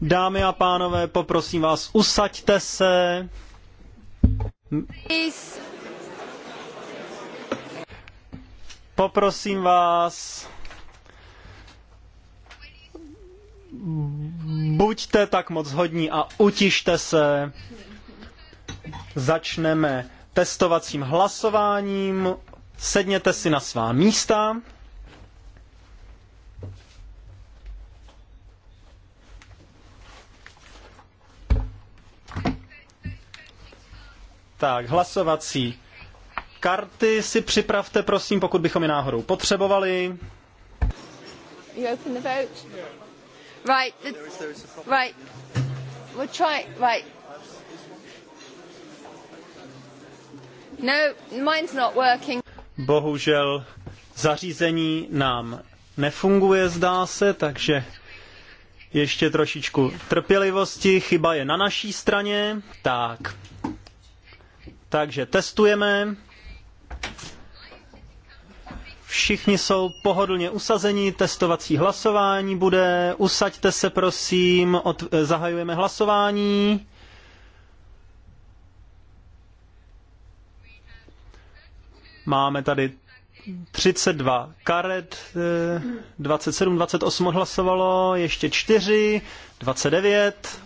Dámy a pánové, poprosím vás, usaďte se. Poprosím vás, buďte tak moc hodní a utište se. Začneme testovacím hlasováním. Sedněte si na svá místa. Tak, hlasovací karty si připravte, prosím, pokud bychom je náhodou potřebovali. You open the vote? Right, the, right. We'll try, right. No, mine's not working. Bohužel zařízení nám nefunguje, zdá se, takže ještě trošičku trpělivosti. Chyba je na naší straně. Tak, takže testujeme. Všichni jsou pohodlně usazeni, testovací hlasování bude. Usaďte se, prosím, od, eh, zahajujeme hlasování. Máme tady 32 karet, 27, 28 hlasovalo. ještě 4, 29.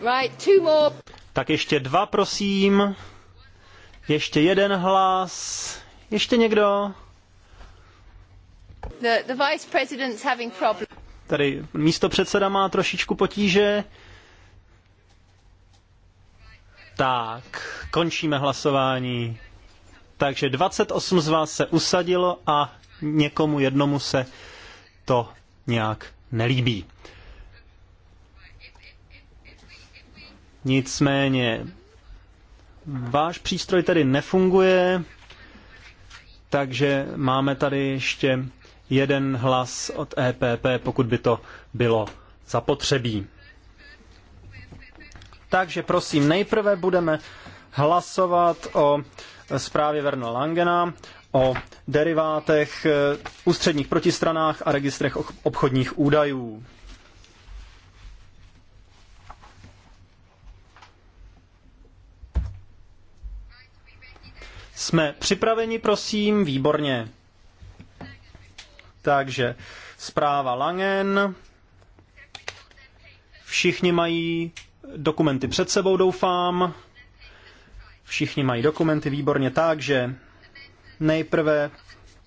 Right, two more. Tak ještě dva, prosím. Ještě jeden hlas. Ještě někdo? The, the vice president's having problem. Tady místo předseda má trošičku potíže. Tak, končíme hlasování. Takže 28 z vás se usadilo a někomu jednomu se to nějak nelíbí. Nicméně váš přístroj tedy nefunguje, takže máme tady ještě jeden hlas od EPP, pokud by to bylo zapotřebí. Takže prosím, nejprve budeme hlasovat o zprávě Verna Langena, o derivátech, eh, ústředních protistranách a registrech obchodních údajů. Jsme připraveni, prosím, výborně. Takže zpráva Langen. Všichni mají dokumenty před sebou, doufám. Všichni mají dokumenty, výborně. Takže nejprve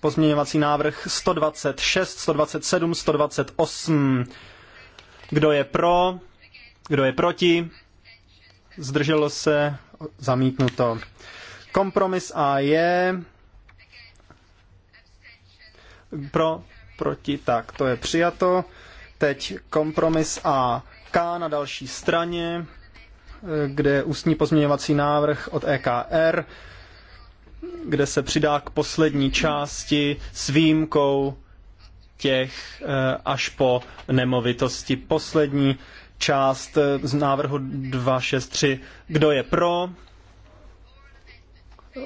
pozměňovací návrh 126, 127, 128. Kdo je pro? Kdo je proti? Zdrželo se? Zamítnuto. Kompromis A je pro, proti, tak to je přijato. Teď kompromis A K na další straně, kde je ústní pozměňovací návrh od EKR, kde se přidá k poslední části s výjimkou těch eh, až po nemovitosti. Poslední část z návrhu 263. Kdo je pro?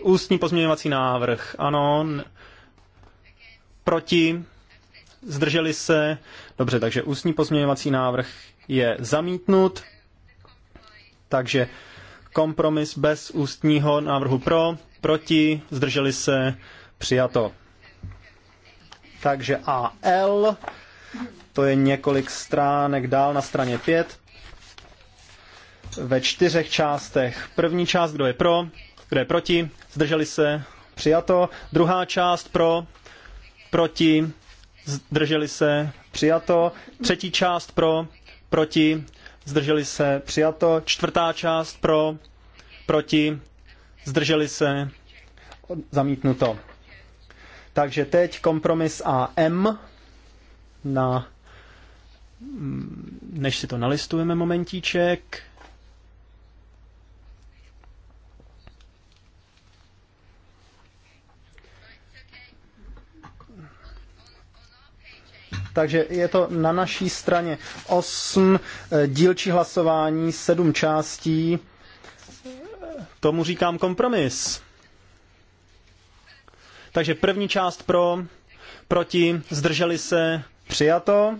Ústní pozměňovací návrh. Ano. Proti. Zdrželi se. Dobře, takže ústní pozměňovací návrh je zamítnut. Takže kompromis bez ústního návrhu pro, proti, zdrželi se, přijato. Takže AL, to je několik stránek dál na straně 5, ve čtyřech částech. První část, kdo je pro, kdo je proti? Zdrželi se? Přijato. Druhá část pro? Proti? Zdrželi se? Přijato. Třetí část pro? Proti? Zdrželi se? Přijato. Čtvrtá část pro? Proti? Zdrželi se? Zamítnuto. Takže teď kompromis a M na než si to nalistujeme momentíček. Takže je to na naší straně osm eh, dílčí hlasování, sedm částí. Tomu říkám kompromis. Takže první část pro, proti, zdrželi se, přijato.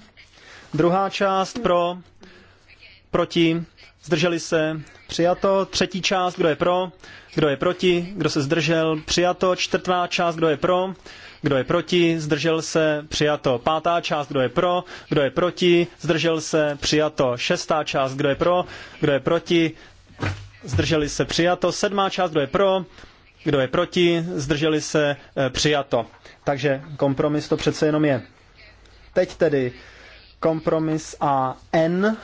Druhá část pro, proti, zdrželi se, přijato. Třetí část, kdo je pro, kdo je proti? Kdo se zdržel? Přijato. Čtvrtá část. Kdo je pro? Kdo je proti? Zdržel se? Přijato. Pátá část. Kdo je pro? Kdo je proti? Zdržel se? Přijato. Šestá část. Kdo je pro? Kdo je proti? Zdrželi se? Přijato. Sedmá část. Kdo je pro? Kdo je proti? Zdrželi se? Eh, přijato. Takže kompromis to přece jenom je. Teď tedy kompromis a N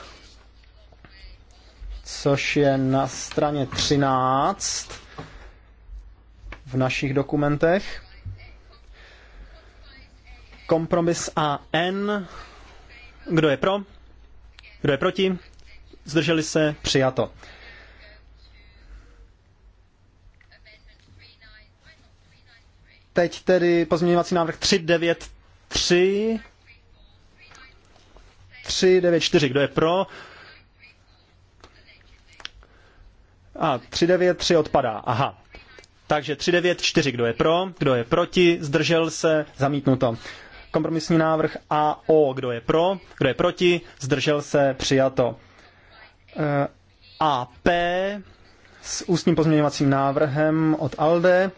což je na straně 13 v našich dokumentech. Kompromis A N. Kdo je pro? Kdo je proti? Zdrželi se? Přijato. Teď tedy pozměňovací návrh 393. 394. Kdo je pro? A 393 odpadá. Aha. Takže 394, kdo je pro, kdo je proti, zdržel se, zamítnuto. Kompromisní návrh AO, kdo je pro, kdo je proti, zdržel se, přijato. E, AP s ústním pozměňovacím návrhem od ALDE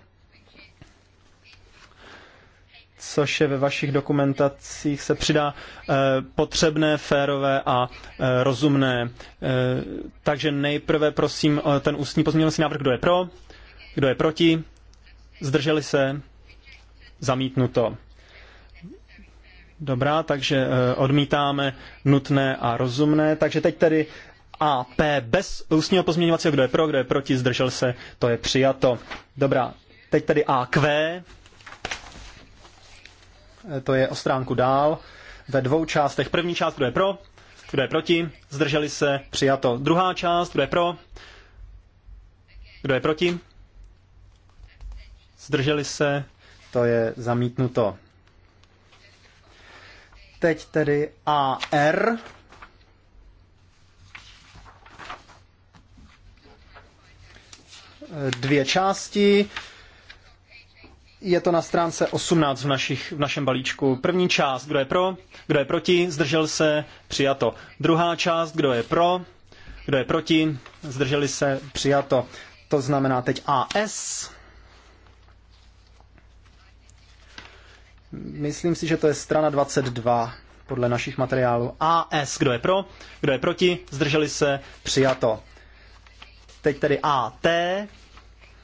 což je ve vašich dokumentacích, se přidá eh, potřebné, férové a eh, rozumné. Eh, takže nejprve prosím ten ústní pozměňovací návrh, kdo je pro, kdo je proti, zdrželi se, zamítnuto. Dobrá, takže odmítáme nutné a rozumné. Takže teď tedy a P bez ústního pozměňovacího, kdo je pro, kdo je proti, zdržel se, to je přijato. Dobrá, teď tedy AQ, to je o stránku dál, ve dvou částech. První část, kdo je pro, kdo je proti, zdrželi se, přijato. Druhá část, kdo je pro, kdo je proti, zdrželi se, to je zamítnuto. Teď tedy AR. Dvě části. Je to na stránce 18 v, našich, v našem balíčku. První část, kdo je pro, kdo je proti, zdržel se, přijato. Druhá část, kdo je pro, kdo je proti, zdrželi se, přijato. To znamená teď AS. Myslím si, že to je strana 22 podle našich materiálů. AS, kdo je pro, kdo je proti, zdrželi se, přijato. Teď tedy AT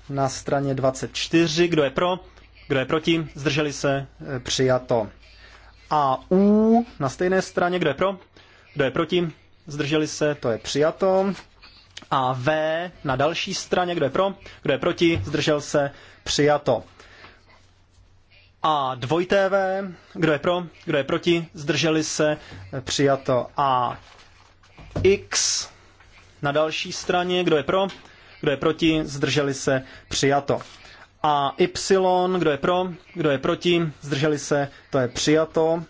na straně 24, kdo je pro, kdo je proti? Zdrželi se? E, přijato. A U na stejné straně. Kdo je pro? Kdo je proti? Zdrželi se? To je přijato. A V na další straně. Kdo je pro? Kdo je proti? Zdržel se? Přijato. A dvojité V. Kdo je pro? Kdo je proti? Zdrželi se? E, přijato. A X na další straně. Kdo je pro? Kdo je proti? Zdrželi se? Přijato. A Y, kdo je pro, kdo je proti, zdrželi se, to je přijato.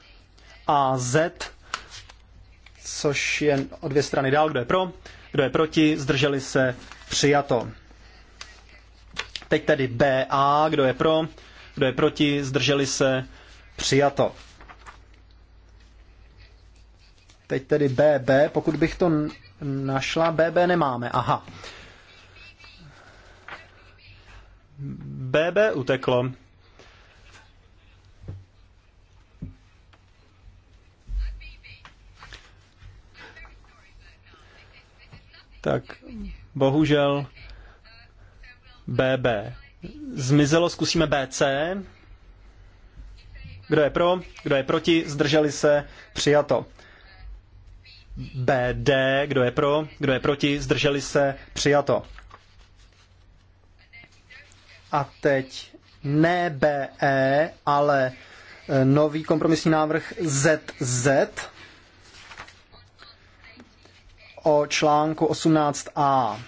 A Z, což je o dvě strany dál, kdo je pro, kdo je proti, zdrželi se, přijato. Teď tedy BA, kdo je pro, kdo je proti, zdrželi se, přijato. Teď tedy BB, pokud bych to našla, BB nemáme, aha. BB uteklo. Tak bohužel BB zmizelo, zkusíme BC. Kdo je pro, kdo je proti, zdrželi se, přijato. BD, kdo je pro, kdo je proti, zdrželi se, přijato. A teď ne BE, ale e, nový kompromisní návrh ZZ o článku 18a.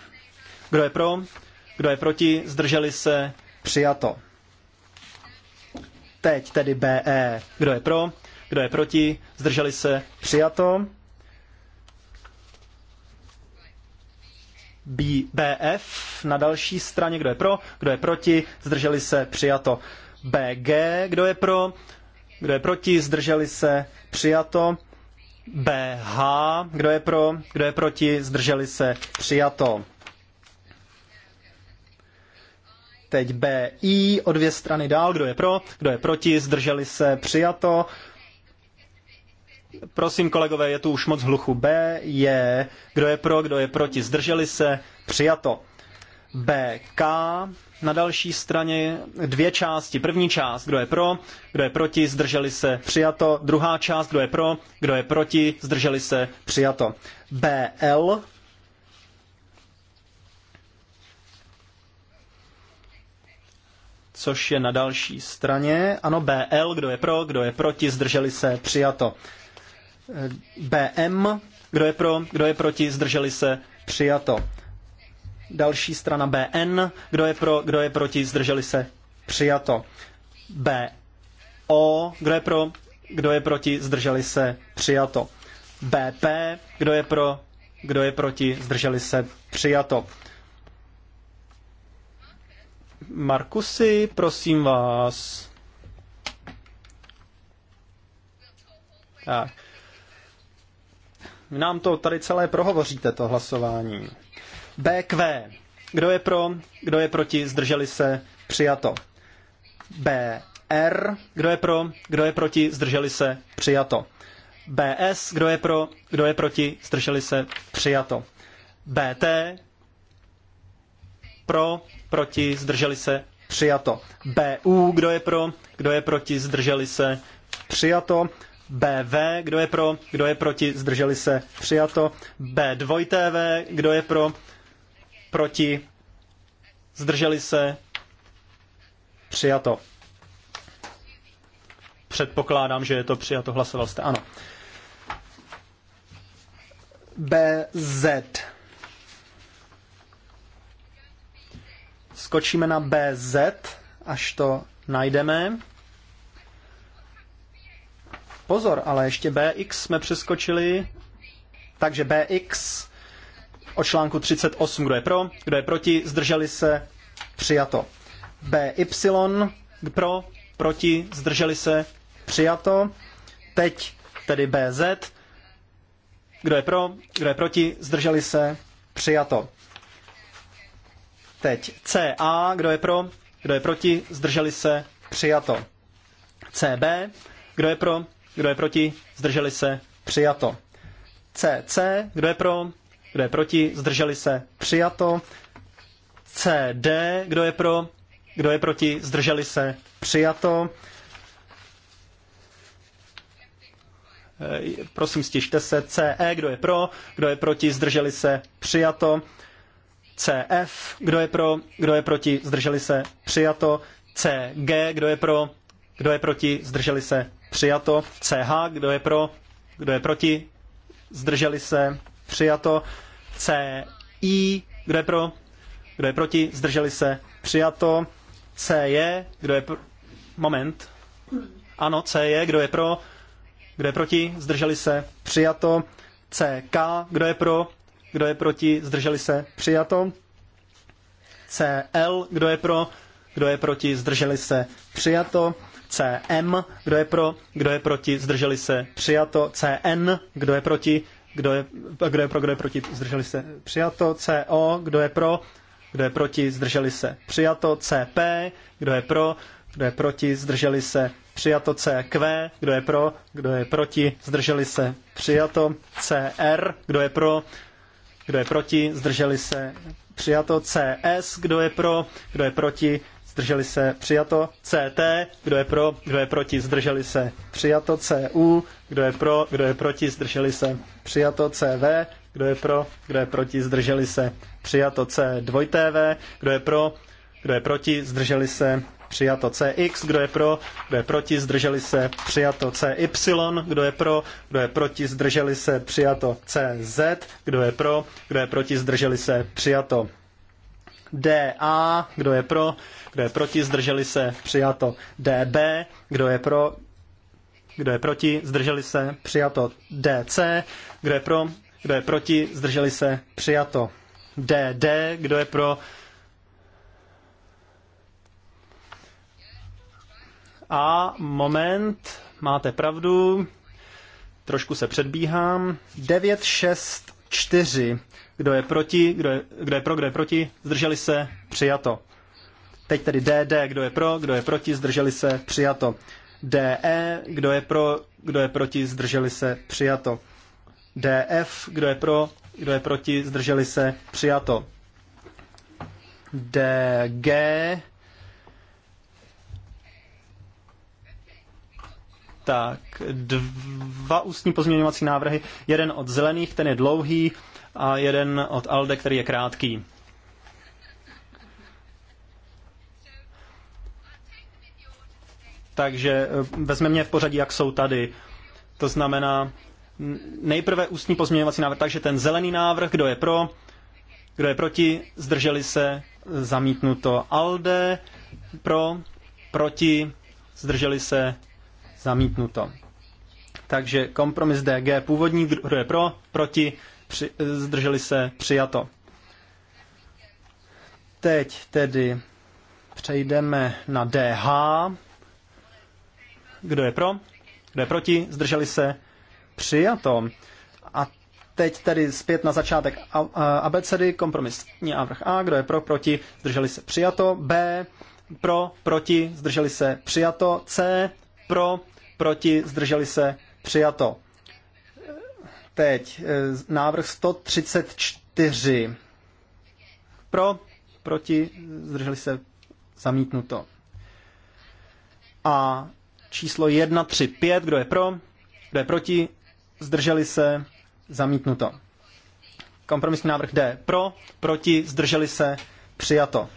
Kdo je pro? Kdo je proti? Zdrželi se? Přijato. Teď tedy BE. Kdo je pro? Kdo je proti? Zdrželi se? Přijato. BF na další straně, kdo je pro, kdo je proti, zdrželi se, přijato. BG, kdo je pro, kdo je proti, zdrželi se, přijato. BH, kdo je pro, kdo je proti, zdrželi se, přijato. Teď BI o dvě strany dál, kdo je pro, kdo je proti, zdrželi se, přijato. Prosím, kolegové, je tu už moc hluchu. B je, kdo je pro, kdo je proti, zdrželi se, přijato. BK na další straně dvě části. První část, kdo je pro, kdo je proti, zdrželi se, přijato. Druhá část, kdo je pro, kdo je proti, zdrželi se, přijato. BL což je na další straně. Ano, BL, kdo je pro, kdo je proti, zdrželi se, přijato. BM. Kdo je pro? Kdo je proti? Zdrželi se? Přijato. Další strana BN. Kdo je pro? Kdo je proti? Zdrželi se? Přijato. BO. Kdo je pro? Kdo je proti? Zdrželi se? Přijato. BP. Kdo je pro? Kdo je proti? Zdrželi se? Přijato. Markusy, prosím vás. Tak. Vy nám to tady celé prohovoříte, to hlasování. BQ. Kdo je pro, kdo je proti, zdrželi se, přijato. BR. Kdo je pro, kdo je proti, zdrželi se, přijato. BS. Kdo je pro, kdo je proti, zdrželi se, přijato. BT. Pro, proti, zdrželi se, přijato. BU. Kdo je pro, kdo je proti, zdrželi se, přijato. BV, kdo je pro, kdo je proti, zdrželi se, přijato. B2TV, kdo je pro, proti, zdrželi se, přijato. Předpokládám, že je to přijato, hlasoval jste, ano. BZ. Skočíme na BZ, až to najdeme. Pozor, ale ještě BX jsme přeskočili. Takže BX o článku 38, kdo je pro, kdo je proti, zdrželi se, přijato. BY pro, proti, zdrželi se, přijato. Teď tedy BZ, kdo je pro, kdo je proti, zdrželi se, přijato. Teď CA, kdo je pro, kdo je proti, zdrželi se, přijato. CB, kdo je pro, kdo je proti? Zdrželi se? Přijato. CC. Kdo je pro? Kdo je proti? Zdrželi se? Přijato. CD. Kdo je pro? Kdo je proti? Zdrželi se? Přijato. E, prosím, stižte se. CE. Kdo je pro? Kdo je proti? Zdrželi se? Přijato. CF. Kdo je pro? Kdo je proti? Zdrželi se? Přijato. CG. Kdo je pro? Kdo je proti? Zdrželi se? Přijato. CH, kdo je pro? Kdo je proti? Zdrželi se? Přijato. CI, kdo je pro? Kdo je proti? Zdrželi se? Přijato. CJ, kdo je pro? Moment. Ano, CJ, kdo je pro? Kdo je proti? Zdrželi se? Přijato. CK, kdo je pro? Kdo je proti? Zdrželi se? Přijato. CL, kdo je pro? Kdo je proti? Zdrželi se? Přijato. CM, kdo je pro, kdo je proti, zdrželi se, přijato. CN, kdo je proti, kdo je, kdo je pro, kdo je proti, zdrželi se, přijato. CO, kdo je pro, kdo je proti, zdrželi se, přijato. CP, kdo je pro, kdo je proti, zdrželi se, přijato. CQ, kdo je pro, kdo je proti, zdrželi se, přijato. CR, kdo je pro, kdo je proti, zdrželi se, přijato. CS, kdo je pro, kdo je proti, zdrželi se, přijato. CT, kdo je pro, kdo je proti, zdrželi se, přijato. CU, kdo je pro, kdo je proti, zdrželi se, přijato. CV, kdo je pro, kdo je proti, zdrželi se, přijato. C2TV, kdo je pro, kdo je proti, zdrželi se, přijato CX, kdo je pro, kdo je proti, zdrželi se, přijato CY, kdo je pro, kdo je proti, zdrželi se, přijato CZ, kdo je pro, kdo je proti, zdrželi se, přijato DA, kdo je pro, kdo je proti, zdrželi se, přijato. DB, kdo je pro, kdo je proti, zdrželi se, přijato. DC, kdo je pro, kdo je proti, zdrželi se, přijato. DD, kdo je pro, A moment, máte pravdu, trošku se předbíhám. 964 kdo je proti? Kdo je, kdo je pro? Kdo je proti? Zdrželi se? Přijato. Teď tedy DD, kdo je pro, kdo je proti, zdrželi se, přijato. DE, kdo je pro, kdo je proti, zdrželi se, přijato. DF, kdo je pro, kdo je proti, zdrželi se, přijato. DG, Tak, dva ústní pozměňovací návrhy. Jeden od zelených, ten je dlouhý, a jeden od Alde, který je krátký. Takže eh, vezmeme mě v pořadí, jak jsou tady. To znamená, nejprve ústní pozměňovací návrh, takže ten zelený návrh, kdo je pro, kdo je proti, zdrželi se, zamítnuto ALDE, pro, proti, zdrželi se, zamítnuto. Takže kompromis DG původní, kdo je pro, proti, při, zdrželi se, přijato. Teď tedy přejdeme na DH. Kdo je pro? Kdo je proti? Zdrželi se? Přijato. A teď tedy zpět na začátek abecedy, kompromisní návrh A, kdo je pro, proti, zdrželi se přijato, B, pro, proti, zdrželi se přijato, C, pro, proti, zdrželi se přijato teď eh, návrh 134. Pro, proti, zdrželi se zamítnuto. A číslo 135, kdo je pro, kdo je proti, zdrželi se zamítnuto. Kompromisní návrh D. Pro, proti, zdrželi se, přijato.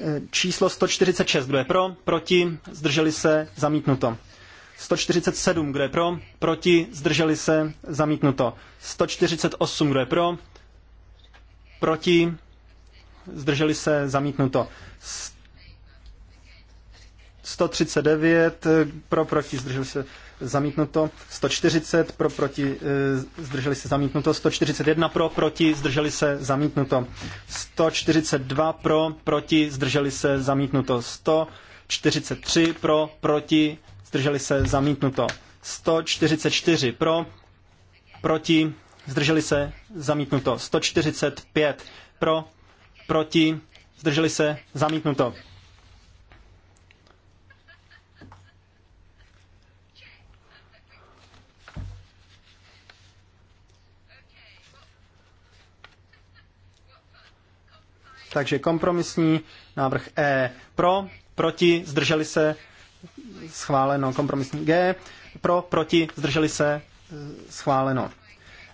Eh, číslo 146, kdo je pro, proti, zdrželi se, zamítnuto. 147, kdo je pro, proti, zdrželi se, zamítnuto. 148, kdo je pro, proti, zdrželi se, zamítnuto. 139, pro, proti, zdrželi se, zamítnuto. 140, eh, pro, proti, zdrželi se, zamítnuto. 141, pro, proti, zdrželi se, zamítnuto. 142, pro, proti, zdrželi se, zamítnuto. 143, pro, proti, zdrželi se, zamítnuto. 144 pro, proti, zdrželi se, zamítnuto. 145 pro, proti, zdrželi se, zamítnuto. Takže kompromisní návrh E pro, proti, zdrželi se, schváleno. Kompromisní G, pro, proti, zdrželi se, eh, schváleno.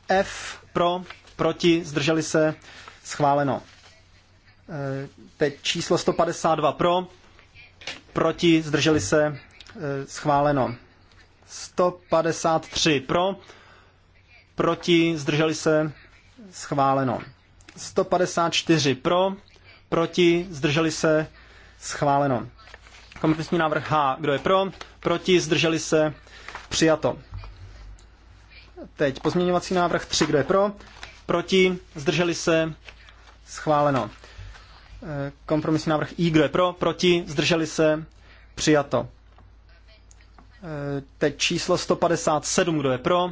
F, pro, proti, zdrželi se, schváleno. Eh, teď číslo 152 eh, pro, proti, zdrželi se, schváleno. 153 pro, proti, zdrželi se, schváleno. 154 pro, proti, zdrželi se, schváleno. Kompromisní návrh H. Kdo je pro? Proti? Zdrželi se? Přijato. Teď pozměňovací návrh 3. Kdo je pro? Proti? Zdrželi se? Schváleno. Eh, kompromisní návrh I. Kdo je pro? Proti? Zdrželi se? Přijato. Eh, teď číslo 157. Kdo je pro?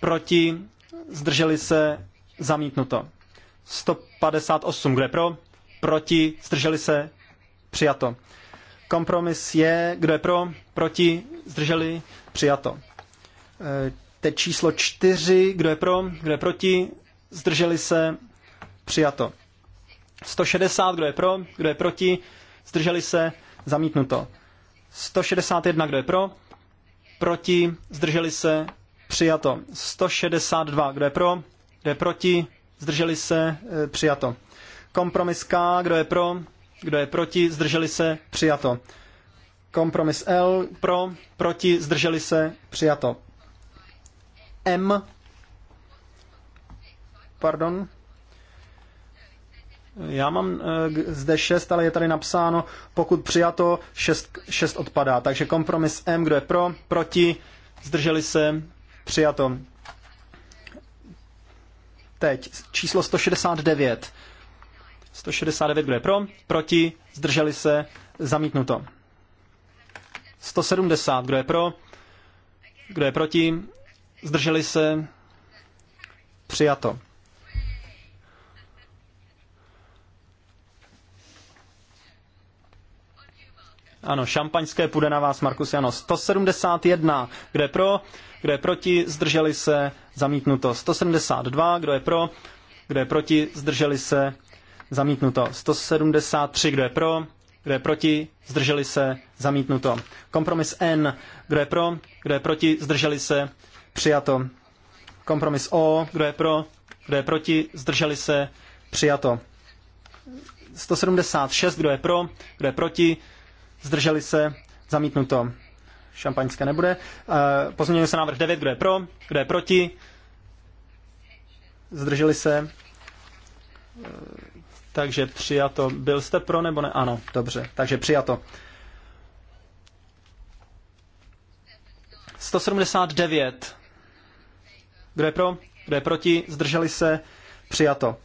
Proti? Zdrželi se? Zamítnuto. 158. Kdo je pro? Proti? Zdrželi se? Přijato. Kompromis je, kdo je pro, proti, zdrželi, přijato. E, teď číslo čtyři, kdo je pro, kdo je proti, zdrželi se, přijato. 160, kdo je pro, kdo je proti, zdrželi se, zamítnuto. 161, kdo je pro, proti, zdrželi se, přijato. 162, kdo je pro, kdo je proti, zdrželi se, e, přijato. Kompromis K, kdo je pro, kdo je proti? Zdrželi se? Přijato. Kompromis L. Pro? Proti? Zdrželi se? Přijato. M. Pardon. Já mám eh, zde 6, ale je tady napsáno, pokud přijato, 6, 6 odpadá. Takže kompromis M, kdo je pro, proti, zdrželi se, přijato. Teď číslo 169. 169, kdo je pro, proti, zdrželi se, zamítnuto. 170, kdo je pro, kdo je proti, zdrželi se, přijato. Ano, šampaňské půjde na vás, Markus Jano. 171, kdo je pro, kdo je proti, zdrželi se, zamítnuto. 172, kdo je pro, kdo je proti, zdrželi se, Zamítnuto. 173, kdo je pro? Kdo je proti? Zdrželi se? Zamítnuto. Kompromis N. Kdo je pro? Kdo je proti? Zdrželi se? Přijato. Kompromis O. Kdo je pro? Kdo je proti? Zdrželi se? Přijato. 176. Kdo je pro? Kdo je proti? Zdrželi se? Zamítnuto. Šampaňské nebude. Pozměnil se návrh 9. Kdo je pro? Kdo je proti? Zdrželi se? Takže přijato. Byl jste pro nebo ne? Ano, dobře. Takže přijato. 179. Kdo je pro? Kdo je proti? Zdrželi se? Přijato.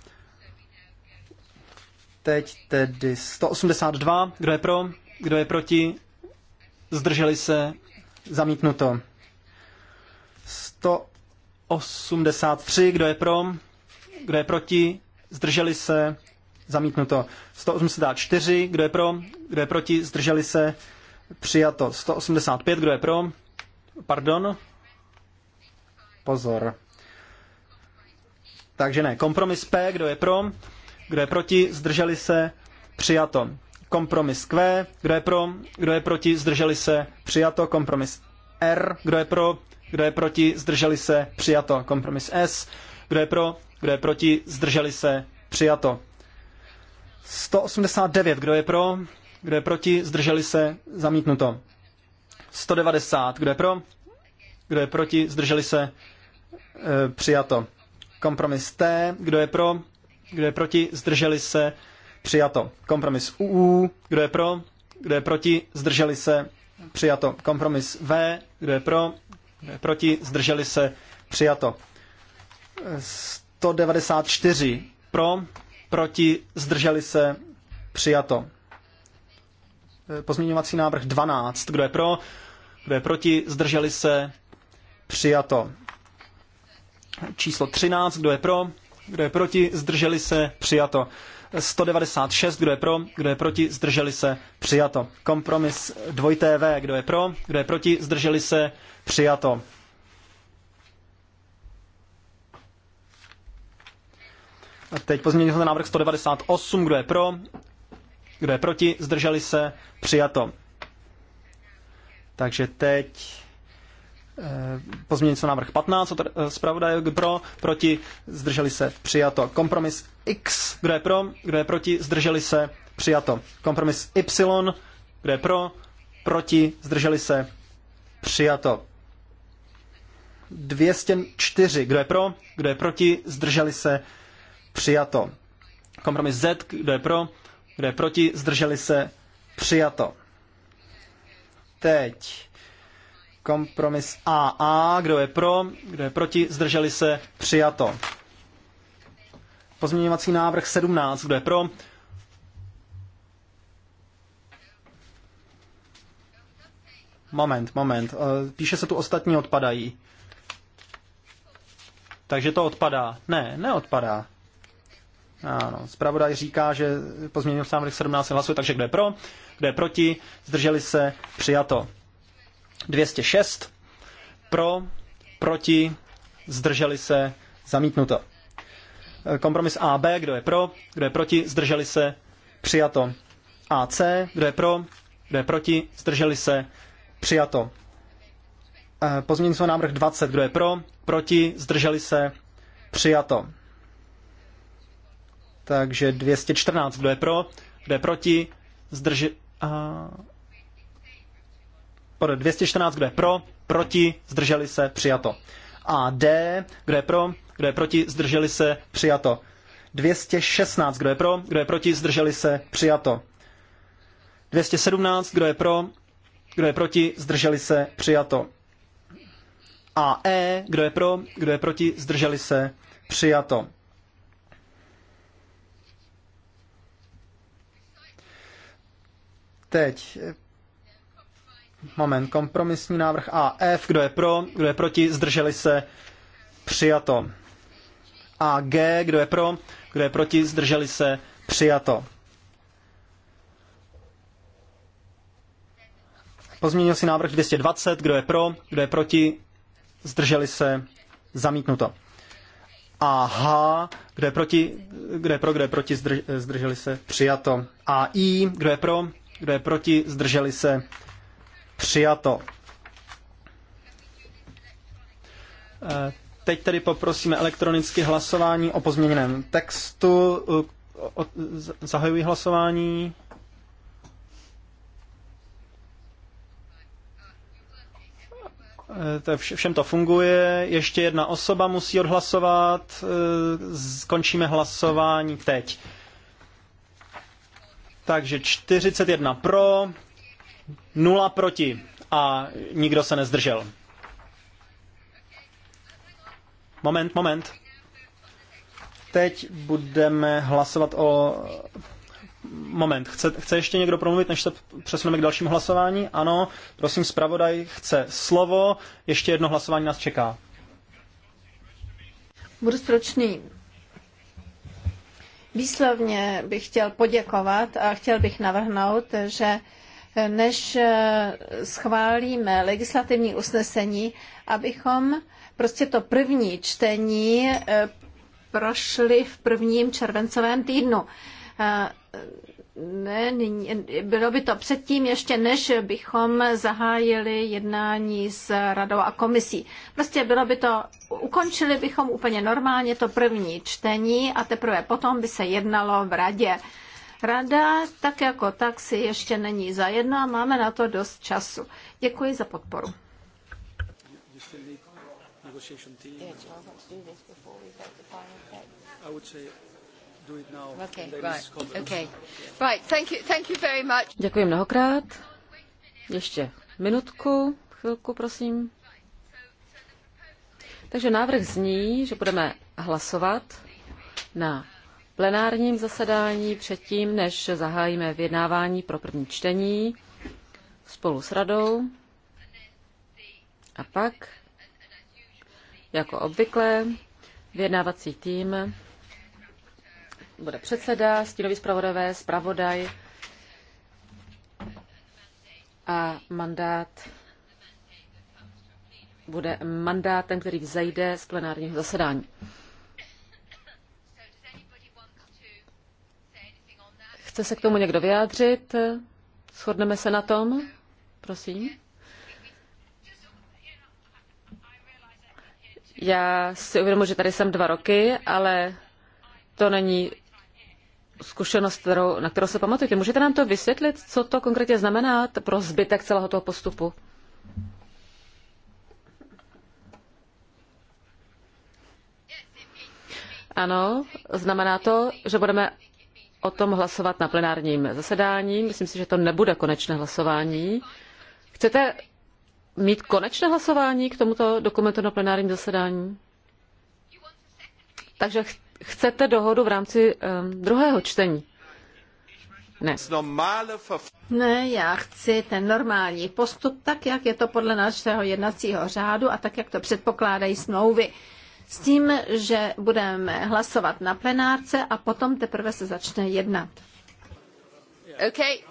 Teď tedy 182. Kdo je pro? Kdo je proti? Zdrželi se? Zamítnuto. 183. Kdo je pro? Kdo je proti? Zdrželi se? zamítnuto. 184, kdo je pro, kdo je proti, zdrželi se, přijato. 185, kdo je pro, pardon, pozor. Takže ne, kompromis P, kdo je pro, kdo je proti, zdrželi se, přijato. Kompromis Q, kdo je pro, kdo je proti, zdrželi se, přijato. Kompromis R, kdo je pro, kdo je proti, zdrželi se, přijato. Kompromis S, kdo je pro, kdo je proti, zdrželi se, přijato. 189, kdo je pro, kdo je proti, zdrželi se, zamítnuto. 190, kdo je pro, kdo je proti, zdrželi se, e, přijato. Kompromis T, kdo je pro, kdo je proti, zdrželi se, přijato. Kompromis UU, kdo je pro, kdo je proti, zdrželi se, přijato. Kompromis V, kdo je pro, kdo je proti, zdrželi se, přijato. 194, pro, proti, zdrželi se, přijato. E, pozměňovací návrh 12, kdo je pro, kdo je proti, zdrželi se, přijato. Číslo 13, kdo je pro, kdo je proti, zdrželi se, přijato. 196, kdo je pro, kdo je proti, zdrželi se, přijato. Kompromis 2TV, kdo je pro, kdo je proti, zdrželi se, přijato. A teď pozměňovací návrh 198, kdo je pro, kdo je proti, zdrželi se, přijato. Takže teď eh, pozměňující návrh 15, eh, zpravodaj pro, proti, zdrželi se, přijato. Kompromis X, kdo je pro, kdo je proti, zdrželi se, přijato. Kompromis Y, kdo je pro, proti, zdrželi se, přijato. 204, kdo je pro, kdo je proti, zdrželi se, Přijato. Kompromis Z, kdo je pro, kdo je proti, zdrželi se, přijato. Teď kompromis AA, kdo je pro, kdo je proti, zdrželi se, přijato. Pozměňovací návrh 17, kdo je pro, Moment, moment. Eh, píše se tu ostatní odpadají. Takže to odpadá. Ne, neodpadá. Ano, zpravodaj říká, že pozměnil návrh 17 hlasů, takže kdo je pro, kdo je proti, zdrželi se, přijato. 206, pro, proti, zdrželi se, zamítnuto. Kompromis AB, kdo je pro, kdo je proti, zdrželi se, přijato. AC, kdo je pro, kdo je proti, zdrželi se, přijato. Eh, pozměňující návrh 20, kdo je pro, proti, zdrželi se, přijato. Takže 214, kdo je pro, kdo je proti, zdrži... A... 214, kdo je pro, proti, zdrželi se, přijato. A D, kdo je pro, kdo je proti, zdrželi se, přijato. 216, kdo je pro, kdo je proti, zdrželi se, přijato. 217, kdo je pro, kdo je proti, zdrželi se, přijato. A E, kdo je pro, kdo je proti, zdrželi se, přijato. Teď moment, kompromisní návrh AF, kdo je pro, kdo je proti, zdrželi se, přijato. A G, kdo je pro, kdo je proti, zdrželi se, přijato. Pozměnil si návrh 220, kdo je pro, kdo je proti, zdrželi se, zamítnuto. A H, kdo je proti, kdo je pro, kdo je proti, zdrž, zdrželi se, přijato. A I, kdo je pro, kdo je proti? Zdrželi se? Přijato. Eh, teď tedy poprosíme elektronicky hlasování o pozměněném textu. Eh, zahajuji hlasování. Eh, to všem to funguje. Ještě jedna osoba musí odhlasovat. Skončíme hlasování teď. Takže 41 pro, 0 proti a nikdo se nezdržel. Moment, moment. Teď budeme hlasovat o... Moment, chce, chce ještě někdo promluvit, než se přesuneme k dalšímu hlasování? Ano, prosím, zpravodaj chce slovo. Ještě jedno hlasování nás čeká. Budu stručný. Výslovně bych chtěl poděkovat a chtěl bych navrhnout, že než eh, schválíme legislativní usnesení, abychom prostě to první čtení eh, prošli v prvním červencovém týdnu. Eh, ne, nyní, bylo by to předtím, ještě než bychom zahájili jednání s radou a komisí. Prostě bylo by to, ukončili bychom úplně normálně to první čtení a teprve potom by se jednalo v radě. Rada tak jako tak si ještě není zajedno a máme na to dost času. Děkuji za podporu. I would say Děkuji mnohokrát. Ještě minutku, chvilku, prosím. Takže návrh zní, že budeme hlasovat na plenárním zasedání předtím, než zahájíme vyjednávání pro první čtení spolu s radou. A pak, jako obvykle, vyjednávací tým bude předseda, stínový zpravodajové, zpravodaj a mandát bude mandátem, který vzejde z plenárního zasedání. Chce se k tomu někdo vyjádřit? Shodneme se na tom? Prosím. Já si uvědomuji, že tady jsem dva roky, ale to není zkušenost, kterou, na kterou se pamatujete. Můžete nám to vysvětlit, co to konkrétně znamená pro zbytek celého toho postupu? Ano, znamená to, že budeme o tom hlasovat na plenárním zasedání. Myslím si, že to nebude konečné hlasování. Chcete mít konečné hlasování k tomuto dokumentu na plenárním zasedání? Takže chcete dohodu v rámci um, druhého čtení. Ne. ne, já chci ten normální postup, tak jak je to podle našeho jednacího řádu a tak, jak to předpokládají smlouvy. S tím, že budeme hlasovat na plenárce a potom teprve se začne jednat. OK.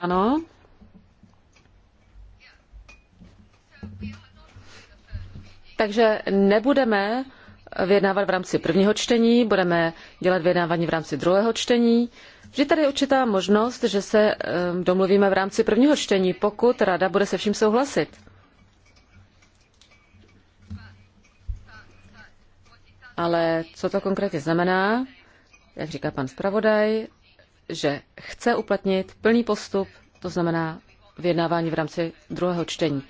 Ano. Takže nebudeme vyjednávat v rámci prvního čtení, budeme dělat vyjednávání v rámci druhého čtení. Vždy tady je určitá možnost, že se ehm, domluvíme v rámci prvního čtení, pokud rada bude se vším souhlasit. Ale co to konkrétně znamená, jak říká pan zpravodaj, že chce uplatnit plný postup, to znamená vyjednávání v rámci druhého čtení.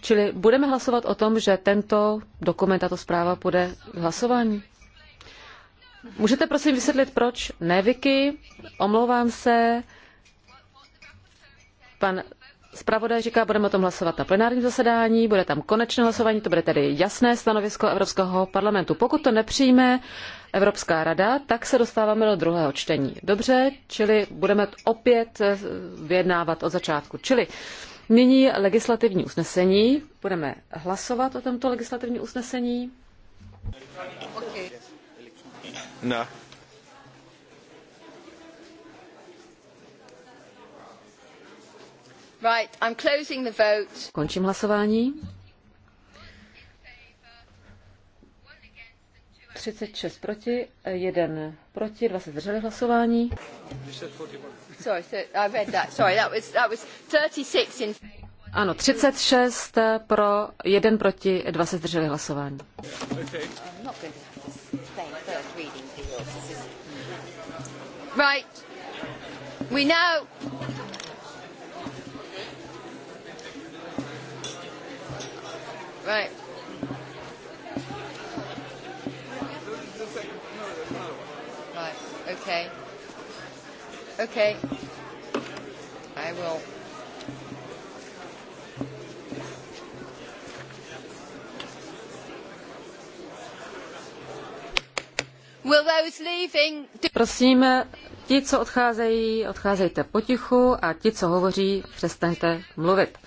Čili budeme hlasovat o tom, že tento dokument, tato zpráva bude hlasování. Můžete prosím vysvětlit, proč ne, Vicky? Omlouvám se. Pan zpravodaj říká, budeme o tom hlasovat na plenárním zasedání, bude tam konečné hlasování, to bude tedy jasné stanovisko Evropského parlamentu. Pokud to nepřijme Evropská rada, tak se dostáváme do druhého čtení. Dobře, čili budeme opět eh, vyjednávat od začátku. Čili Nyní legislativní usnesení. Budeme hlasovat o tomto legislativní usnesení. Okay. No. Right, I'm closing the vote. Končím hlasování. 36 proti, 1 proti, 2 se zdrželi hlasování. Ano, 36 pro, jeden proti, dva se zdrželi hlasování. Right. We now Right. Okay. I will. Will those leaving... Prosím, ti, co odcházejí, odcházejte potichu a ti, co hovoří, přestaňte mluvit.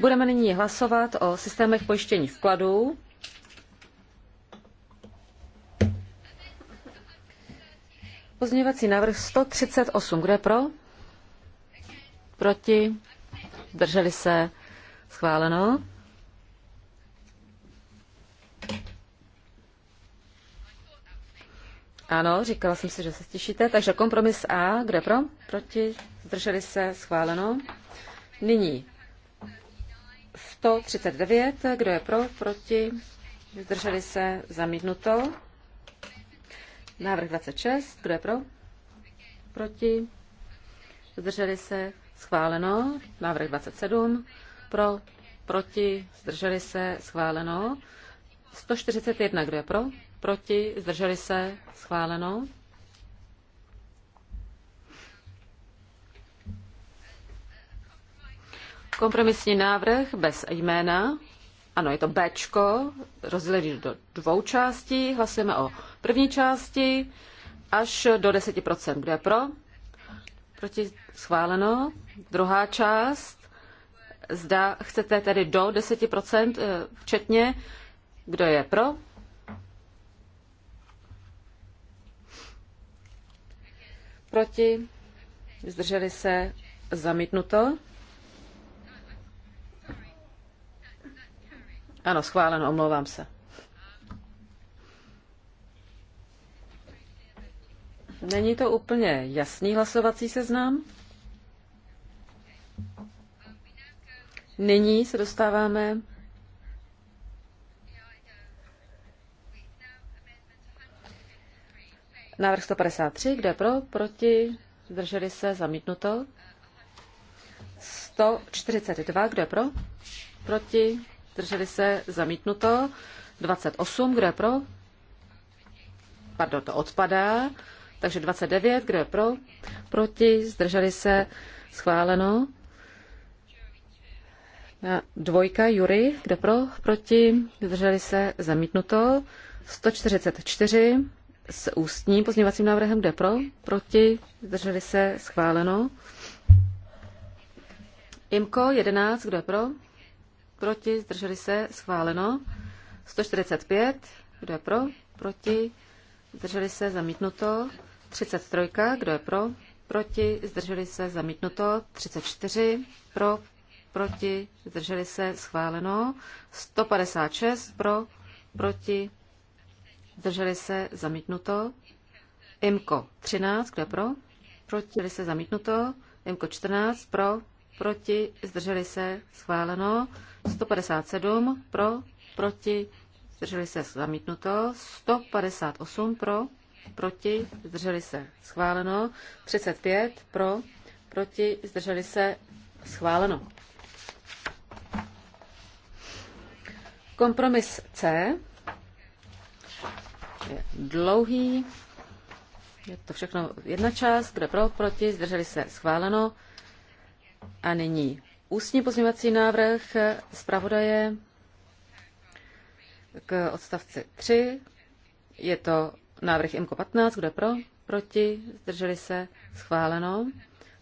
Budeme nyní hlasovat o systémech pojištění vkladů. Pozměňovací návrh 138. Kdo je pro? Proti? Drželi se? Schváleno. Ano, říkala jsem si, že se těšíte. Takže kompromis A, je pro? Proti, zdrželi se, schváleno. Nyní 139, kdo je pro, proti, zdrželi se, zamítnuto. Návrh 26. Kdo je pro? Proti? Zdrželi se? Schváleno. Návrh 27. Pro? Proti? Zdrželi se? Schváleno. 141. Kdo je pro? Proti? Zdrželi se? Schváleno. Kompromisní návrh bez jména. Ano, je to B, rozdělený do dvou částí. Hlasujeme o první části až do 10%. Kdo je pro? Proti schváleno. Druhá část. Zda chcete tedy do 10% eh, včetně. Kdo je pro? Proti? Zdrželi se? Zamítnuto. Ano, schváleno, omlouvám se. Není to úplně jasný hlasovací seznam. Nyní se dostáváme Návrh 153, kde pro, proti, zdrželi se, zamítnuto. 142, kde pro, proti, Drželi se zamítnuto. 28, kdo je pro? Pardon, to odpadá. Takže 29, kdo je pro? Proti, zdrželi se, schváleno. Na dvojka, Jury, kdo pro? Proti, zdrželi se, zamítnuto. 144 s ústním pozměňovacím návrhem, kde pro? Proti, zdrželi se, schváleno. Imko 11, kdo je pro? proti, zdrželi se, schváleno. 145, kdo je pro, proti, zdrželi se, zamítnuto. 33, kdo je pro, proti, zdrželi se, zamítnuto. 34, pro, proti, zdrželi se, schváleno. 156, pro, proti, zdrželi se, zamítnuto. IMKO 13, kdo je pro, proti, zdrželi se, zamítnuto. IMKO 14, pro, proti, zdrželi se, schváleno. 157 pro, proti, zdrželi se zamítnuto, 158 pro, proti, zdrželi se schváleno, 35 pro, proti, zdrželi se schváleno. Kompromis C je dlouhý, je to všechno jedna část, kde pro, proti, zdrželi se schváleno. A nyní ústní pozměňovací návrh zpravodaje k odstavci 3. Je to návrh IMKO 15. Kdo pro? Proti? Zdrželi se? Schváleno.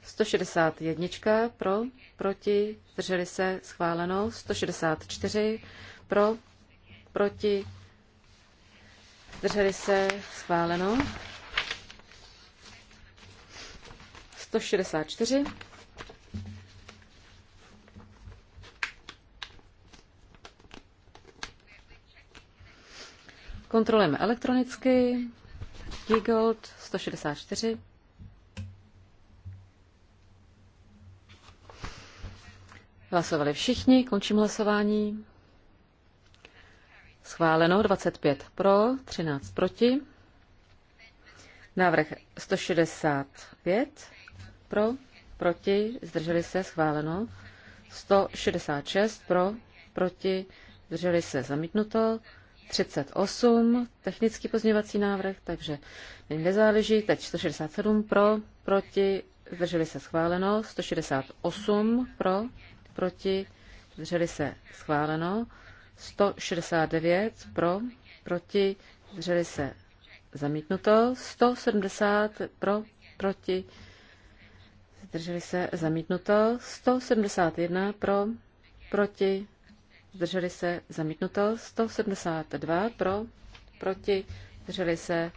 161 pro, proti, zdrželi se, schváleno. 164 pro, proti, zdrželi se, schváleno. 164 Kontrolujeme elektronicky. Gigold 164. Hlasovali všichni, končím hlasování. Schváleno 25 pro, 13 proti. Návrh 165 pro, proti, zdrželi se, schváleno. 166 pro, proti, zdrželi se, zamítnuto. 38, technický pozměňovací návrh, takže nezáleží. Teď 167 pro, proti, zdrželi se schváleno. 168 pro, proti, zdrželi se schváleno. 169 pro, proti, zdrželi se zamítnuto. 170 pro, proti, zdrželi se zamítnuto. 171 pro, proti, zdrželi se, zamítnuto. 172 pro, proti, zdrželi se,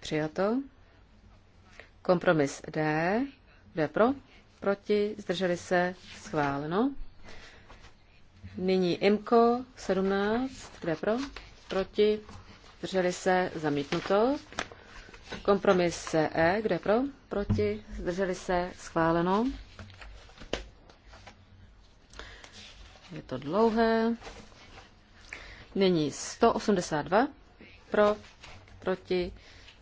přijato. Kompromis D, D pro, proti, zdrželi se, schváleno. Nyní IMKO 17, D pro, proti, zdrželi se, zamítnuto. Kompromis E kde pro, proti, zdrželi se, schváleno. Je to dlouhé. Nyní 182 pro, proti,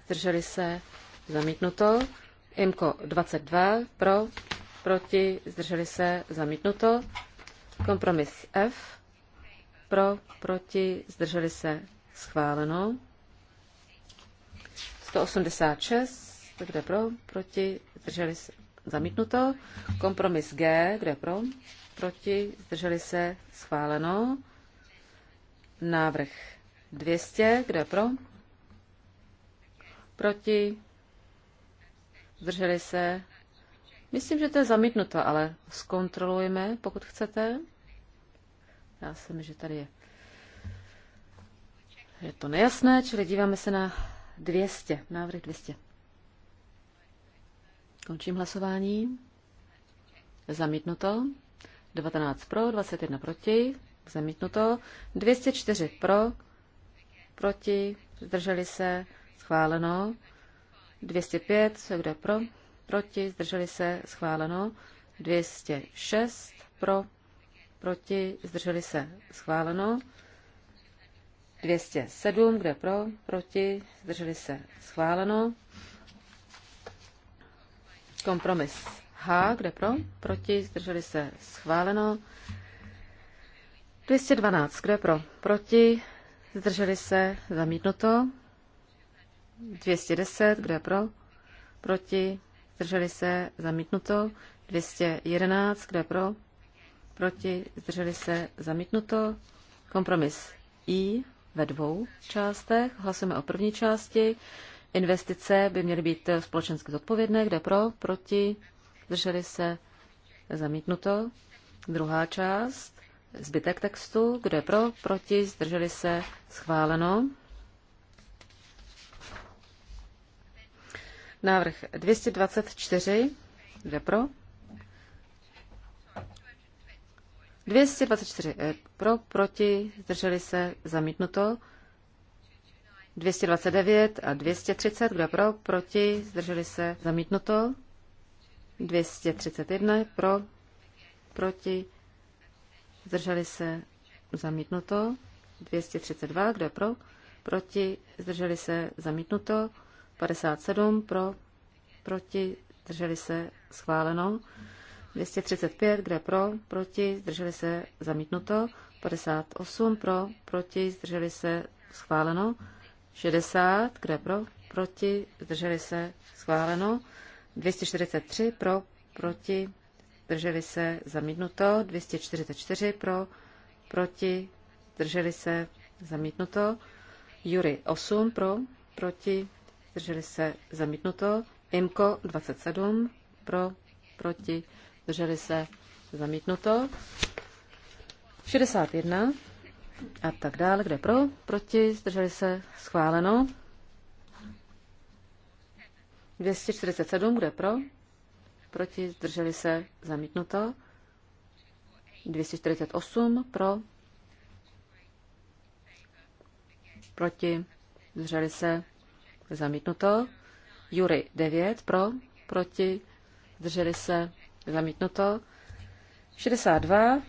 zdrželi se, zamítnuto. IMKO 22 pro, proti, zdrželi se, zamítnuto. Kompromis F pro, proti, zdrželi se, schváleno. 186, kde pro, proti, zdrželi se, zamítnuto. Kompromis G, kde pro, proti, zdrželi se, schváleno. Návrh 200, kdo je pro? Proti, zdrželi se. Myslím, že to je zamítnuto, ale zkontrolujeme, pokud chcete. Já se mi, že tady je. Je to nejasné, čili díváme se na 200, návrh 200. Končím hlasování. Zamítnuto. 19 pro, 21 proti, zamítnuto. 204 pro, proti, zdrželi se, schváleno. 205, co kdo pro, proti, zdrželi se, schváleno. 206 pro, proti, zdrželi se, schváleno. 207, kde pro, proti, zdrželi se, schváleno. Kompromis H, kde pro? Proti, zdrželi se schváleno. 212, kde pro? Proti, zdrželi se zamítnuto. 210, kde pro? Proti, zdrželi se zamítnuto. 211, kde pro? Proti, zdrželi se zamítnuto. Kompromis I ve dvou částech. Hlasujeme o první části. Investice by měly být společensky zodpovědné, kde pro, proti, zdrželi se, zamítnuto. Druhá část, zbytek textu, kdo je pro, proti, zdrželi se, schváleno. Návrh 224, kde pro? 224 eh, pro, proti, zdrželi se, zamítnuto. 229 a 230, kdo pro, proti, zdrželi se, zamítnuto. 231 pro, proti, zdrželi se zamítnuto. 232, kdo je pro, proti, zdrželi se zamítnuto. 57 pro, proti, zdrželi se schváleno. 235, kde pro, proti, zdrželi se zamítnuto. 58 pro, proti, zdrželi se schváleno. 60, kde pro, proti, zdrželi se schváleno. 243 pro, proti, drželi se, zamítnuto. 244 pro, proti, drželi se, zamítnuto. Jury 8 pro, proti, drželi se, zamítnuto. Imko 27 pro, proti, drželi se, zamítnuto. 61 a tak dále, kde pro, proti, zdrželi se, schváleno. 247, kde pro? Proti, zdrželi se, zamítnuto. 248 pro, proti, zdrželi se, zamítnuto. Jury 9 pro, proti, zdrželi se, zamítnuto. 62 a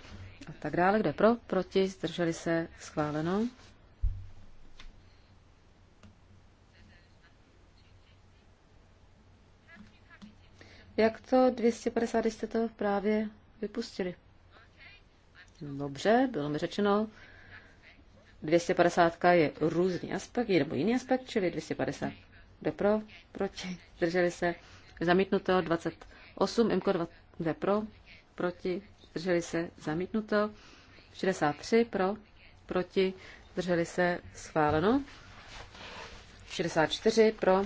tak dále, kde pro, proti, zdrželi se, schváleno. Jak to 250, když jste to právě vypustili? Dobře, bylo mi řečeno, 250 je různý aspekt, nebo jiný aspekt, čili 250. Jde pro, proti, drželi se, zamítnuto 28, Mko 2, jde pro, proti, drželi se, zamítnuto, 63 pro, proti, drželi se, schváleno, 64 pro,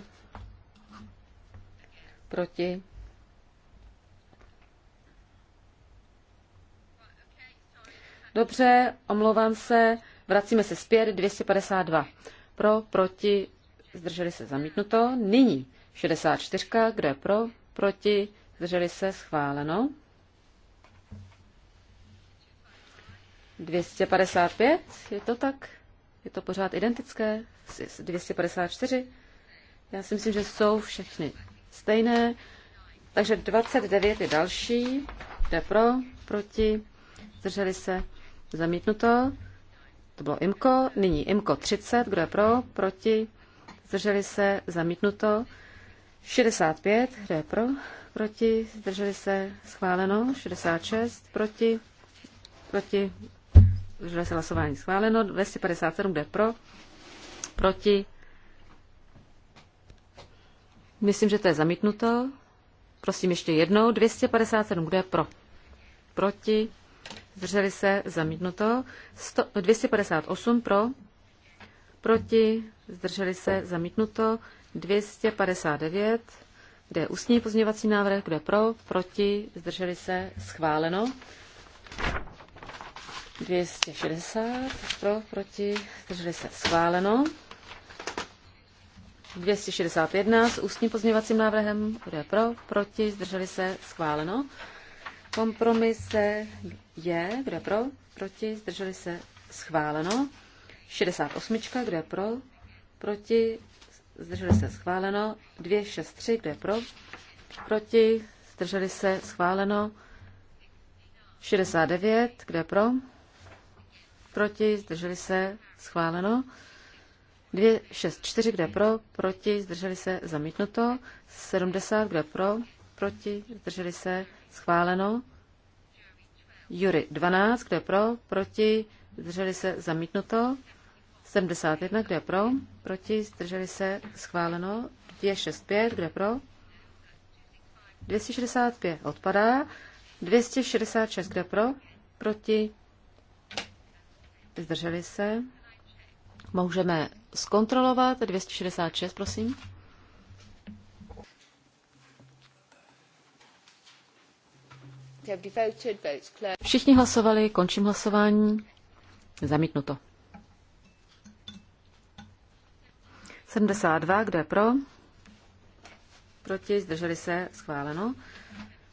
proti, Dobře, omlouvám se, vracíme se zpět 252. Pro, proti, zdrželi se zamítnuto. Nyní 64, kdo je pro, proti, zdrželi se schváleno. 255, je to tak? Je to pořád identické 254? Já si myslím, že jsou všechny stejné. Takže 29 je další, jde pro, proti, zdrželi se Zamítnuto. To bylo IMKO. Nyní IMKO 30. Kdo je pro? Proti? Zdrželi se? Zamítnuto. 65. Kdo je pro? Proti? Zdrželi se? Schváleno. 66. Proti? Proti? Zdrželi se hlasování schváleno. 257. Kdo je pro? Proti? Myslím, že to je zamítnuto. Prosím ještě jednou. 257. Kdo je pro? Proti? zdrželi se, zamítnuto. 100, 258 pro, proti, zdrželi se, zamítnuto. 259, kde je ústní pozměňovací návrh, kde pro, proti, zdrželi se, schváleno. 260, pro, proti, zdrželi se, schváleno. 261 s ústním pozměňovacím návrhem, kde je pro, proti, zdrželi se, schváleno. Kompromis je, kdo je pro, proti, zdrželi se, schváleno. 68, kdo je pro, proti, zdrželi se, schváleno. 263, kdo je pro, proti, zdrželi se, schváleno. 69, kdo je pro, proti, zdrželi se, schváleno. 264, kde pro, proti, zdrželi se, zamítnuto. 70, kde pro, proti, zdrželi se, Schváleno. Jury 12, kde pro, proti, zdrželi se, zamítnuto. 71, kde pro, proti, zdrželi se, schváleno. 265, kde pro. 265 odpadá. 266, kde pro, proti, zdrželi se. Můžeme zkontrolovat. 266, prosím. Všichni hlasovali, končím hlasování. Zamítnuto. 72, kdo je pro? Proti, zdrželi se, schváleno.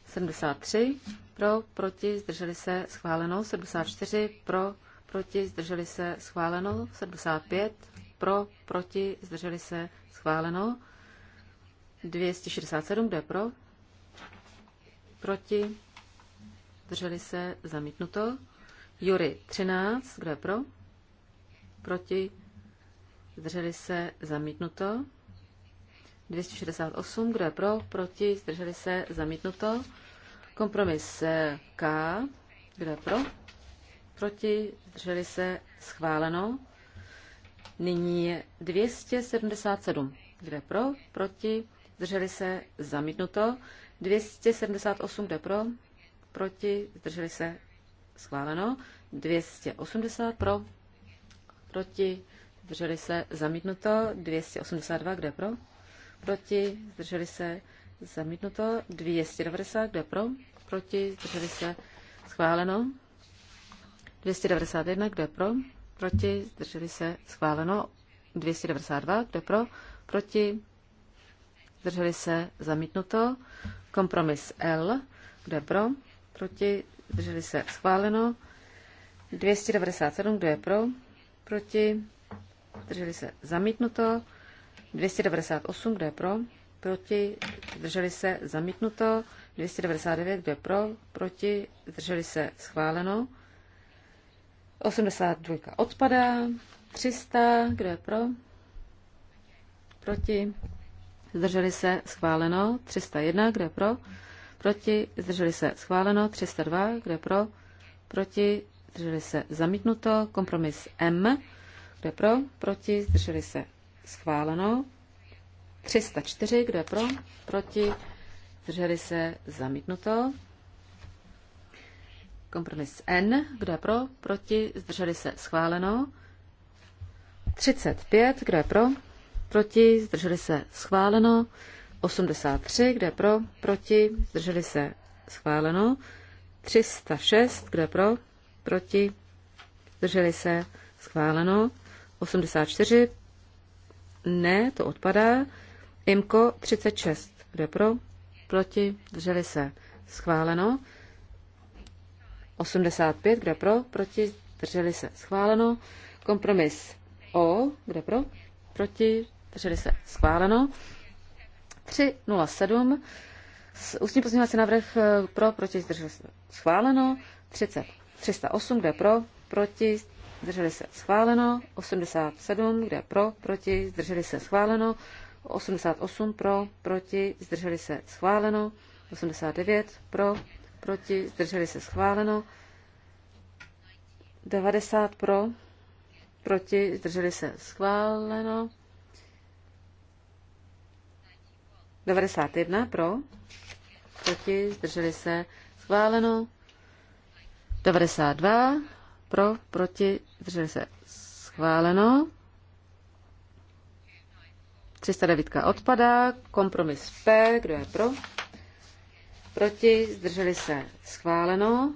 73, pro, proti, zdrželi se, schváleno. 74, pro, proti, zdrželi se, schváleno. 75, pro, proti, zdrželi se, schváleno. 267, kdo je pro? Proti, Zdrželi se? Zamítnuto. Jury 13. Kdo je pro? Proti? Zdrželi se? Zamítnuto. 268. Kdo je pro? Proti? Zdrželi se? Zamítnuto. Kompromis eh, K. Kdo je pro? Proti? Zdrželi se? Schváleno. Nyní je 277. kde pro? Proti? Zdrželi se? Zamítnuto. 278. kde pro? proti, zdrželi se, schváleno. 280 pro, proti, zdrželi se, zamítnuto. 282, kde pro, proti, zdrželi se, zamítnuto. 290, kde pro, proti, zdrželi se, schváleno. 291, kde pro, proti, zdrželi se, schváleno. 292, kde pro, proti, zdrželi se, zamítnuto. Kompromis L, kde pro, proti, zdrželi se schváleno. 297, kdo je pro, proti, zdrželi se zamítnuto. 298, kdo je pro, proti, zdrželi se zamítnuto. 299, kdo je pro, proti, zdrželi se schváleno. 82 odpadá. 300, kdo je pro, proti, zdrželi se schváleno. 301, kdo je pro, proti, zdrželi se schváleno, 302, kde pro, proti, zdrželi se zamítnuto, kompromis M, kde pro, proti, zdrželi se schváleno, 304, kde pro, proti, zdrželi se zamítnuto, kompromis N, kde pro, proti, zdrželi se schváleno, 35, kde pro, proti, zdrželi se schváleno, 83, kde pro, proti, zdrželi se, schváleno. 306, kde pro, proti, zdrželi se, schváleno. 84, ne, to odpadá. IMKO 36, kde pro, proti, zdrželi se, schváleno. 85, kde pro, proti, zdrželi se, schváleno. Kompromis O, kde pro, proti, zdrželi se, schváleno. 307. Ústní pozměňovací návrh eh, pro, proti, zdrželi se schváleno. 30. 308, kde pro, proti, zdrželi se schváleno. 87, kde pro, proti, zdrželi se schváleno. 88 pro, proti, zdrželi se schváleno. 89 pro, proti, zdrželi se schváleno. 90 pro, proti, zdrželi se schváleno. 91 pro, proti, zdrželi se, schváleno. 92 pro, proti, zdrželi se, schváleno. 309 odpadá, kompromis P, kdo je pro? Proti, zdrželi se, schváleno.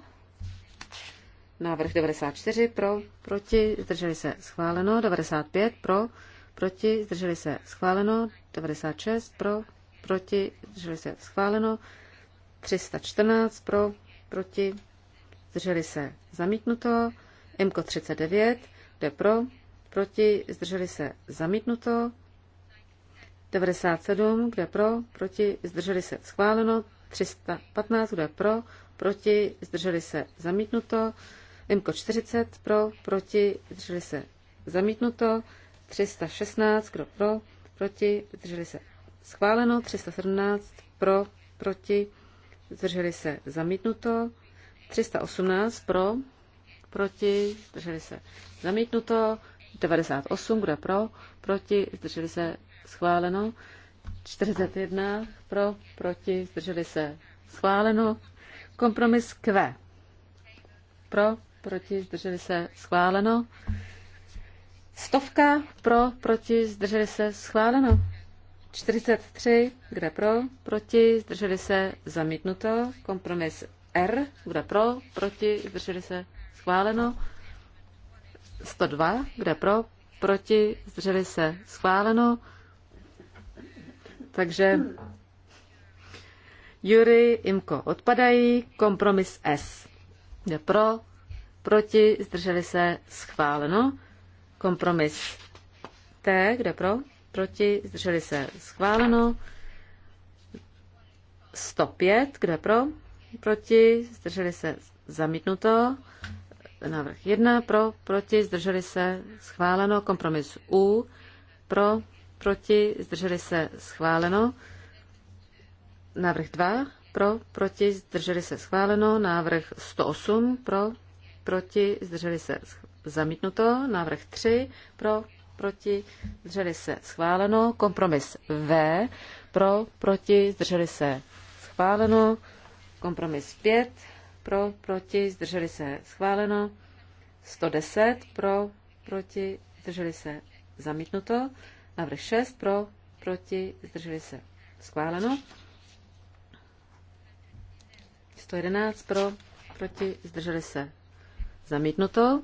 Návrh 94 pro, proti, zdrželi se, schváleno. 95 pro, proti, zdrželi se, schváleno. 96 pro, proti, zdrželi se schváleno, 314 pro, proti, zdrželi se zamítnuto, MKO 39, jde pro, proti, zdrželi se zamítnuto, 97, kde pro, proti, zdrželi se schváleno, 315, kde pro, proti, zdrželi se zamítnuto, MKO 40 pro, proti, zdrželi se zamítnuto, 316, kdo pro, proti, zdrželi se schváleno, 317 pro, proti, zdrželi se zamítnuto, 318 pro, proti, zdrželi se zamítnuto, 98, kdo pro, proti, zdrželi se schváleno, 41 pro, proti, zdrželi se schváleno, kompromis Q. Pro, proti, zdrželi se schváleno. Stovka pro, proti, zdrželi se schváleno. 43, kde pro, proti, zdrželi se, zamítnuto. Kompromis R, kde pro, proti, zdrželi se, schváleno. 102, kde pro, proti, zdrželi se, schváleno. Takže Jury, Imko odpadají, kompromis S. Kde pro, proti, zdrželi se, schváleno. Kompromis T, kde pro, proti, zdrželi se schváleno. 105, kdo je pro, proti, zdrželi se zamítnuto. Návrh 1 pro, proti, zdrželi se schváleno. Kompromis U pro, proti, zdrželi se schváleno. Návrh 2 pro, proti, zdrželi se schváleno. Návrh 108 pro, proti, zdrželi se zamítnuto. Návrh 3 pro, proti, zdrželi se schváleno. Kompromis V, pro, proti, zdrželi se schváleno. Kompromis 5, pro, proti, zdrželi se schváleno. 110, pro, proti, zdrželi se zamítnuto. Návrh 6, pro, proti, zdrželi se schváleno. 111 pro, proti, zdrželi se. Zamítnuto.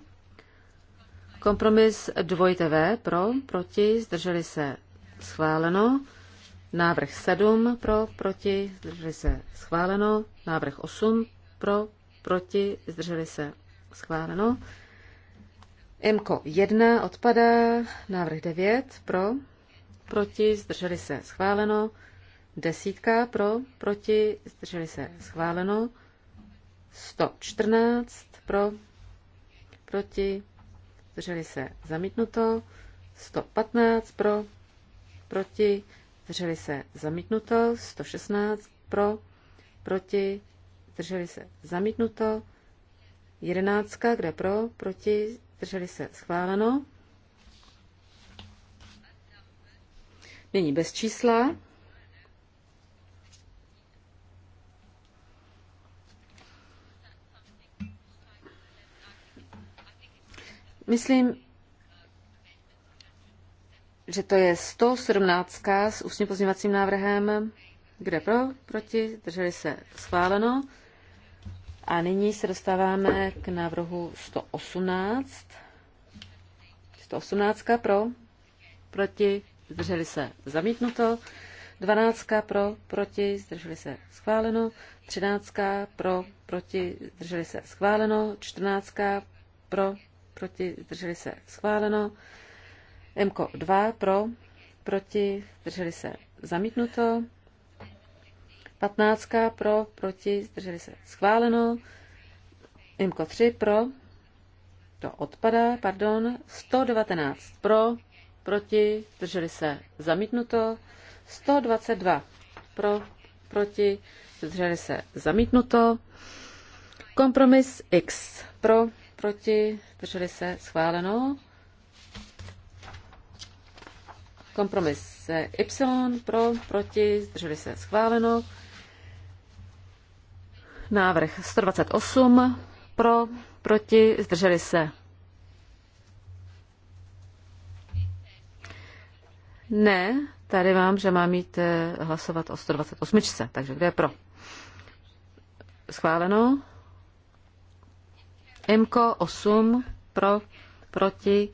Kompromis dvojité V pro, proti, zdrželi se schváleno. Návrh 7 pro, proti, zdrželi se schváleno. Návrh 8 pro, proti, zdrželi se schváleno. MKO 1 odpadá, návrh 9 pro, proti, zdrželi se schváleno. Desítka pro, proti, zdrželi se schváleno. 114 pro, proti, zdrželi se zamítnuto, 115 pro, proti, zdrželi se zamítnuto, 116 pro, proti, zdrželi se zamítnuto, 11, kde pro, proti, zdrželi se schváleno. Nyní bez čísla. Myslím, že to je 117 s ústním pozměňovacím návrhem. Kde pro? Proti? Drželi se schváleno. A nyní se dostáváme k návrhu 118. 118 pro? Proti? Zdrželi se zamítnuto. 12 pro, proti, zdrželi se schváleno. 13 pro, proti, zdrželi se schváleno. 14 pro, proti, drželi se schváleno. Mko 2 pro, proti, drželi se zamítnuto. 15 pro, proti, drželi se schváleno. Mko 3 pro, to odpadá, pardon. 119 pro, proti, drželi se zamítnuto. 122 pro, proti, zdrželi se zamítnuto. Kompromis X pro, proti, zdrželi se schváleno. Kompromis Y pro, proti, zdrželi se schváleno. Návrh 128 pro, proti, zdrželi se. Ne, tady mám, že mám mít eh, hlasovat o 128, takže kde je pro? Schváleno. Imko 8 pro, proti,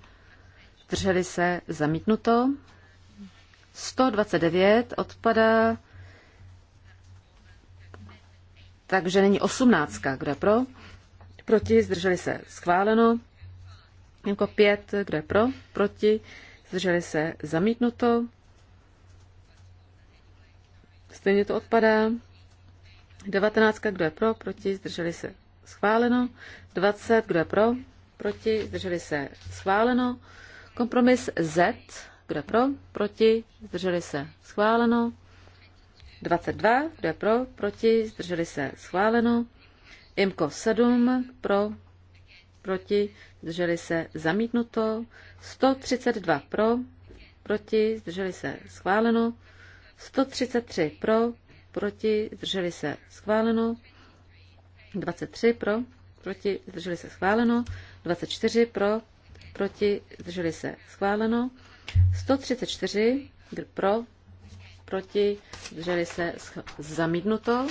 drželi se zamítnuto. 129 odpadá, takže není 18. Kdo je pro? Proti, zdrželi se schváleno. Imko 5, kdo je pro? Proti, zdrželi se zamítnuto. Stejně to odpadá. 19. Kdo je pro? Proti, zdrželi se Schváleno. 20. Kdo je pro? Proti. Zdrželi se. Schváleno. Kompromis Z. Kdo je pro? Proti. Zdrželi se. Schváleno. 22. Kdo je pro? Proti. Zdrželi se. Schváleno. IMKO 7. Pro. Proti. Zdrželi se. Zamítnuto. 132. Pro. Proti. Zdrželi se. Schváleno. 133. Pro. Proti. Zdrželi se. Schváleno. 23 pro, proti, zdrželi se schváleno. 24 pro, proti, zdrželi se schváleno. 134 pro, proti, zdrželi se zamítnuto.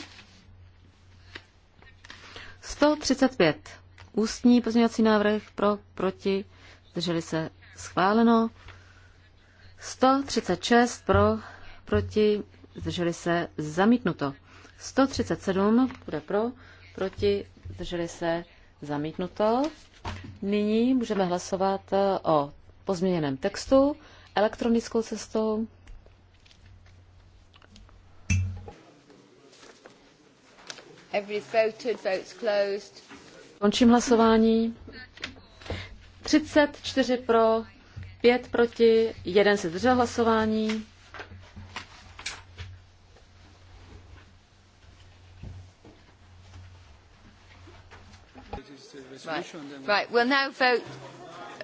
135 ústní pozměňovací návrh pro, proti, zdrželi se schváleno. 136 pro, proti, zdrželi se zamítnuto. 137 bude pro, proti, drželi se, zamítnuto. Nyní můžeme hlasovat eh, o pozměněném textu elektronickou cestou. Every voted, votes closed. Končím hlasování. 34 pro, 5 proti, 1 se zdržel hlasování. Right. right, we'll now vote.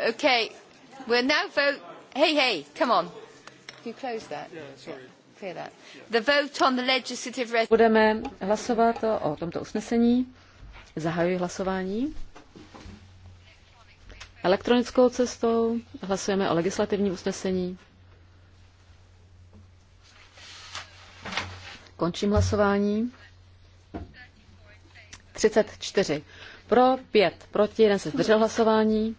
Okay, we'll now vote. Hey, hey, come on. Can you close that? Yeah, sorry. Yeah. Budeme hlasovat o tomto usnesení. Zahajuji hlasování. Elektronickou cestou hlasujeme o legislativním usnesení. Končím hlasování. 34 pro, pět proti, jeden se zdržel hlasování.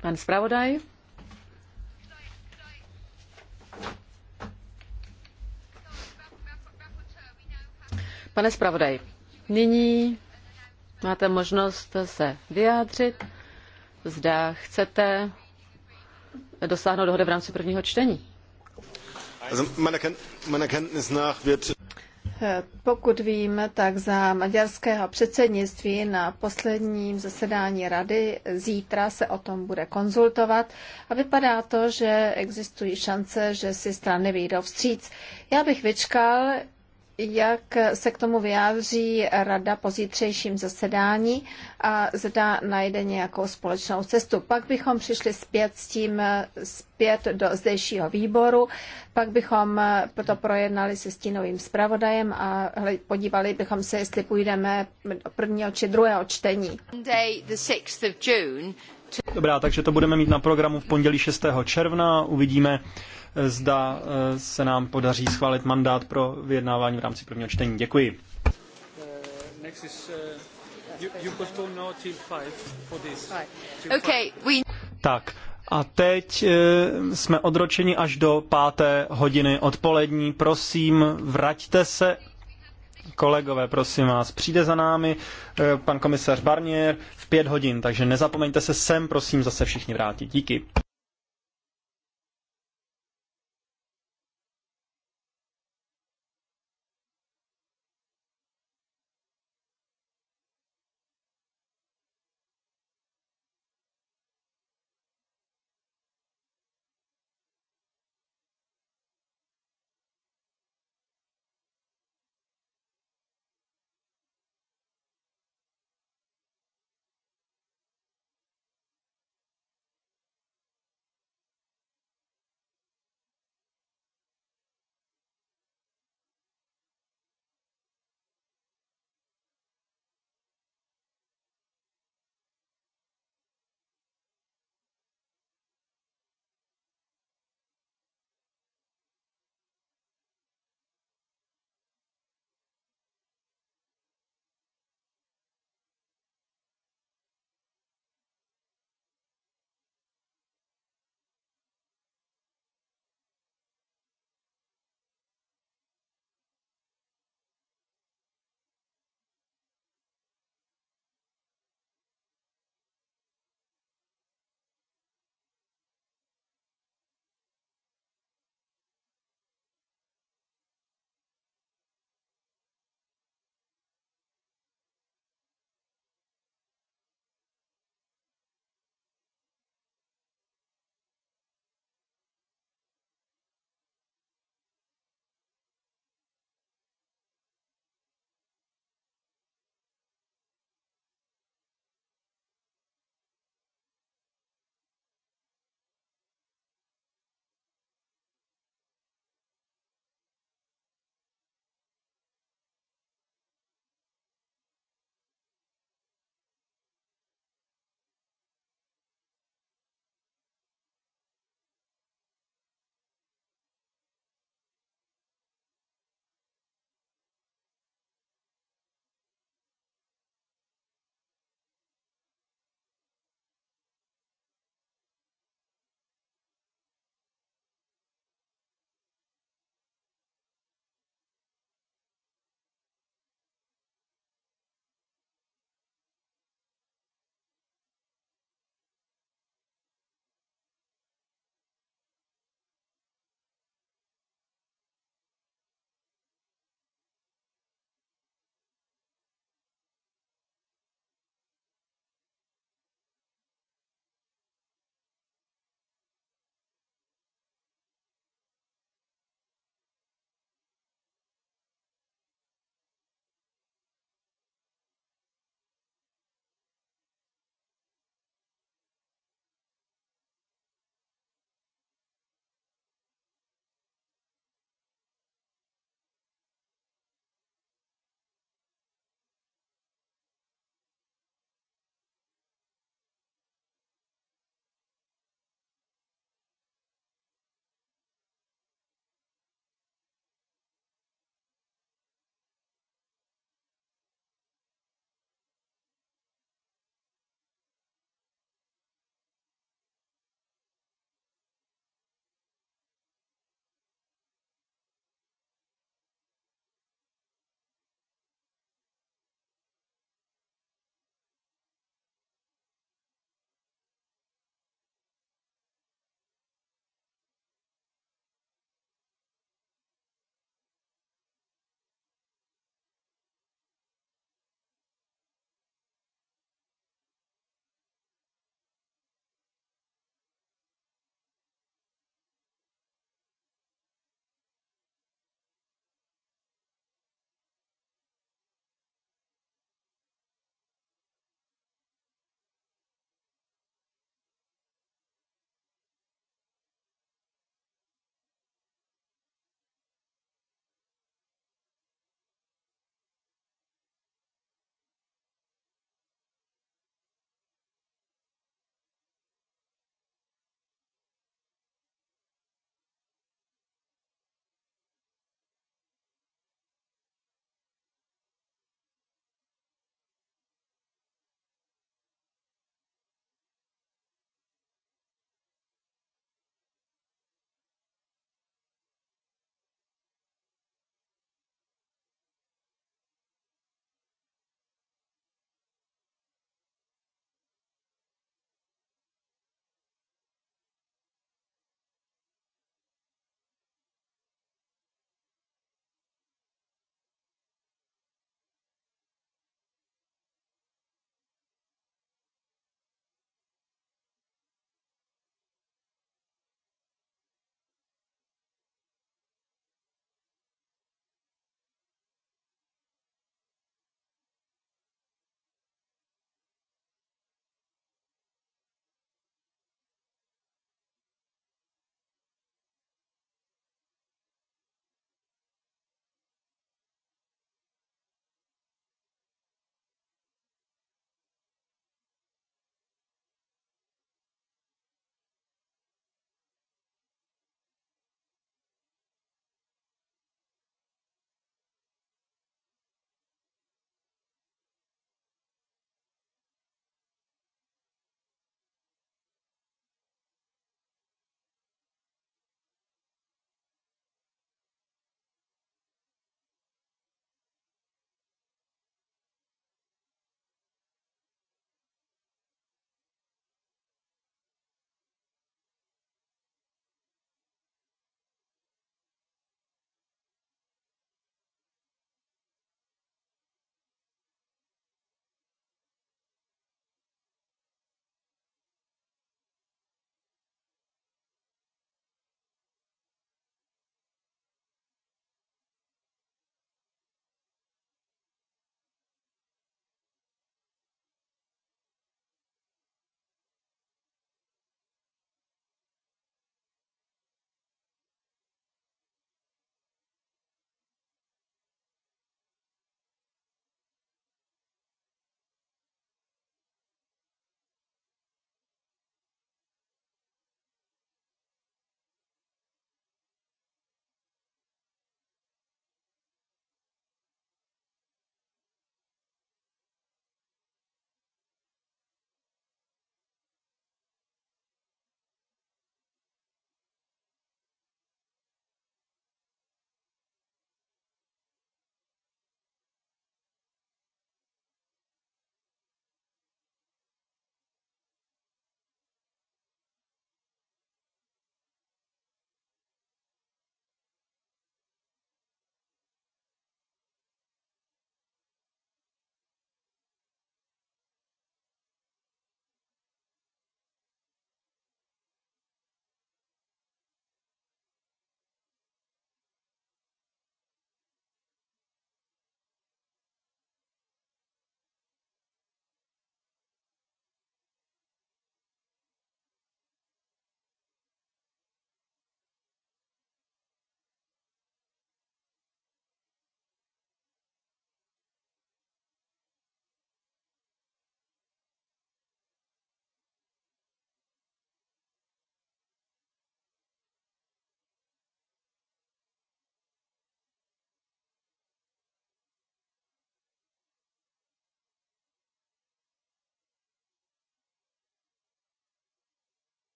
Pan zpravodaj. Pane zpravodaj, nyní máte možnost se vyjádřit. Zda chcete dosáhnout dohody v rámci prvního čtení. Eh, pokud vím, tak za maďarského předsednictví na posledním zasedání rady zítra se o tom bude konzultovat a vypadá to, že existují šance, že si strany vyjdou vstříc. Já bych vyčkal, jak se k tomu vyjádří rada po zítřejším zasedání a zda najde nějakou společnou cestu. Pak bychom přišli zpět s tím zpět do zdejšího výboru, pak bychom to projednali se stínovým zpravodajem a podívali bychom se, jestli půjdeme do prvního či druhého čtení. Dobrá, takže to budeme mít na programu v pondělí 6. června. Uvidíme, zda eh, se nám podaří schválit mandát pro vyjednávání v rámci prvního čtení. Děkuji. Eh, tak, a teď eh, jsme odročeni až do páté hodiny odpolední. Prosím, vraťte se. Kolegové, prosím vás, přijde za námi pan komisař Barnier v pět hodin, takže nezapomeňte se sem, prosím, zase všichni vrátit. Díky.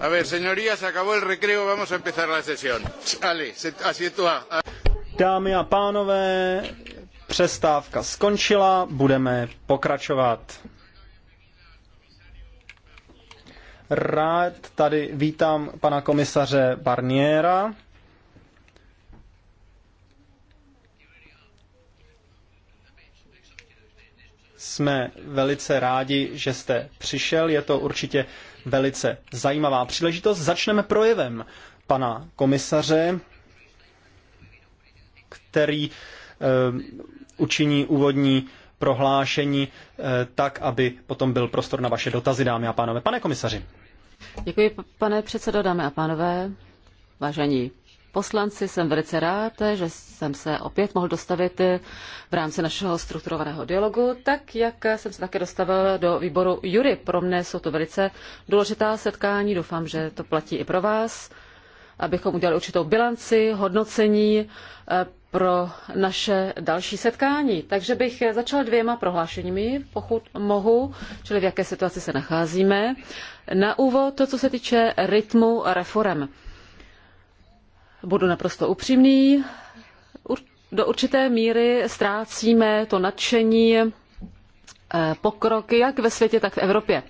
A ver, señorías, acabó el recreo, vamos a empezar la sesión. Ale, ah, ah. Dámy a pánové, přestávka skončila, budeme pokračovat. Rád tady vítám pana komisaře Barniera. Jsme velice rádi, že jste přišel. Je to určitě velice zajímavá příležitost. Začneme projevem pana komisaře, který eh, učiní úvodní prohlášení eh, tak, aby potom byl prostor na vaše dotazy, dámy a pánové. Pane komisaři. Děkuji, pane předsedo, dámy a pánové, vážení poslanci. Jsem velice rád, že jsem se opět mohl dostavit eh, v rámci našeho strukturovaného dialogu, tak jak jsem se také dostavil do výboru Jury. Pro mne jsou to velice důležitá setkání, doufám, že to platí i pro vás, abychom udělali určitou bilanci, hodnocení eh, pro naše další setkání. Takže bych začal dvěma prohlášeními, pokud mohu, čili v jaké situaci se nacházíme. Na úvod to, co se týče rytmu reform budu naprosto upřímný, do určité míry ztrácíme to nadšení eh, pokroky jak ve světě, tak v Evropě.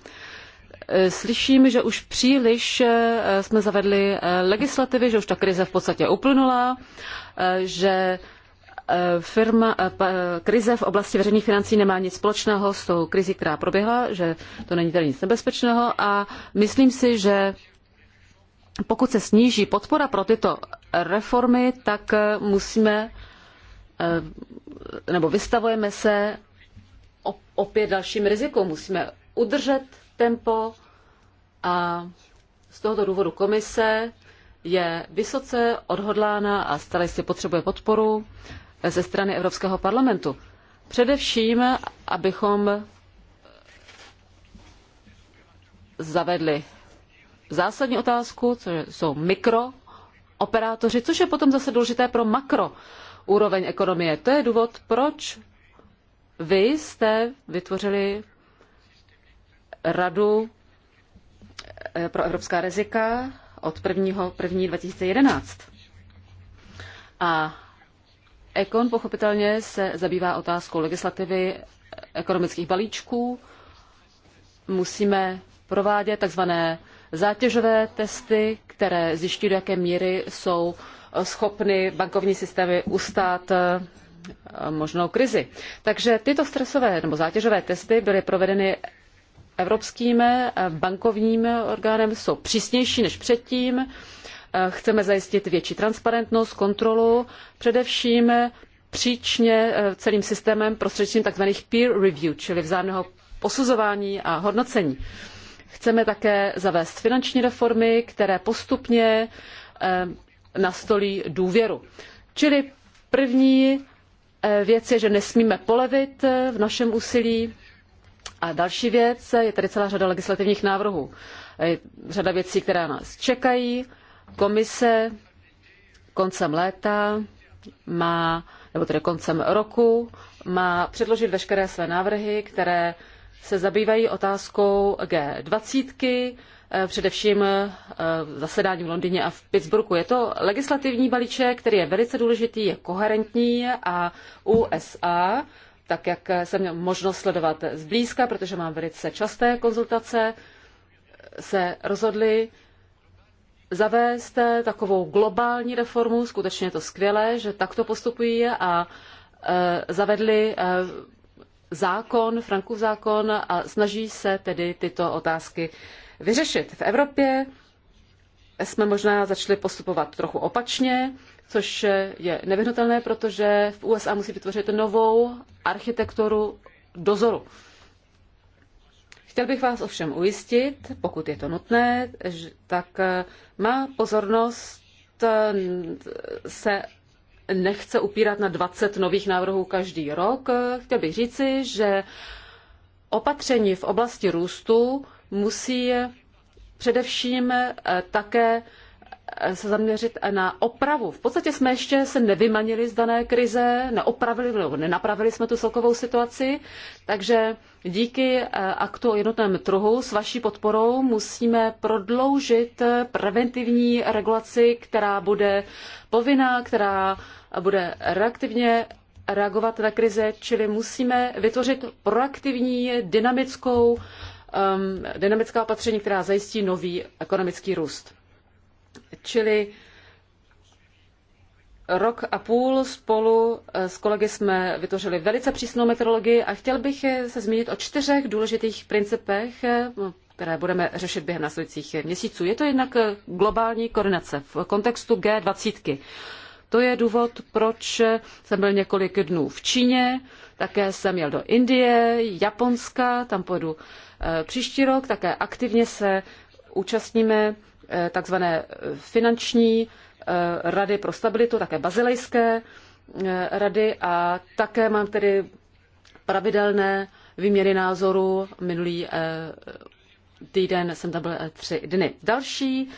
Eh, slyším, že už příliš eh, jsme zavedli legislativy, že už ta krize v podstatě uplynula, že firma, krize v oblasti veřejných financí nemá nic společného s tou krizí, která proběhla, že to není tady nic nebezpečného a myslím si, že pokud se sníží podpora pro tyto reformy, tak eh, musíme eh, nebo vystavujeme se opět dalším rizikům. Musíme udržet tempo a z tohoto důvodu komise je vysoce odhodlána a stále jistě potřebuje podporu ze strany Evropského parlamentu. Především, abychom zavedli zásadní otázku, což jsou mikrooperátoři, což je potom zase důležité pro makro úroveň ekonomie. To je důvod, proč vy jste vytvořili radu eh, pro evropská rizika od 1. 1. 2011. A Ekon pochopitelně se zabývá otázkou legislativy ekonomických balíčků. Musíme provádět takzvané zátěžové testy, které zjišťují, do jaké míry jsou eh, schopny bankovní systémy ustát eh, možnou krizi. Takže tyto stresové nebo zátěžové testy byly provedeny evropským eh, bankovním orgánem, jsou přísnější než předtím. Chceme zajistit větší transparentnost, kontrolu, především příčně celým systémem prostřednictvím tzv. peer review, čili vzájemného posuzování a hodnocení. Chceme také zavést finanční reformy, které postupně eh, nastolí důvěru. Čili první eh, věc je, že nesmíme polevit eh, v našem úsilí. A další věc, je tady celá řada legislativních návrhů. Je řada věcí, která nás čekají. Komise koncem léta má, nebo tedy koncem roku, má předložit veškeré své návrhy, které se zabývají otázkou G20, eh, především eh, zasedání v Londýně a v Pittsburghu. Je to legislativní balíček, který je velice důležitý, je koherentní a USA, tak jak jsem měl možnost sledovat zblízka, protože mám velice časté konzultace, se rozhodli zavést takovou globální reformu, skutečně je to skvělé, že takto postupují a eh, zavedli zákon, Frankův zákon a snaží se tedy tyto otázky vyřešit. V Evropě jsme možná začali postupovat trochu opačně, což je nevyhnutelné, protože v USA musí vytvořit novou architekturu dozoru. Chtěl bych vás ovšem ujistit, pokud je to nutné, tak má pozornost se nechce upírat na 20 nových návrhů každý rok. Chtěl bych říci, že opatření v oblasti růstu musí především eh, také se zaměřit na opravu. V podstatě jsme ještě se nevymanili z dané krize, neopravili nebo nenapravili jsme tu celkovou situaci, takže díky eh, aktu o jednotném trhu s vaší podporou musíme prodloužit preventivní regulaci, která bude povinná, která bude reaktivně reagovat na krize, čili musíme vytvořit proaktivní, dynamickou, um, dynamická opatření, která zajistí nový ekonomický růst. Čili rok a půl spolu eh, s kolegy jsme vytvořili velice přísnou metrologii a chtěl bych eh, se zmínit o čtyřech důležitých principech, eh, které budeme řešit během následujících měsíců. Je to jednak globální koordinace v kontextu G20. To je důvod, proč jsem byl několik dnů v Číně, také jsem jel do Indie, Japonska, tam pojedu příští rok, také aktivně se účastníme Eh, takzvané eh, finanční eh, rady pro stabilitu, také bazilejské rady a také mám tedy pravidelné výměny názorů. Minulý týden jsem tam byl tři dny. Další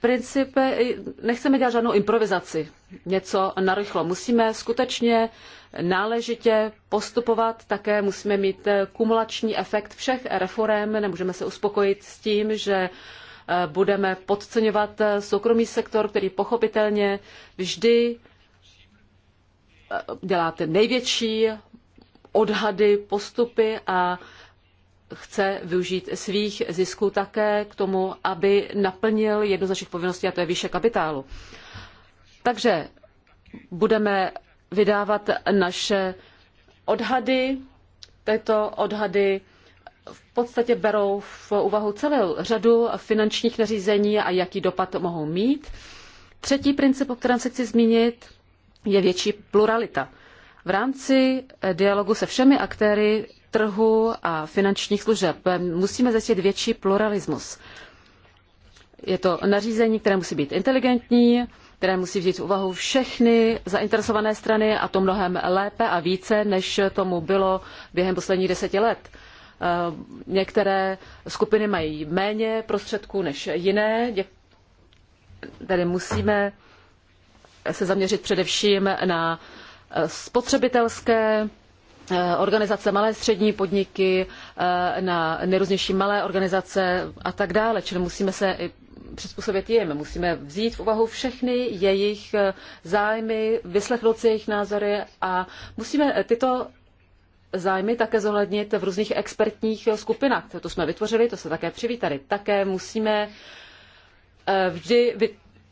principy, nechceme dělat žádnou improvizaci něco narychlo. Musíme skutečně náležitě postupovat, také musíme mít kumulační efekt všech reform, nemůžeme se uspokojit s tím, že eh, budeme podceňovat eh, soukromý sektor, který pochopitelně vždy eh, dělá ty největší odhady, postupy a chce využít svých zisků také k tomu, aby naplnil jednu z našich povinností, a to je výše kapitálu. Takže budeme vydávat naše odhady. Tyto odhady v podstatě berou v úvahu celou řadu finančních nařízení a jaký dopad to mohou mít. Třetí princip, o kterém se chci zmínit, je větší pluralita. V rámci dialogu se všemi aktéry trhu a finančních služeb musíme zjistit větší pluralismus. Je to nařízení, které musí být inteligentní, které musí vzít v úvahu všechny zainteresované strany a to mnohem lépe a více, než tomu bylo během posledních deseti let. Eh, některé skupiny mají méně prostředků než jiné, tedy musíme se zaměřit především na eh, spotřebitelské eh, organizace, malé střední podniky, na nejrůznější malé organizace a tak dále. Čili musíme se přizpůsobit jim. Musíme vzít v úvahu všechny jejich eh, zájmy, vyslechnout si jejich názory a musíme eh, tyto zájmy také zohlednit v různých expertních eh, skupinách. To jsme vytvořili, to se také přivítali. Také musíme vždy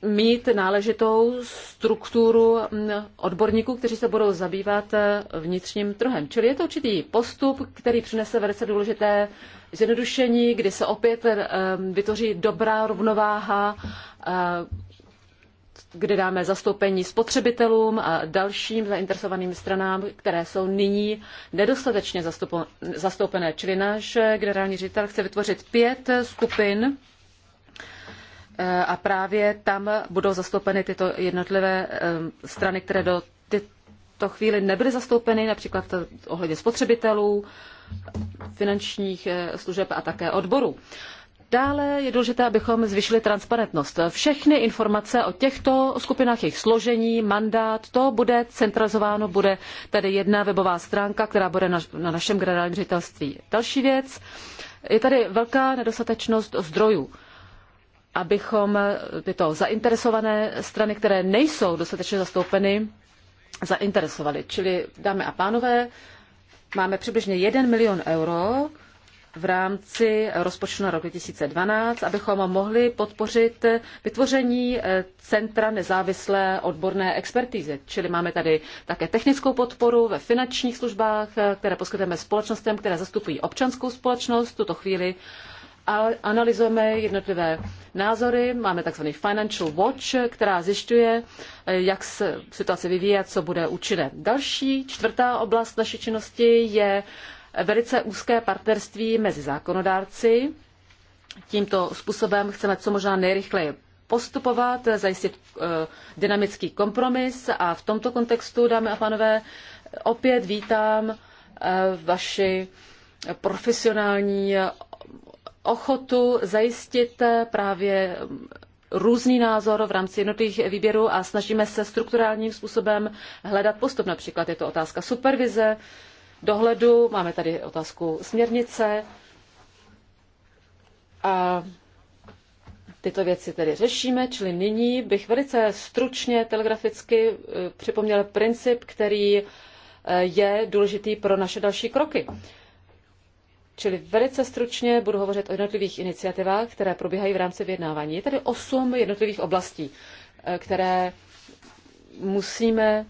mít náležitou strukturu odborníků, kteří se budou zabývat e, vnitřním trhem. Čili je to určitý postup, který přinese velice důležité zjednodušení, kdy se opět e, vytvoří dobrá rovnováha, e, kde dáme zastoupení spotřebitelům a dalším zainteresovaným stranám, které jsou nyní nedostatečně zastoupené. Čili náš generální ředitel chce vytvořit pět skupin Eh, a právě tam budou zastoupeny tyto jednotlivé eh, strany, které do této chvíli nebyly zastoupeny, například ohledně spotřebitelů, finančních eh, služeb a také odborů. Dále je důležité, abychom zvyšili transparentnost. Všechny informace o těchto skupinách, jejich složení, mandát, to bude centralizováno, bude tady jedna webová stránka, která bude na, na našem generálním ředitelství. Další věc, je tady velká nedostatečnost zdrojů abychom tyto zainteresované strany, které nejsou dostatečně zastoupeny, zainteresovali. Čili, dámy a pánové, máme přibližně 1 milion euro v rámci rozpočtu na rok 2012, abychom mohli podpořit vytvoření eh, Centra nezávislé odborné expertízy. Čili máme tady také technickou podporu ve finančních službách, eh, které poskytujeme společnostem, které zastupují občanskou společnost. V tuto chvíli analyzujeme jednotlivé názory. Máme tzv. Financial Watch, která zjišťuje, eh, jak se situace vyvíjí a co bude účinné. Další, čtvrtá oblast naší činnosti je velice úzké partnerství mezi zákonodárci. Tímto způsobem chceme co možná nejrychleji postupovat, zajistit eh, dynamický kompromis a v tomto kontextu, dámy a pánové, opět vítám eh, vaši profesionální ochotu zajistit eh, právě mm, různý názor v rámci jednotlivých výběrů a snažíme se strukturálním způsobem hledat postup. Například je to otázka supervize, dohledu, máme tady otázku směrnice a tyto věci tedy řešíme, čili nyní bych velice stručně telegraficky eh, připomněl princip, který eh, je důležitý pro naše další kroky. Čili velice stručně budu hovořit o jednotlivých iniciativách, které probíhají v rámci vyjednávání. Je tady osm jednotlivých oblastí, eh, které musíme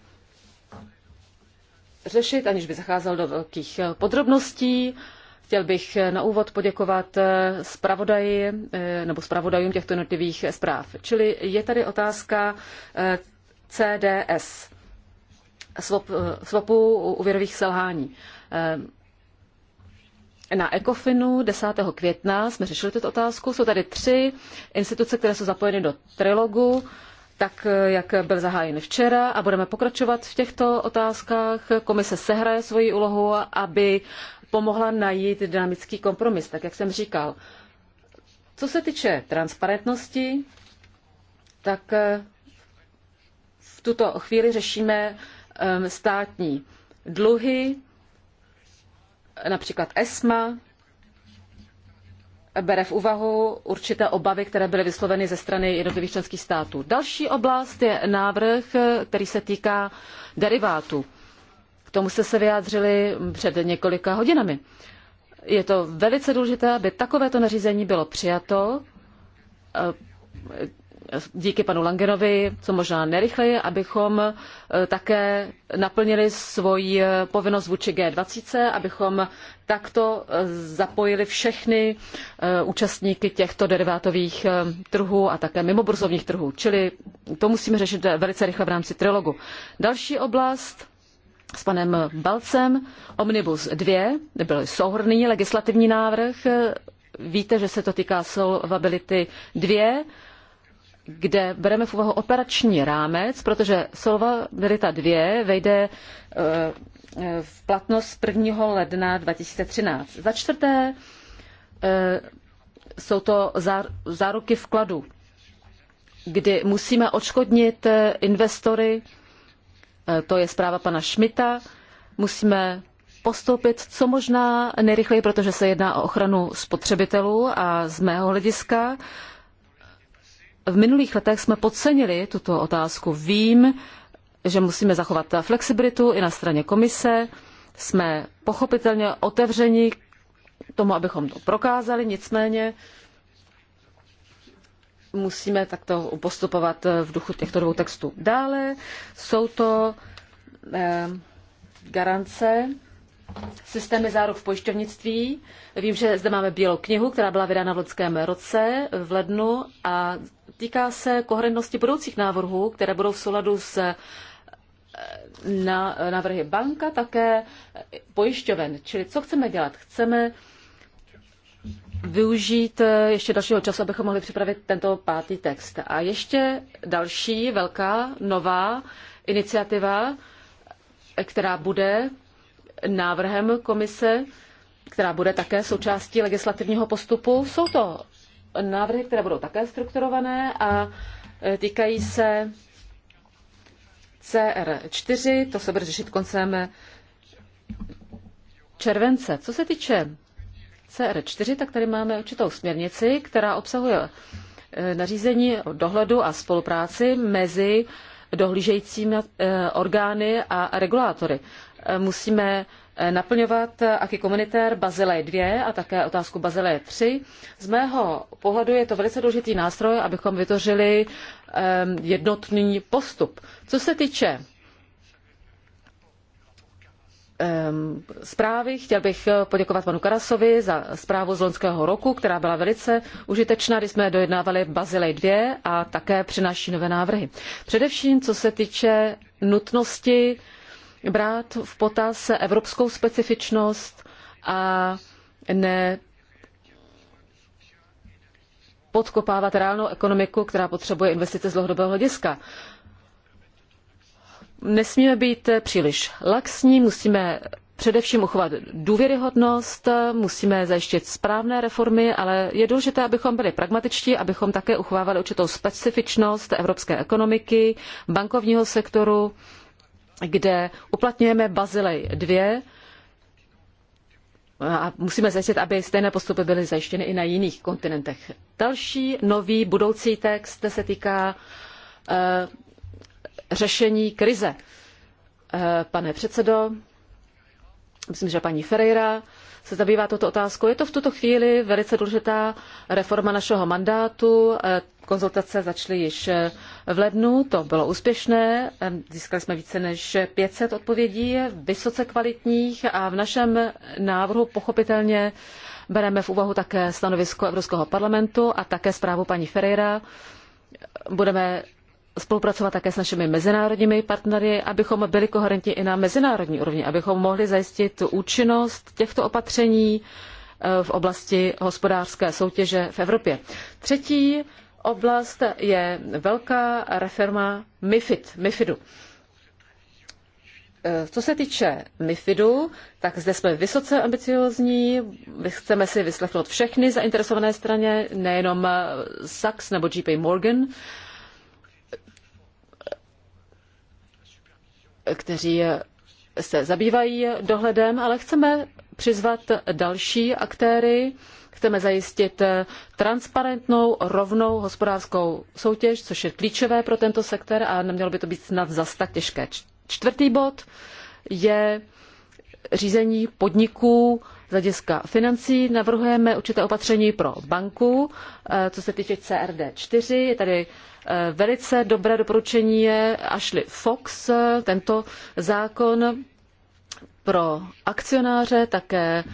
řešit, aniž by zacházel do velkých eh, podrobností. Chtěl bych eh, na úvod poděkovat zpravodaji nebo zpravodajům těchto jednotlivých zpráv. Čili je tady otázka CDS, swap, swapu úvěrových selhání na ECOFINu 10. května jsme řešili tuto otázku. Jsou tady tři instituce, které jsou zapojeny do trilogu, tak jak byl zahájen včera a budeme pokračovat v těchto otázkách. Komise sehraje svoji úlohu, aby pomohla najít dynamický kompromis, tak jak jsem říkal. Co se týče transparentnosti, tak v tuto chvíli řešíme um, státní dluhy, například ESMA bere v úvahu určité obavy, které byly vysloveny ze strany jednotlivých členských států. Další oblast je návrh, který se týká derivátů. K tomu jste se vyjádřili před několika hodinami. Je to velice důležité, aby takovéto nařízení bylo přijato díky panu Langenovi co možná nejrychleji, abychom eh, také naplnili svoji eh, povinnost vůči G20, abychom takto eh, zapojili všechny účastníky těchto derivátových trhů a také mimoburzovních trhů. Čili to musíme řešit velice rychle v rámci trilogu. Další oblast s panem Balcem, Omnibus 2, byl souhrný legislativní návrh. Víte, že se to týká solvability 2 kde bereme v úvahu operační rámec, protože verita 2 vejde e, e, v platnost 1. ledna 2013. Za čtvrté e, jsou to záruky vkladu, kdy musíme odškodnit investory, to je zpráva pana Šmita, musíme postoupit co možná nejrychleji, protože se jedná o ochranu spotřebitelů a z mého hlediska v minulých letech jsme podcenili tuto otázku. Vím, že musíme zachovat flexibilitu i na straně komise. Jsme pochopitelně otevření tomu, abychom to prokázali, nicméně musíme takto postupovat v duchu těchto dvou textů. Dále jsou to eh, garance, systémy záruk v pojišťovnictví. Vím, že zde máme bílou knihu, která byla vydána v loňském roce v lednu a týká se koherentnosti budoucích návrhů, které budou v souladu s eh, na návrhy banka, také pojišťoven. Čili co chceme dělat? Chceme využít eh, ještě dalšího času, abychom mohli připravit tento pátý text. A ještě další velká nová iniciativa, eh, která bude návrhem komise, která bude také součástí legislativního postupu, jsou to návrhy, které budou také strukturované a e, týkají se CR4, to se bude řešit koncem července. Co se týče CR4, tak tady máme určitou směrnici, která obsahuje e, nařízení o dohledu a spolupráci mezi dohlížejícími e, orgány a regulátory. Musíme Eh, naplňovat eh, aký komunitér Bazileje 2 a také otázku Bazileje 3. Z mého pohledu je to velice důležitý nástroj, abychom vytvořili jednotný postup. Co se týče zprávy. Chtěl bych eh, poděkovat panu Karasovi za zprávu z loňského roku, která byla velice užitečná, když jsme dojednávali Bazilej 2 a také přináší nové návrhy. Především, co se týče nutnosti brát v potaz evropskou specifičnost a ne podkopávat reálnou ekonomiku, která potřebuje investice z dlouhodobého hlediska. Nesmíme být příliš laxní, musíme především uchovat důvěryhodnost, musíme zajištit správné reformy, ale je důležité, abychom byli pragmatičtí, abychom také uchovávali určitou specifičnost evropské ekonomiky, bankovního sektoru, kde uplatňujeme Bazilej 2 a musíme zajistit, aby stejné postupy byly zajištěny i na jiných kontinentech. Další nový budoucí text se týká eh, řešení krize. Eh, pane předsedo, myslím, že paní Ferreira se zabývá toto otázkou. Je to v tuto chvíli velice důležitá reforma našeho mandátu. Eh, Konzultace začaly již eh, v lednu, to bylo úspěšné, získali jsme více než 500 odpovědí, vysoce kvalitních a v našem návrhu pochopitelně bereme v úvahu také stanovisko Evropského parlamentu a také zprávu paní Ferreira. Budeme spolupracovat také s našimi mezinárodními partnery, abychom byli koherentní i na mezinárodní úrovni, abychom mohli zajistit účinnost těchto opatření eh, v oblasti hospodářské soutěže v Evropě. Třetí oblast je velká reforma MIFID, MIFIDu. E, co se týče MIFIDu, tak zde jsme vysoce ambiciozní, chceme si vyslechnout všechny zainteresované straně, nejenom Sachs nebo JP Morgan, kteří se zabývají dohledem, ale chceme přizvat další aktéry, chceme zajistit eh, transparentnou, rovnou hospodářskou soutěž, což je klíčové pro tento sektor a nemělo by to být snad zas tak těžké. Čtvrtý bod je řízení podniků z hlediska financí. Navrhujeme určité opatření pro banku, eh, co se týče CRD4. Je tady eh, velice dobré doporučení je Ashley Fox, tento zákon pro akcionáře, také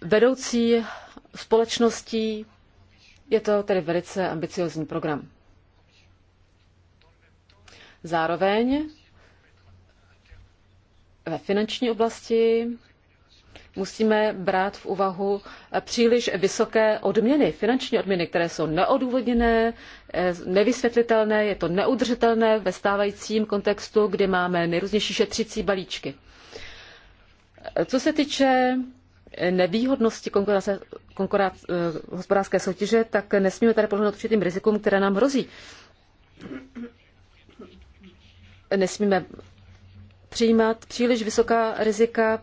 vedoucí společností. Je to tedy velice ambiciozní program. Zároveň ve finanční oblasti musíme brát v úvahu příliš vysoké odměny, finanční odměny, které jsou neodůvodněné, eh, nevysvětlitelné, je to neudržitelné ve stávajícím kontextu, kdy máme nejrůznější šetřící balíčky. Eh, co se týče nevýhodnosti konkurence, konkurence, eh, hospodářské soutěže, tak nesmíme tady pohlednout určitým rizikům, které nám hrozí. Nesmíme přijímat příliš vysoká rizika.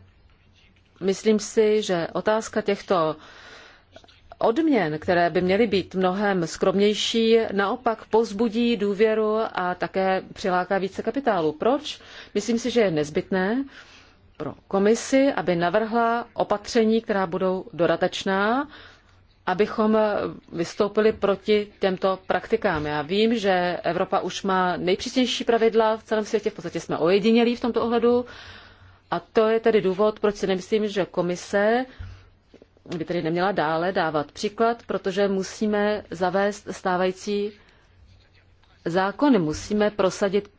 Myslím si, že otázka těchto odměn, které by měly být mnohem skromnější, naopak pozbudí důvěru a také přiláká více kapitálu. Proč? Myslím si, že je nezbytné, pro komisi, aby navrhla opatření, která budou dodatečná, abychom vystoupili proti těmto praktikám. Já vím, že Evropa už má nejpřísnější pravidla v celém světě, v podstatě jsme ojedinělí v tomto ohledu. A to je tedy důvod, proč si nemyslím, že komise by tedy neměla dále dávat příklad, protože musíme zavést stávající zákony, musíme prosadit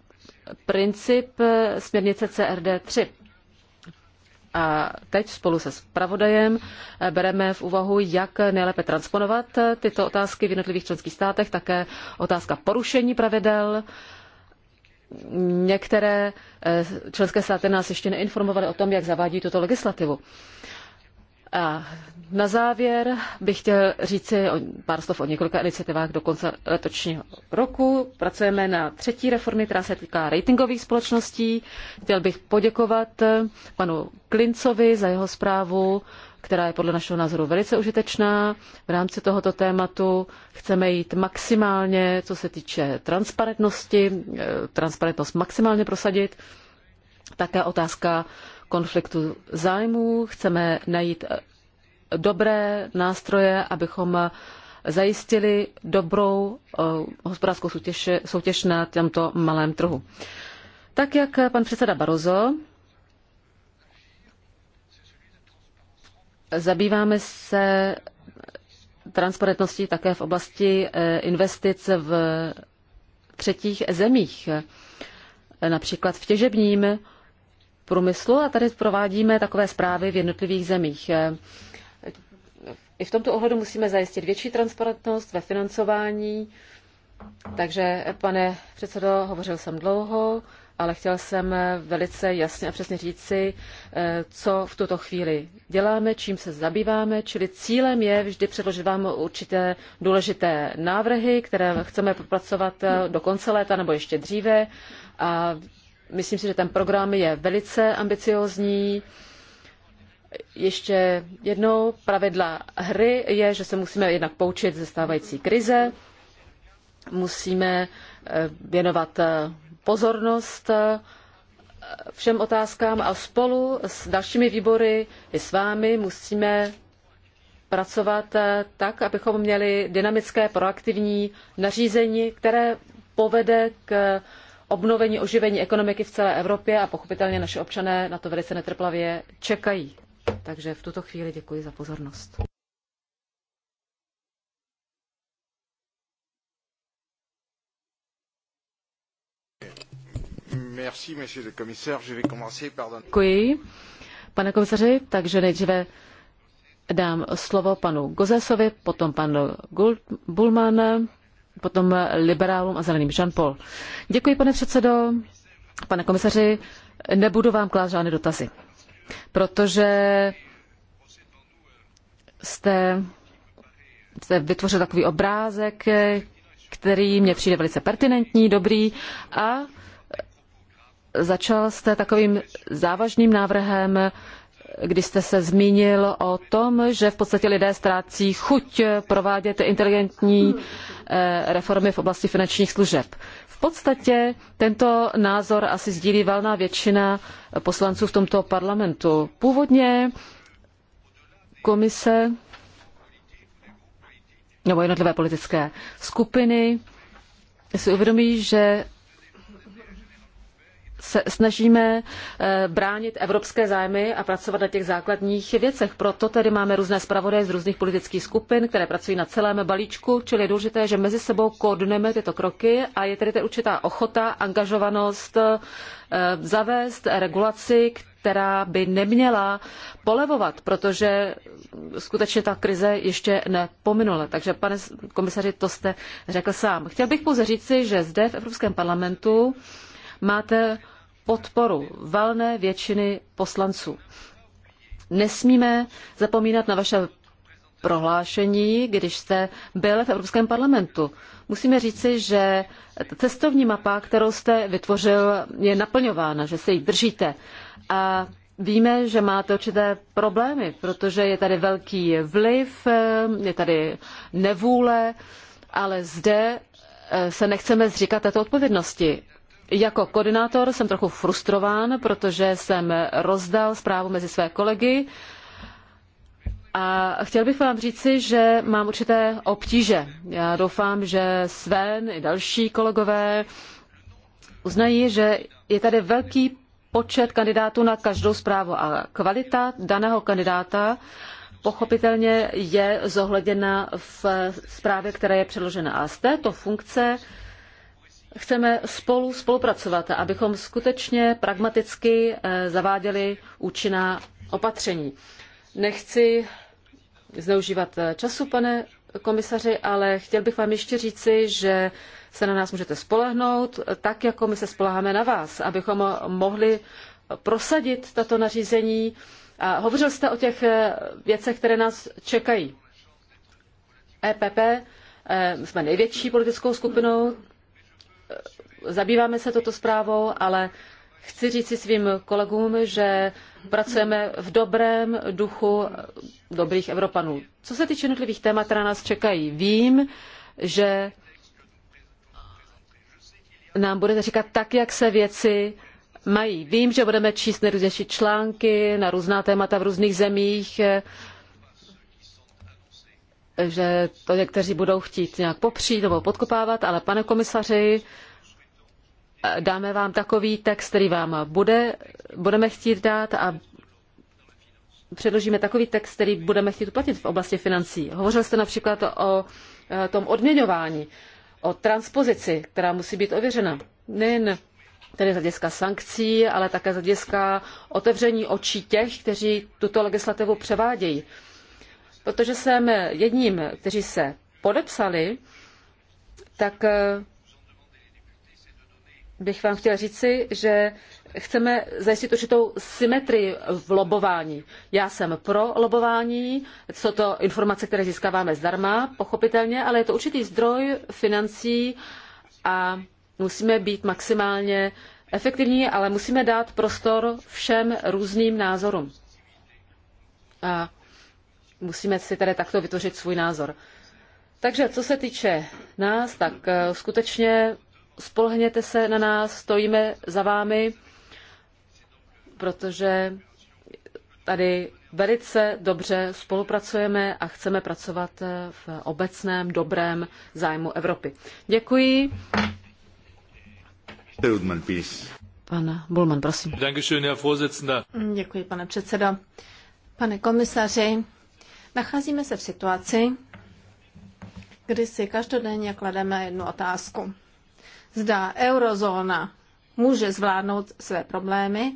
princip směrnice CRD 3. A teď spolu se spravodajem bereme v úvahu, jak nejlépe transponovat tyto otázky v jednotlivých členských státech, také otázka porušení pravidel. Některé eh, členské státy nás ještě neinformovaly o tom, jak zavádí tuto legislativu. A na závěr bych chtěl říci pár slov o několika iniciativách do konce letošního roku. Pracujeme na třetí reformě, která se týká ratingových společností. Chtěl bych poděkovat panu Klincovi za jeho zprávu, která je podle našeho názoru velice užitečná. V rámci tohoto tématu chceme jít maximálně, co se týče transparentnosti, eh, transparentnost maximálně prosadit. Také otázka konfliktu zájmů, chceme najít dobré nástroje, abychom zajistili dobrou eh, hospodářskou soutěž, soutěž na tomto malém trhu. Tak jak pan předseda Barozo, zabýváme se transparentností také v oblasti eh, investic v třetích zemích, eh, například v těžebním průmyslu a tady provádíme takové zprávy v jednotlivých zemích. E, I v tomto ohledu musíme zajistit větší transparentnost ve financování. Takže, pane předsedo, hovořil jsem dlouho, ale chtěl jsem velice jasně a přesně říci, e, co v tuto chvíli děláme, čím se zabýváme, čili cílem je vždy předložit vám určité důležité návrhy, které chceme popracovat e, do konce léta nebo ještě dříve a Myslím si, že ten program je velice ambiciozní. Ještě jednou pravidla hry je, že se musíme jednak poučit ze stávající krize, musíme eh, věnovat eh, pozornost eh, všem otázkám a spolu s dalšími výbory i s vámi musíme pracovat tak, abychom měli dynamické, proaktivní nařízení, které povede k obnovení, oživení ekonomiky v celé Evropě a pochopitelně naše občané na to velice netrplavě čekají. Takže v tuto chvíli děkuji za pozornost. Děkuji, pane komisaři, takže nejdříve dám slovo panu Gozesovi, potom panu Bulman, potom liberálům a zeleným. Jean-Paul. Děkuji, pane předsedo. Pane komisaři, nebudu vám klást žádné dotazy, protože jste, jste vytvořil takový obrázek, který mně přijde velice pertinentní, dobrý a začal jste takovým závažným návrhem kdy jste se zmínil o tom, že v podstatě lidé ztrácí chuť provádět inteligentní eh, reformy v oblasti finančních služeb. V podstatě tento názor asi sdílí valná většina poslanců v tomto parlamentu. Původně komise nebo jednotlivé politické skupiny si uvědomí, že se snažíme eh, bránit evropské zájmy a pracovat na těch základních věcech. Proto tedy máme různé zpravodaje z různých politických skupin, které pracují na celém balíčku, čili je důležité, že mezi sebou koordinujeme tyto kroky a je tedy určitá ochota, angažovanost eh, zavést regulaci, která by neměla polevovat, protože skutečně ta krize ještě nepominula. Takže, pane komisaři, to jste řekl sám. Chtěl bych pouze říci, že zde v Evropském parlamentu máte podporu valné většiny poslanců. Nesmíme zapomínat na vaše prohlášení, když jste byl v Evropském parlamentu. Musíme říci, že cestovní mapa, kterou jste vytvořil, je naplňována, že se jí držíte. A Víme, že máte určité problémy, protože je tady velký vliv, je tady nevůle, ale zde eh, se nechceme zříkat této odpovědnosti jako koordinátor jsem trochu frustrován, protože jsem rozdal zprávu mezi své kolegy a chtěl bych vám říci, že mám určité obtíže. Já doufám, že Sven i další kolegové uznají, že je tady velký počet kandidátů na každou zprávu a kvalita daného kandidáta pochopitelně je zohledněna v zprávě, která je předložena. A z této funkce chceme spolu spolupracovat, abychom skutečně pragmaticky eh, zaváděli účinná opatření. Nechci zneužívat eh, času, pane komisaři, ale chtěl bych vám ještě říci, že se na nás můžete spolehnout, tak jako my se spoléháme na vás, abychom mohli prosadit tato nařízení. A hovořil jste o těch eh, věcech, které nás čekají. EPP, jsme největší politickou skupinou, zabýváme se toto zprávou, ale chci říci svým kolegům, že pracujeme v dobrém duchu dobrých Evropanů. Co se týče jednotlivých témat, která nás čekají, vím, že nám budete říkat tak, jak se věci mají. Vím, že budeme číst nejrůznější články na různá témata v různých zemích, že to někteří budou chtít nějak popřít nebo podkopávat, ale pane komisaři, dáme vám takový text, který vám bude, budeme chtít dát a předložíme takový text, který budeme chtít uplatnit v oblasti financí. Hovořil jste například o eh, tom odměňování, o transpozici, která musí být ověřena. Nejen tedy z hlediska sankcí, ale také z hlediska otevření očí těch, kteří tuto legislativu převádějí. Protože jsem jedním, kteří se podepsali, tak eh, bych vám chtěla říci, že chceme zajistit určitou symetrii v lobování. Já jsem pro lobování, jsou to informace, které získáváme zdarma, pochopitelně, ale je to určitý zdroj financí a musíme být maximálně efektivní, ale musíme dát prostor všem různým názorům. A musíme si tedy takto vytvořit svůj názor. Takže co se týče nás, tak eh, skutečně spolehněte se na nás, stojíme za vámi, protože tady velice dobře spolupracujeme a chceme pracovat v obecném dobrém zájmu Evropy. Děkuji. Pan Bulman, prosím. Děkuji, pane předsedo. Pane komisaři, nacházíme se v situaci, kdy si každodenně klademe jednu otázku zda eurozóna může zvládnout své problémy,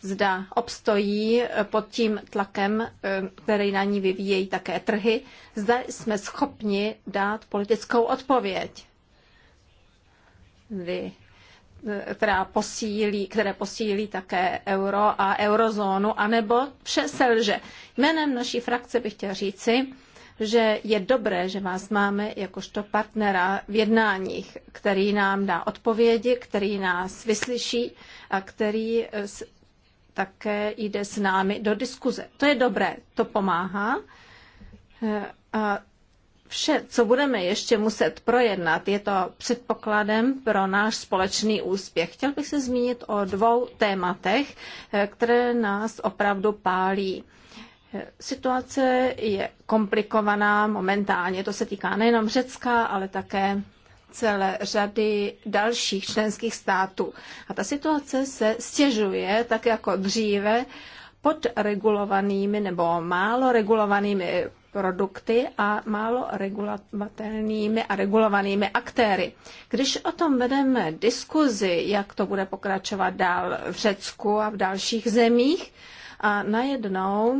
zda obstojí pod tím tlakem, eh, který na ní vyvíjejí také trhy, zda jsme schopni dát politickou odpověď, eh, která posílí, které posílí také euro a eurozónu, anebo vše selže. Jménem naší frakce bych chtěl říci, že je dobré, že vás máme jakožto partnera v jednáních, který nám dá odpovědi, který nás vyslyší a který také jde s námi do diskuze. To je dobré, to pomáhá. Eh, a vše, co budeme ještě muset projednat, je to předpokladem pro náš společný úspěch. Chtěl bych se zmínit o dvou tématech, eh, které nás opravdu pálí. Situace je komplikovaná momentálně. To se týká nejenom Řecka, ale také celé řady dalších členských států. A ta situace se stěžuje, tak jako dříve, pod regulovanými nebo málo regulovanými produkty a málo regulovatelnými a regulovanými aktéry. Když o tom vedeme diskuzi, jak to bude pokračovat dál v Řecku a v dalších zemích, a najednou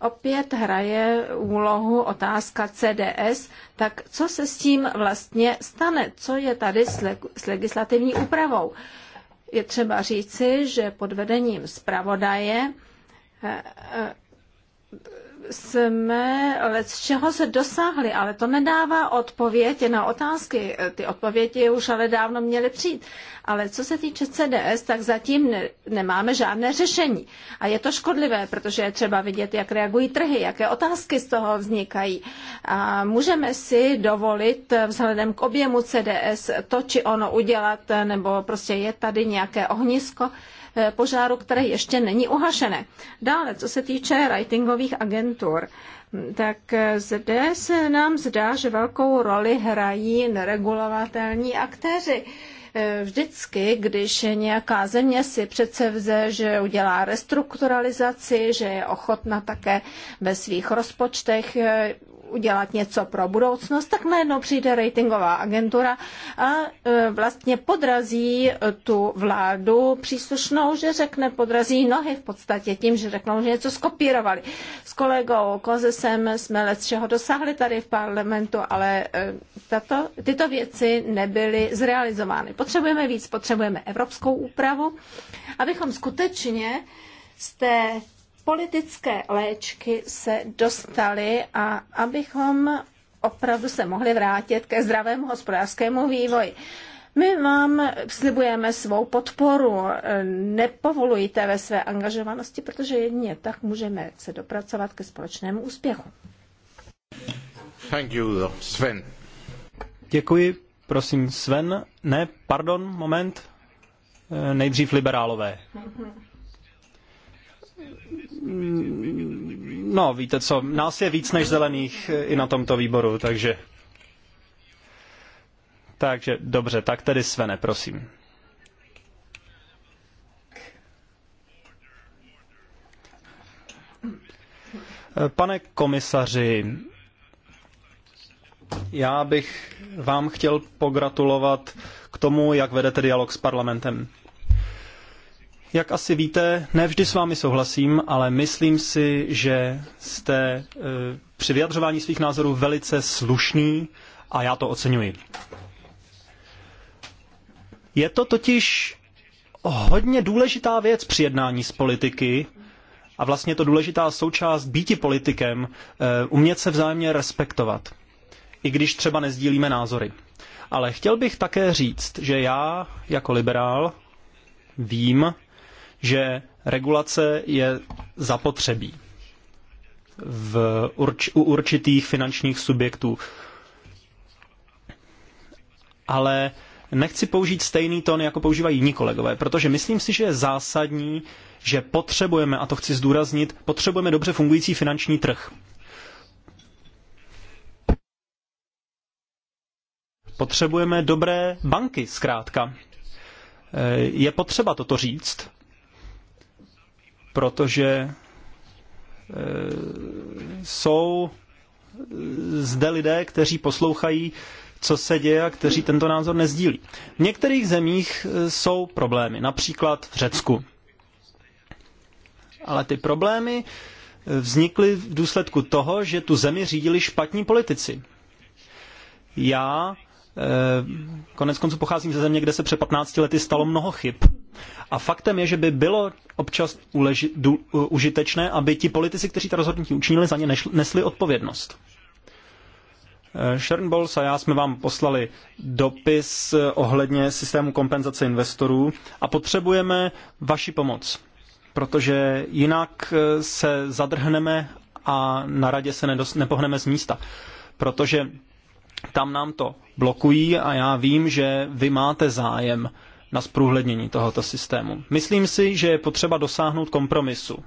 opět hraje úlohu otázka CDS, tak co se s tím vlastně stane? Co je tady s, leg- s legislativní úpravou? Je třeba říci, že pod vedením zpravodaje eh, eh, jsme, ale z čeho se dosáhli, ale to nedává odpověď na otázky. Ty odpovědi už ale dávno měly přijít. Ale co se týče CDS, tak zatím ne, nemáme žádné řešení. A je to škodlivé, protože je třeba vidět, jak reagují trhy, jaké otázky z toho vznikají. A můžeme si dovolit vzhledem k objemu CDS to či ono udělat, nebo prostě je tady nějaké ohnisko Eh, požáru, které ještě není uhašené. Dále, co se týče ratingových agentur, hm, tak eh, zde se nám zdá, že velkou roli hrají neregulovatelní aktéři eh, vždycky, když nějaká země si přece vze, že udělá restrukturalizaci, že je ochotna také ve svých rozpočtech udělat něco pro budoucnost, tak najednou přijde ratingová agentura a e, vlastně podrazí e, tu vládu příslušnou, že řekne, podrazí nohy v podstatě tím, že řeknou, že něco skopírovali. S kolegou Kozesem jsme let čeho dosáhli tady v parlamentu, ale e, tato, tyto věci nebyly zrealizovány. Potřebujeme víc, potřebujeme evropskou úpravu, abychom skutečně z té politické léčky se dostaly a abychom opravdu se mohli vrátit ke zdravému hospodářskému vývoji. My vám slibujeme svou podporu, nepovolujte ve své angažovanosti, protože jedině tak můžeme se dopracovat ke společnému úspěchu. Thank you, Sven. Děkuji, prosím Sven. Ne, pardon, moment. E, nejdřív liberálové. Mm-hmm. Mm, no, víte co, nás je víc než zelených eh, i na tomto výboru, takže... Takže dobře, tak tedy Svene, prosím. Eh, pane komisaři, já bych vám chtěl pogratulovat k tomu, jak vedete dialog s parlamentem. Jak asi víte, nevždy s vámi souhlasím, ale myslím si, že jste e, při vyjadřování svých názorů velice slušný a já to oceňuji. Je to totiž hodně důležitá věc při jednání s politiky a vlastně to důležitá součást býti politikem, e, umět se vzájemně respektovat, i když třeba nezdílíme názory. Ale chtěl bych také říct, že já jako liberál vím, že regulace je zapotřebí v urč, u určitých finančních subjektů. Ale nechci použít stejný tón, jako používají jiní kolegové, protože myslím si, že je zásadní, že potřebujeme, a to chci zdůraznit, potřebujeme dobře fungující finanční trh. Potřebujeme dobré banky, zkrátka. Je potřeba toto říct, protože e, jsou e, zde lidé, kteří poslouchají, co se děje a kteří tento názor nezdílí. V některých zemích e, jsou problémy, například v Řecku. Ale ty problémy vznikly v důsledku toho, že tu zemi řídili špatní politici. Já Eh, konec konců pocházím ze země, kde se před 15 lety stalo mnoho chyb. A faktem je, že by bylo občas uleži, du, užitečné, aby ti politici, kteří ta rozhodnutí učinili, za ně nešli, nesli odpovědnost. Eh, Sharon Bowles a já jsme vám poslali dopis eh, ohledně systému kompenzace investorů a potřebujeme vaši pomoc, protože jinak se zadrhneme a na radě se nedos, nepohneme z místa. Protože tam nám to blokují a já vím, že vy máte zájem na zprůhlednění tohoto systému. Myslím si, že je potřeba dosáhnout kompromisu.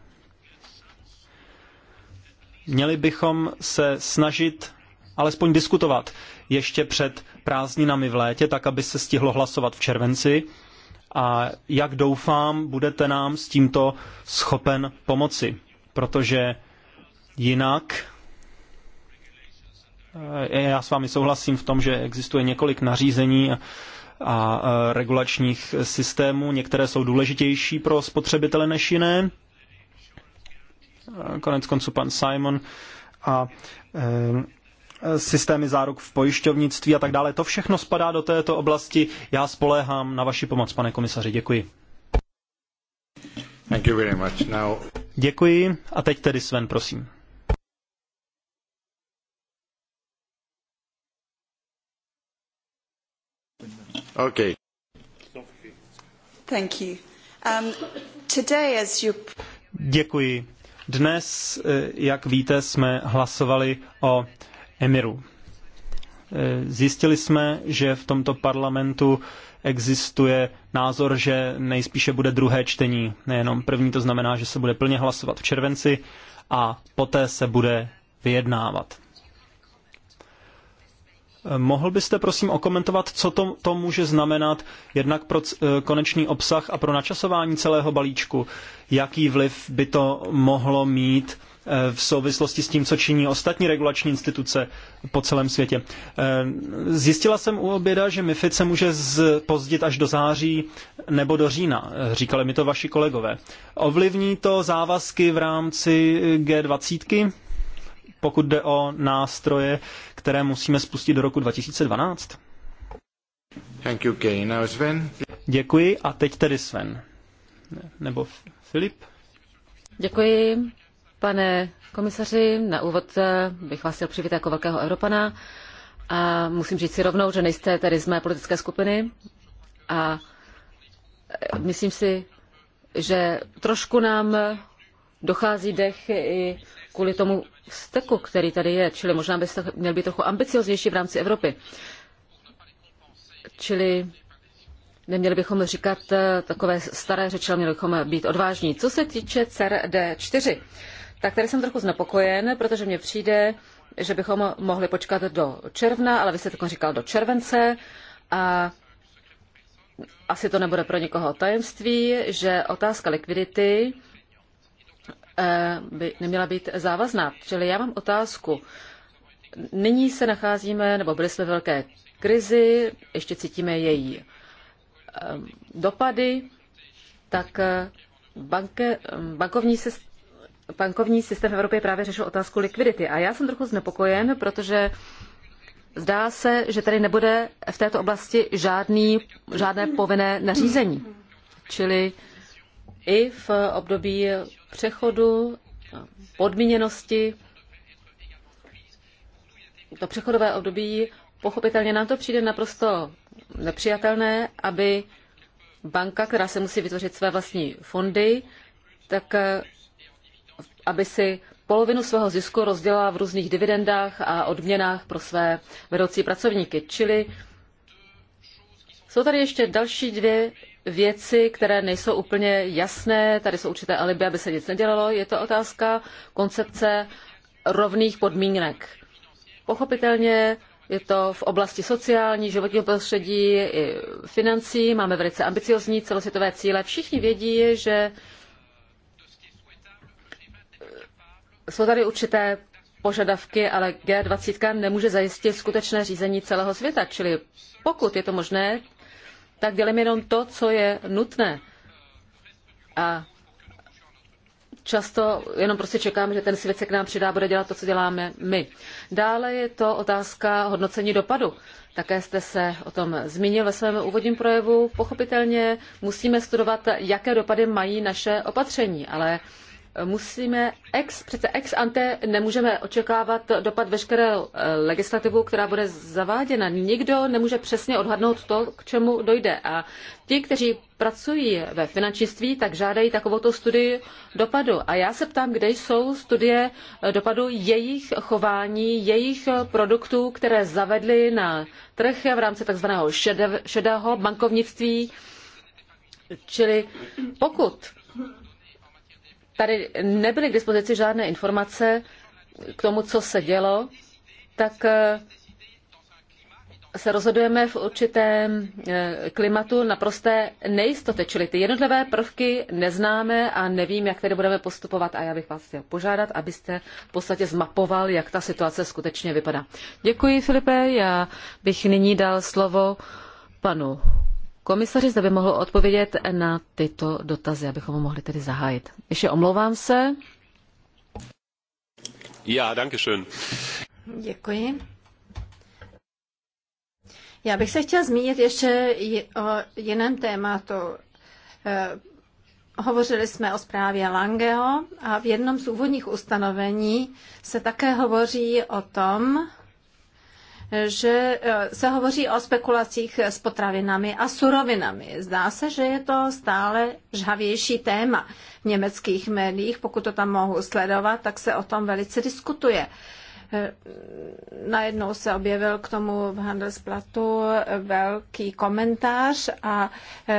Měli bychom se snažit alespoň diskutovat ještě před prázdninami v létě, tak aby se stihlo hlasovat v červenci. A jak doufám, budete nám s tímto schopen pomoci, protože jinak E, já s vámi souhlasím v tom, že existuje několik nařízení a e, regulačních systémů. Některé jsou důležitější pro spotřebitele než jiné. E, konec konců pan Simon a systémy záruk v pojišťovnictví a tak dále. To všechno spadá do této oblasti. Já spoléhám na vaši pomoc, pane komisaři. Děkuji. Thank you very much. Now... Děkuji. A teď tedy Sven, prosím. Um, Děkuji. Dnes, eh, jak víte, jsme hlasovali o Emiru. Eh, zjistili jsme, že v tomto parlamentu existuje názor, že nejspíše bude druhé čtení, nejenom první, to znamená, že se bude plně hlasovat v červenci a poté se bude vyjednávat. Mohl byste prosím okomentovat, co to, to může znamenat jednak pro eh, konečný obsah a pro načasování celého balíčku? Jaký vliv by to mohlo mít eh, v souvislosti s tím, co činí ostatní regulační instituce po celém světě. Eh, zjistila jsem u oběda, že MIFID se může pozdit až do září nebo do října, říkali mi to vaši kolegové. Ovlivní to závazky v rámci G20, pokud jde o nástroje, které musíme spustit do roku 2012? Thank you, Kay. Now Sven. Děkuji a teď tedy Sven. Nebo Filip? Děkuji, pane komisaři. Na úvod eh, bych vás chtěl přivítat jako velkého Evropana. A musím říct si rovnou, že nejste tedy z mé politické skupiny. A eh, myslím si, že trošku nám dochází dech i kvůli tomu steku, který tady je, čili možná byste měl být trochu ambicioznější v rámci Evropy. Čili neměli bychom říkat eh, takové staré řeči, ale měli bychom být odvážní. Co se týče CRD4, tak tady jsem trochu znepokojen, protože mně přijde, že bychom mohli počkat do června, ale vy jste takhle říkal do července a asi to nebude pro nikoho tajemství, že otázka likvidity Eh, by neměla být závazná. Čili já mám otázku. Nyní se nacházíme, nebo byli jsme v velké krizi, ještě cítíme její eh, dopady, tak eh, banke, bankovní systém bankovní systém v Evropě právě řešil otázku likvidity. A já jsem trochu znepokojen, protože zdá se, že tady nebude v této oblasti žádný, žádné povinné nařízení. Čili i v období přechodu, podmíněnosti. To přechodové období, pochopitelně nám to přijde naprosto nepřijatelné, aby banka, která se musí vytvořit své vlastní fondy, tak eh, aby si polovinu svého zisku rozdělala v různých dividendách a odměnách pro své vedoucí pracovníky. Čili jsou tady ještě další dvě věci, které nejsou úplně jasné, tady jsou určité alibi, aby se nic nedělalo, je to otázka koncepce rovných podmínek. Pochopitelně je to v oblasti sociální, životního prostředí i financí. Máme velice ambiciozní celosvětové cíle. Všichni vědí, že jsou tady určité požadavky, ale G20 nemůže zajistit skutečné řízení celého světa. Čili pokud je to možné, tak dělejme jenom to, co je nutné. A často jenom prostě čekáme, že ten svět se k nám přidá, bude dělat to, co děláme my. Dále je to otázka hodnocení dopadu. Také jste se o tom zmínil ve svém úvodním projevu. Pochopitelně musíme studovat, jaké dopady mají naše opatření, ale musíme ex, přece ex ante nemůžeme očekávat dopad veškeré eh, legislativu, která bude zaváděna. Nikdo nemůže přesně odhadnout to, k čemu dojde. A ti, kteří pracují ve finančnictví, tak žádají takovouto studii dopadu. A já se ptám, kde jsou studie eh, dopadu jejich chování, jejich eh, produktů, které zavedly na trh v rámci takzvaného šedého bankovnictví. Čili pokud tady nebyly k dispozici žádné informace k tomu, co se dělo, tak eh, se rozhodujeme v určitém eh, klimatu naprosté nejistoty, čili ty jednotlivé prvky neznáme a nevím, jak tedy budeme postupovat a já bych vás chtěl požádat, abyste v podstatě zmapoval, jak ta situace skutečně vypadá. Děkuji, Filipe, já bych nyní dal slovo panu komisaři zda by mohl odpovědět na tyto dotazy, abychom ho mohli tedy zahájit. Ještě omlouvám se. Ja, danke schön. Děkuji. Já bych se chtěla zmínit ještě o jiném tématu. Eh, hovořili jsme o zprávě Langeho a v jednom z úvodních ustanovení se také hovoří o tom, že eh, se hovoří o spekulacích s potravinami a surovinami. Zdá se, že je to stále žhavější téma v německých médiích. Pokud to tam mohu sledovat, tak se o tom velice diskutuje. Eh, najednou se objevil k tomu v Handelsplatu eh, velký komentář a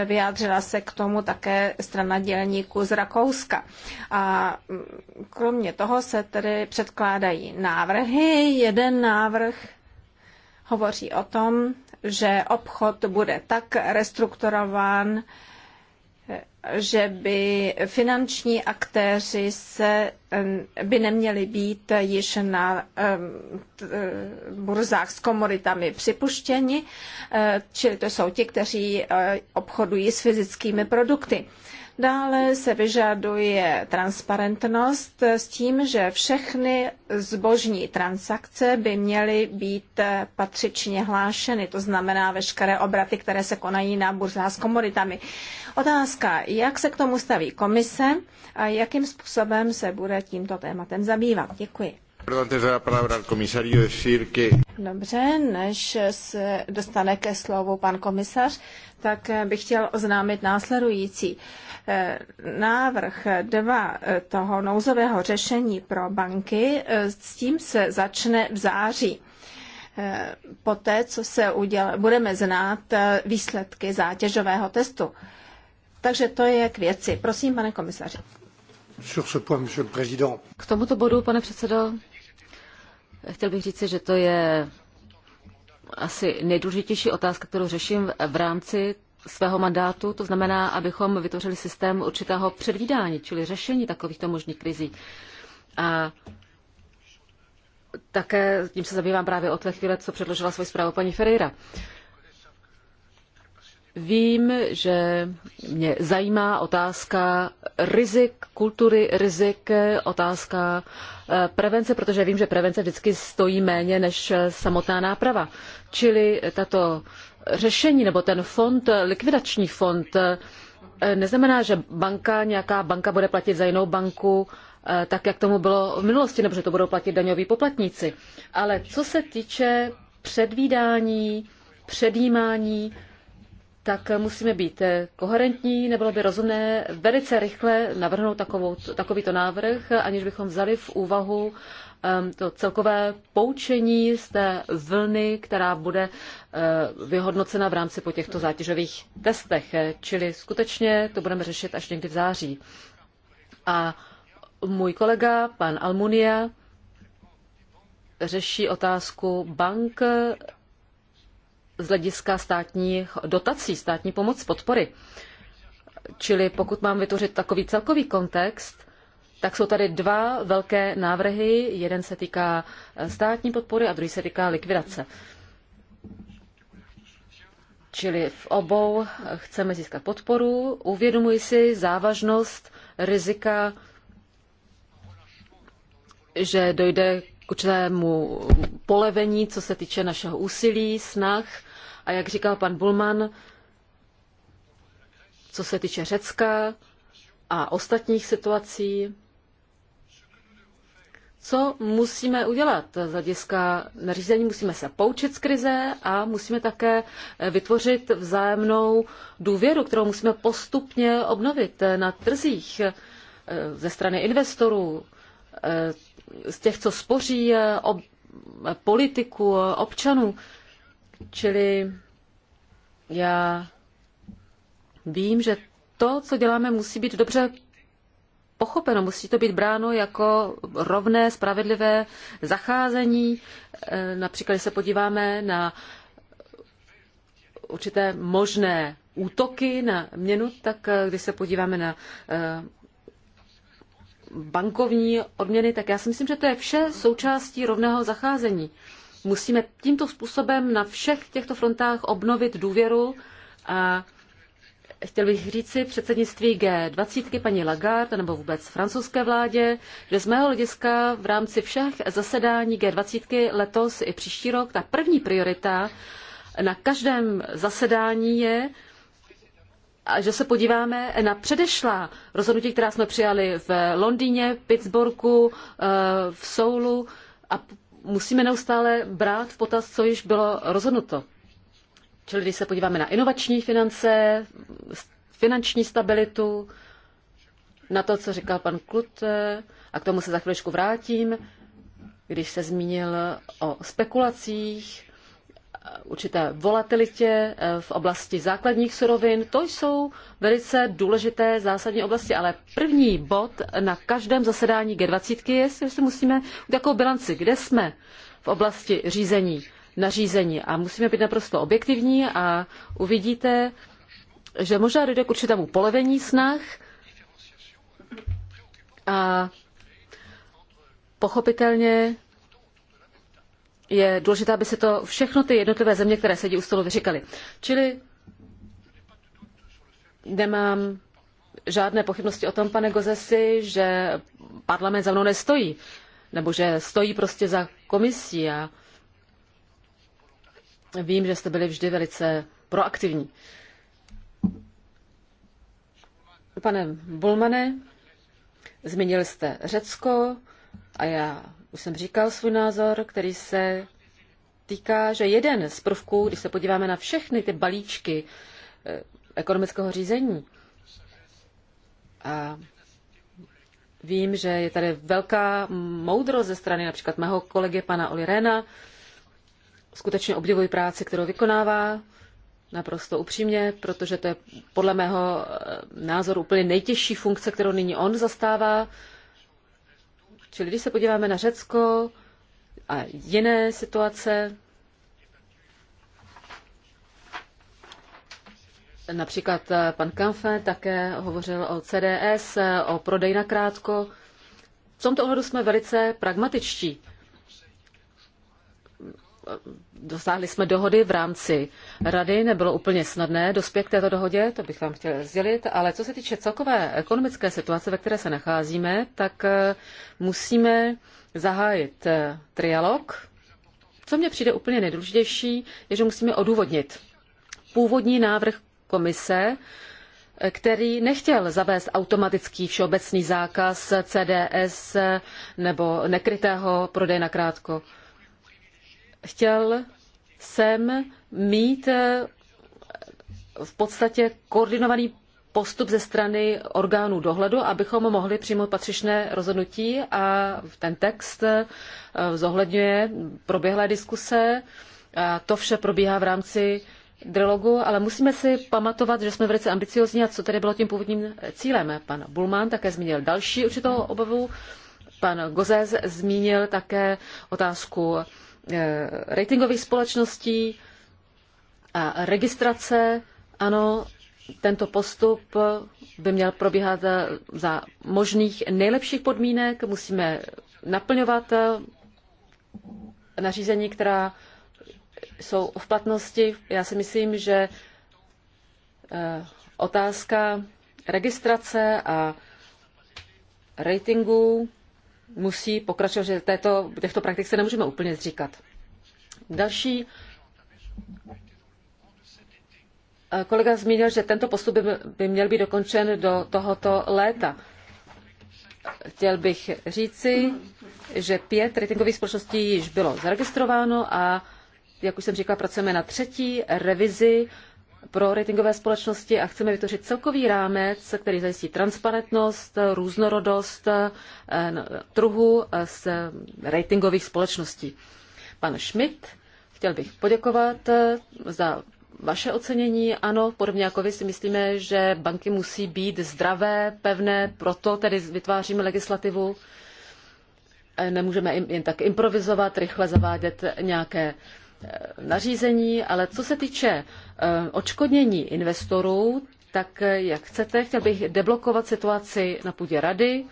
vyjádřila se k tomu také strana dělníků z Rakouska. A mm, kromě toho se tedy předkládají návrhy. Jeden návrh hovoří o tom, že obchod bude tak restrukturován, že by finanční aktéři se, by neměli být již na eh, burzách s komoditami připuštěni, eh, čili to jsou ti, kteří eh, obchodují s fyzickými produkty. Dále se vyžaduje transparentnost s tím, že všechny zbožní transakce by měly být patřičně hlášeny, to znamená veškeré obraty, které se konají na burzách s komoditami. Otázka, jak se k tomu staví komise a jakým způsobem se bude tímto tématem zabývat. Děkuji. Dobře, než se dostane ke slovu pan komisař, tak eh, bych chtěl oznámit následující. Eh, návrh 2 eh, toho nouzového řešení pro banky, s tím se začne v září poté, co se uděl, budeme znát výsledky zátěžového testu. Takže to je k věci. Prosím, pane komisaři. K tomuto bodu, pane předsedo, Chtěl bych říct, že to je asi nejdůležitější otázka, kterou řeším v rámci svého mandátu, to znamená, abychom vytvořili systém určitého předvídání, čili řešení takovýchto možných krizí. A také tím se zabývám právě od té chvíle, co předložila svoji zprávu paní Ferreira. Vím, že mě zajímá otázka rizik, kultury rizik, otázka eh, prevence, protože vím, že prevence vždycky stojí méně než eh, samotná náprava. Čili tato řešení nebo ten fond, likvidační fond, eh, neznamená, že banka, nějaká banka bude platit za jinou banku, tak jak tomu bylo v minulosti, nebo že to budou platit daňoví poplatníci. Ale co se týče předvídání, předjímání, tak musíme být eh, koherentní, nebylo by rozumné velice rychle navrhnout takovou, takovýto návrh, aniž bychom vzali v úvahu ehm, to celkové poučení z té vlny, která bude eh, vyhodnocena v rámci po těchto zátěžových testech. Eh, čili skutečně to budeme řešit až někdy v září. A můj kolega, pan Almunia, řeší otázku bank z hlediska státních dotací, státní pomoc, podpory. Čili pokud mám vytvořit takový celkový kontext, tak jsou tady dva velké návrhy. Jeden se týká státní podpory a druhý se týká likvidace. Čili v obou chceme získat podporu. Uvědomuji si závažnost rizika, že dojde k určitému polevení, co se týče našeho úsilí, snah. A jak říkal pan Bulman, co se týče Řecka a ostatních situací, co musíme udělat z hlediska nařízení. Musíme se poučit z krize a musíme také vytvořit vzájemnou důvěru, kterou musíme postupně obnovit na trzích eh, ze strany investorů, Eh, z těch, co spoří eh, ob, politiku, eh, občanů. Čili já vím, že to, co děláme, musí být dobře pochopeno, musí to být bráno jako rovné, spravedlivé zacházení. Například, když se podíváme na určité možné útoky na měnu, tak když se podíváme na bankovní odměny, tak já si myslím, že to je vše součástí rovného zacházení. Musíme tímto způsobem na všech těchto frontách obnovit důvěru a chtěl bych říci předsednictví G20, paní Lagarde nebo vůbec francouzské vládě, že z mého hlediska v rámci všech zasedání G20 letos i příští rok ta první priorita na každém zasedání je a že se podíváme na předešlá rozhodnutí, která jsme přijali v Londýně, Pittsburghu, eh, v Soulu a musíme neustále brát v potaz, co již bylo rozhodnuto. Čili když se podíváme na inovační finance, finanční stabilitu, na to, co říkal pan Klute, a k tomu se za chviličku vrátím, když se zmínil o spekulacích, určité volatilitě eh, v oblasti základních surovin. To jsou velice důležité zásadní oblasti, ale první bod na každém zasedání G20 je, že si musíme takovou bilanci, kde jsme v oblasti řízení, nařízení a musíme být naprosto objektivní a uvidíte, že možná dojde k určitému polevení snah a pochopitelně je důležité, aby si to všechno ty jednotlivé země, které sedí u stolu, vyříkaly. Čili nemám žádné pochybnosti o tom, pane Gozesi, že parlament za mnou nestojí, nebo že stojí prostě za komisí a vím, že jste byli vždy velice proaktivní. Pane Bulmane, zmínil jste Řecko a já už jsem říkal svůj názor, který se týká, že jeden z prvků, když se podíváme na všechny ty balíčky eh, ekonomického řízení, a vím, že je tady velká moudrost ze strany například mého kolegy pana Oli Rena, skutečně obdivuji práci, kterou vykonává, naprosto upřímně, protože to je podle mého eh, názoru úplně nejtěžší funkce, kterou nyní on zastává Čili když se podíváme na Řecko a jiné situace, Například pan Kamfe také hovořil o CDS, o prodej na krátko. V tomto ohledu jsme velice pragmatičtí dosáhli jsme dohody v rámci rady, nebylo úplně snadné dospět k této dohodě, to bych vám chtěla sdělit, ale co se týče celkové ekonomické situace, ve které se nacházíme, tak eh, musíme zahájit eh, trialog. Co mně přijde úplně nejdůležitější, je, že musíme odůvodnit původní návrh komise, eh, který nechtěl zavést automatický všeobecný zákaz CDS nebo nekrytého prodeje na krátko chtěl jsem mít eh, v podstatě koordinovaný postup ze strany orgánů dohledu, abychom mohli přijmout patřičné rozhodnutí a ten text eh, zohledňuje proběhlé diskuse. A to vše probíhá v rámci Drilogu, ale musíme si pamatovat, že jsme velice ambiciozní a co tedy bylo tím původním cílem. Pan Bulman také zmínil další určitou obavu, pan Gozes zmínil také otázku Eh, ratingových společností a registrace. Ano, tento postup by měl probíhat za možných nejlepších podmínek. Musíme naplňovat eh, nařízení, která jsou v platnosti. Já si myslím, že eh, otázka registrace a ratingu musí pokračovat, že této, těchto praktik se nemůžeme úplně zříkat. Další eh, kolega zmínil, že tento postup by, by měl být dokončen do tohoto léta. Chtěl bych říci, že pět ratingových společností již bylo zaregistrováno a, jak už jsem říkala, pracujeme na třetí revizi pro ratingové společnosti a chceme vytvořit celkový rámec, který zajistí transparentnost, různorodost eh, trhu z eh, ratingových společností. Pan Schmidt, chtěl bych poděkovat eh, za vaše ocenění. Ano, podobně jako vy si myslíme, že banky musí být zdravé, pevné, proto tedy vytváříme legislativu. Nemůžeme jen tak improvizovat, rychle zavádět nějaké Eh, nařízení, ale co se týče eh, odškodnění investorů, tak eh, jak chcete, chtěl bych deblokovat situaci na půdě rady.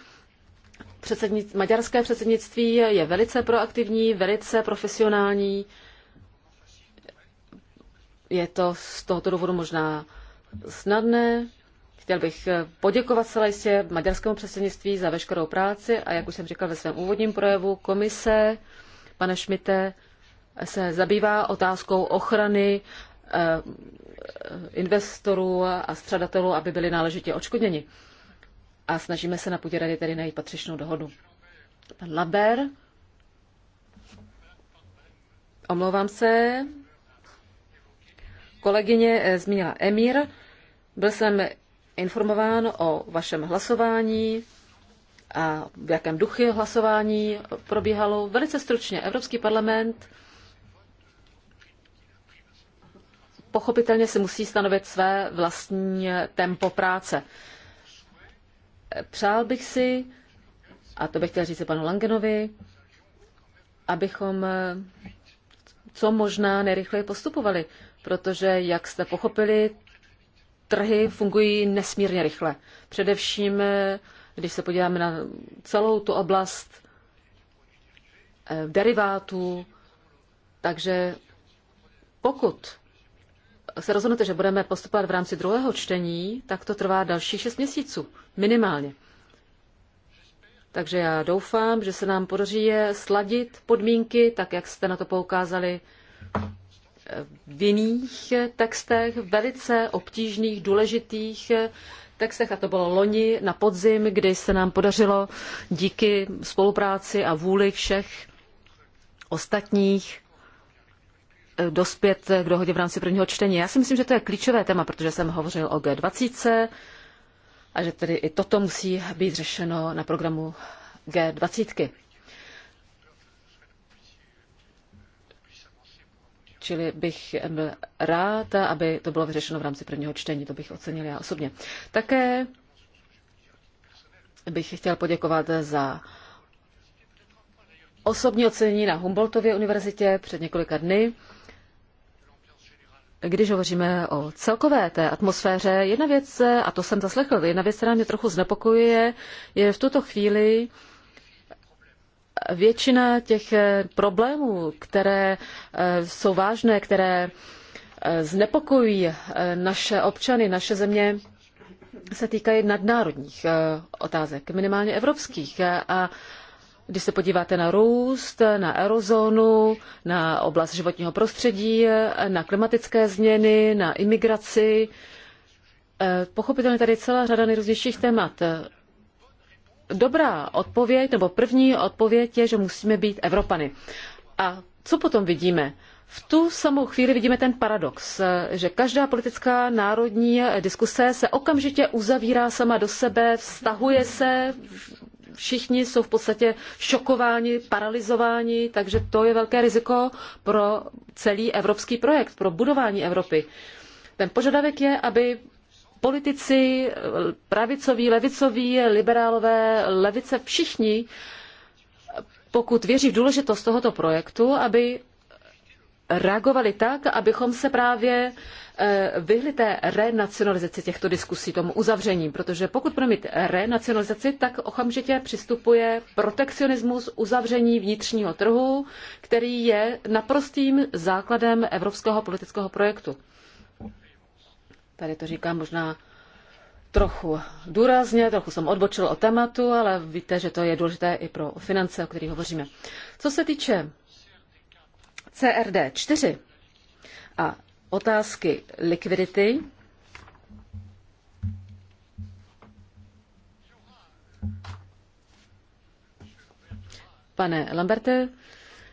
Předsednic, maďarské předsednictví je velice proaktivní, velice profesionální. Je to z tohoto důvodu možná snadné. Chtěl bych poděkovat celé jistě maďarskému předsednictví za veškerou práci a jak už jsem říkal ve svém úvodním projevu, komise, pane Šmite, se zabývá otázkou ochrany eh, investorů a střadatelů, aby byli náležitě očkodněni. A snažíme se na půdě rady tedy najít patřičnou dohodu. Pan Laber. Omlouvám se. Kolegyně eh, zmínila Emir. Byl jsem informován o vašem hlasování a v jakém duchu hlasování probíhalo. Velice stručně Evropský parlament pochopitelně si musí stanovit své vlastní eh, tempo práce. Přál bych si, a to bych chtěl říct panu Langenovi, abychom eh, co možná nejrychleji postupovali, protože, jak jste pochopili, trhy fungují nesmírně rychle. Především, eh, když se podíváme na celou tu oblast derivátů, takže pokud se rozhodnete, že budeme postupovat v rámci druhého čtení, tak to trvá další šest měsíců, minimálně. Takže já doufám, že se nám podaří je sladit podmínky, tak jak jste na to poukázali eh, v jiných eh, textech, velice obtížných, důležitých eh, textech, a to bylo loni na podzim, kdy se nám podařilo díky spolupráci a vůli všech ostatních Eh, dospět eh, k dohodě v rámci prvního čtení. Já si myslím, že to je klíčové téma, protože jsem hovořil o G20 a že tedy i toto musí být řešeno na programu G20. -ky. Čili bych byl rád, aby to bylo vyřešeno v rámci prvního čtení, to bych ocenil já osobně. Také bych chtěl poděkovat za osobní ocenění na Humboldtově univerzitě před několika dny když hovoříme o celkové té atmosféře, jedna věc, a to jsem zaslechl, jedna věc, která mě trochu znepokojuje, je v tuto chvíli většina těch eh, problémů, které eh, jsou vážné, které eh, znepokojují naše občany, naše země, se týkají nadnárodních otázek, minimálně evropských. A když se podíváte na růst, na eurozónu, na oblast životního prostředí, na klimatické změny, na imigraci, eh, pochopitelně tady je celá řada nejrůznějších témat. Dobrá odpověď, nebo první odpověď je, že musíme být Evropany. A co potom vidíme? V tu samou chvíli vidíme ten paradox, eh, že každá politická národní diskuse se okamžitě uzavírá sama do sebe, vztahuje se, všichni jsou v podstatě šokováni, paralizováni, takže to je velké riziko pro celý evropský projekt, pro budování Evropy. Ten požadavek je, aby politici, pravicoví, levicoví, liberálové, levice, všichni, pokud věří v důležitost tohoto projektu, aby reagovali tak, abychom se právě Eh, vyhli té renacionalizaci těchto diskusí, tomu uzavření, protože pokud budeme mít renacionalizaci, tak okamžitě přistupuje protekcionismus uzavření vnitřního trhu, který je naprostým základem evropského politického projektu. Tady to říkám možná trochu důrazně, trochu jsem odbočil o tématu, ale víte, že to je důležité i pro finance, o kterých hovoříme. Co se týče CRD 4 a otázky likvidity. Pane Lamberte,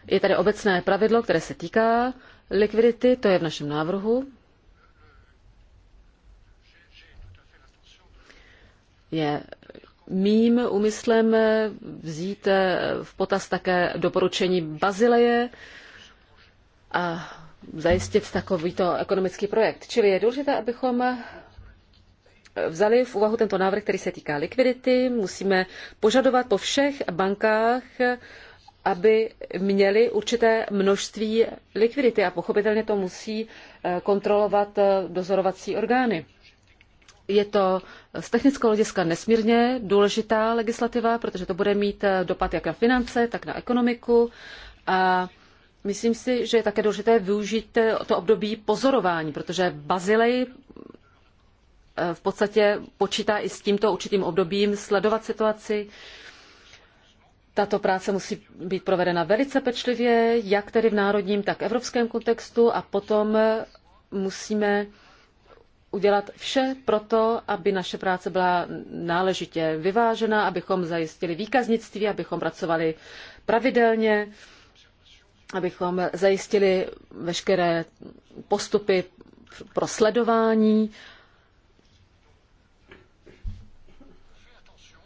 je tady obecné pravidlo, které se týká likvidity, to je v našem návrhu. Je mým úmyslem vzít v potaz také doporučení Bazileje a zajistit takovýto ekonomický projekt. Čili je důležité, abychom vzali v úvahu tento návrh, který se týká likvidity. Musíme požadovat po všech bankách, aby měli určité množství likvidity a pochopitelně to musí eh, kontrolovat eh, dozorovací orgány. Je to z technického hlediska nesmírně důležitá legislativa, protože to bude mít eh, dopad jak na finance, tak na ekonomiku a Myslím si, že je také důležité využít to období pozorování, protože Bazilej eh, v podstatě počítá i s tímto určitým obdobím sledovat situaci. Tato práce musí být provedena velice pečlivě, jak tedy v národním, tak v evropském kontextu a potom musíme udělat vše pro to, aby naše práce byla náležitě vyvážena, abychom zajistili výkaznictví, abychom pracovali pravidelně abychom zajistili veškeré postupy pro sledování.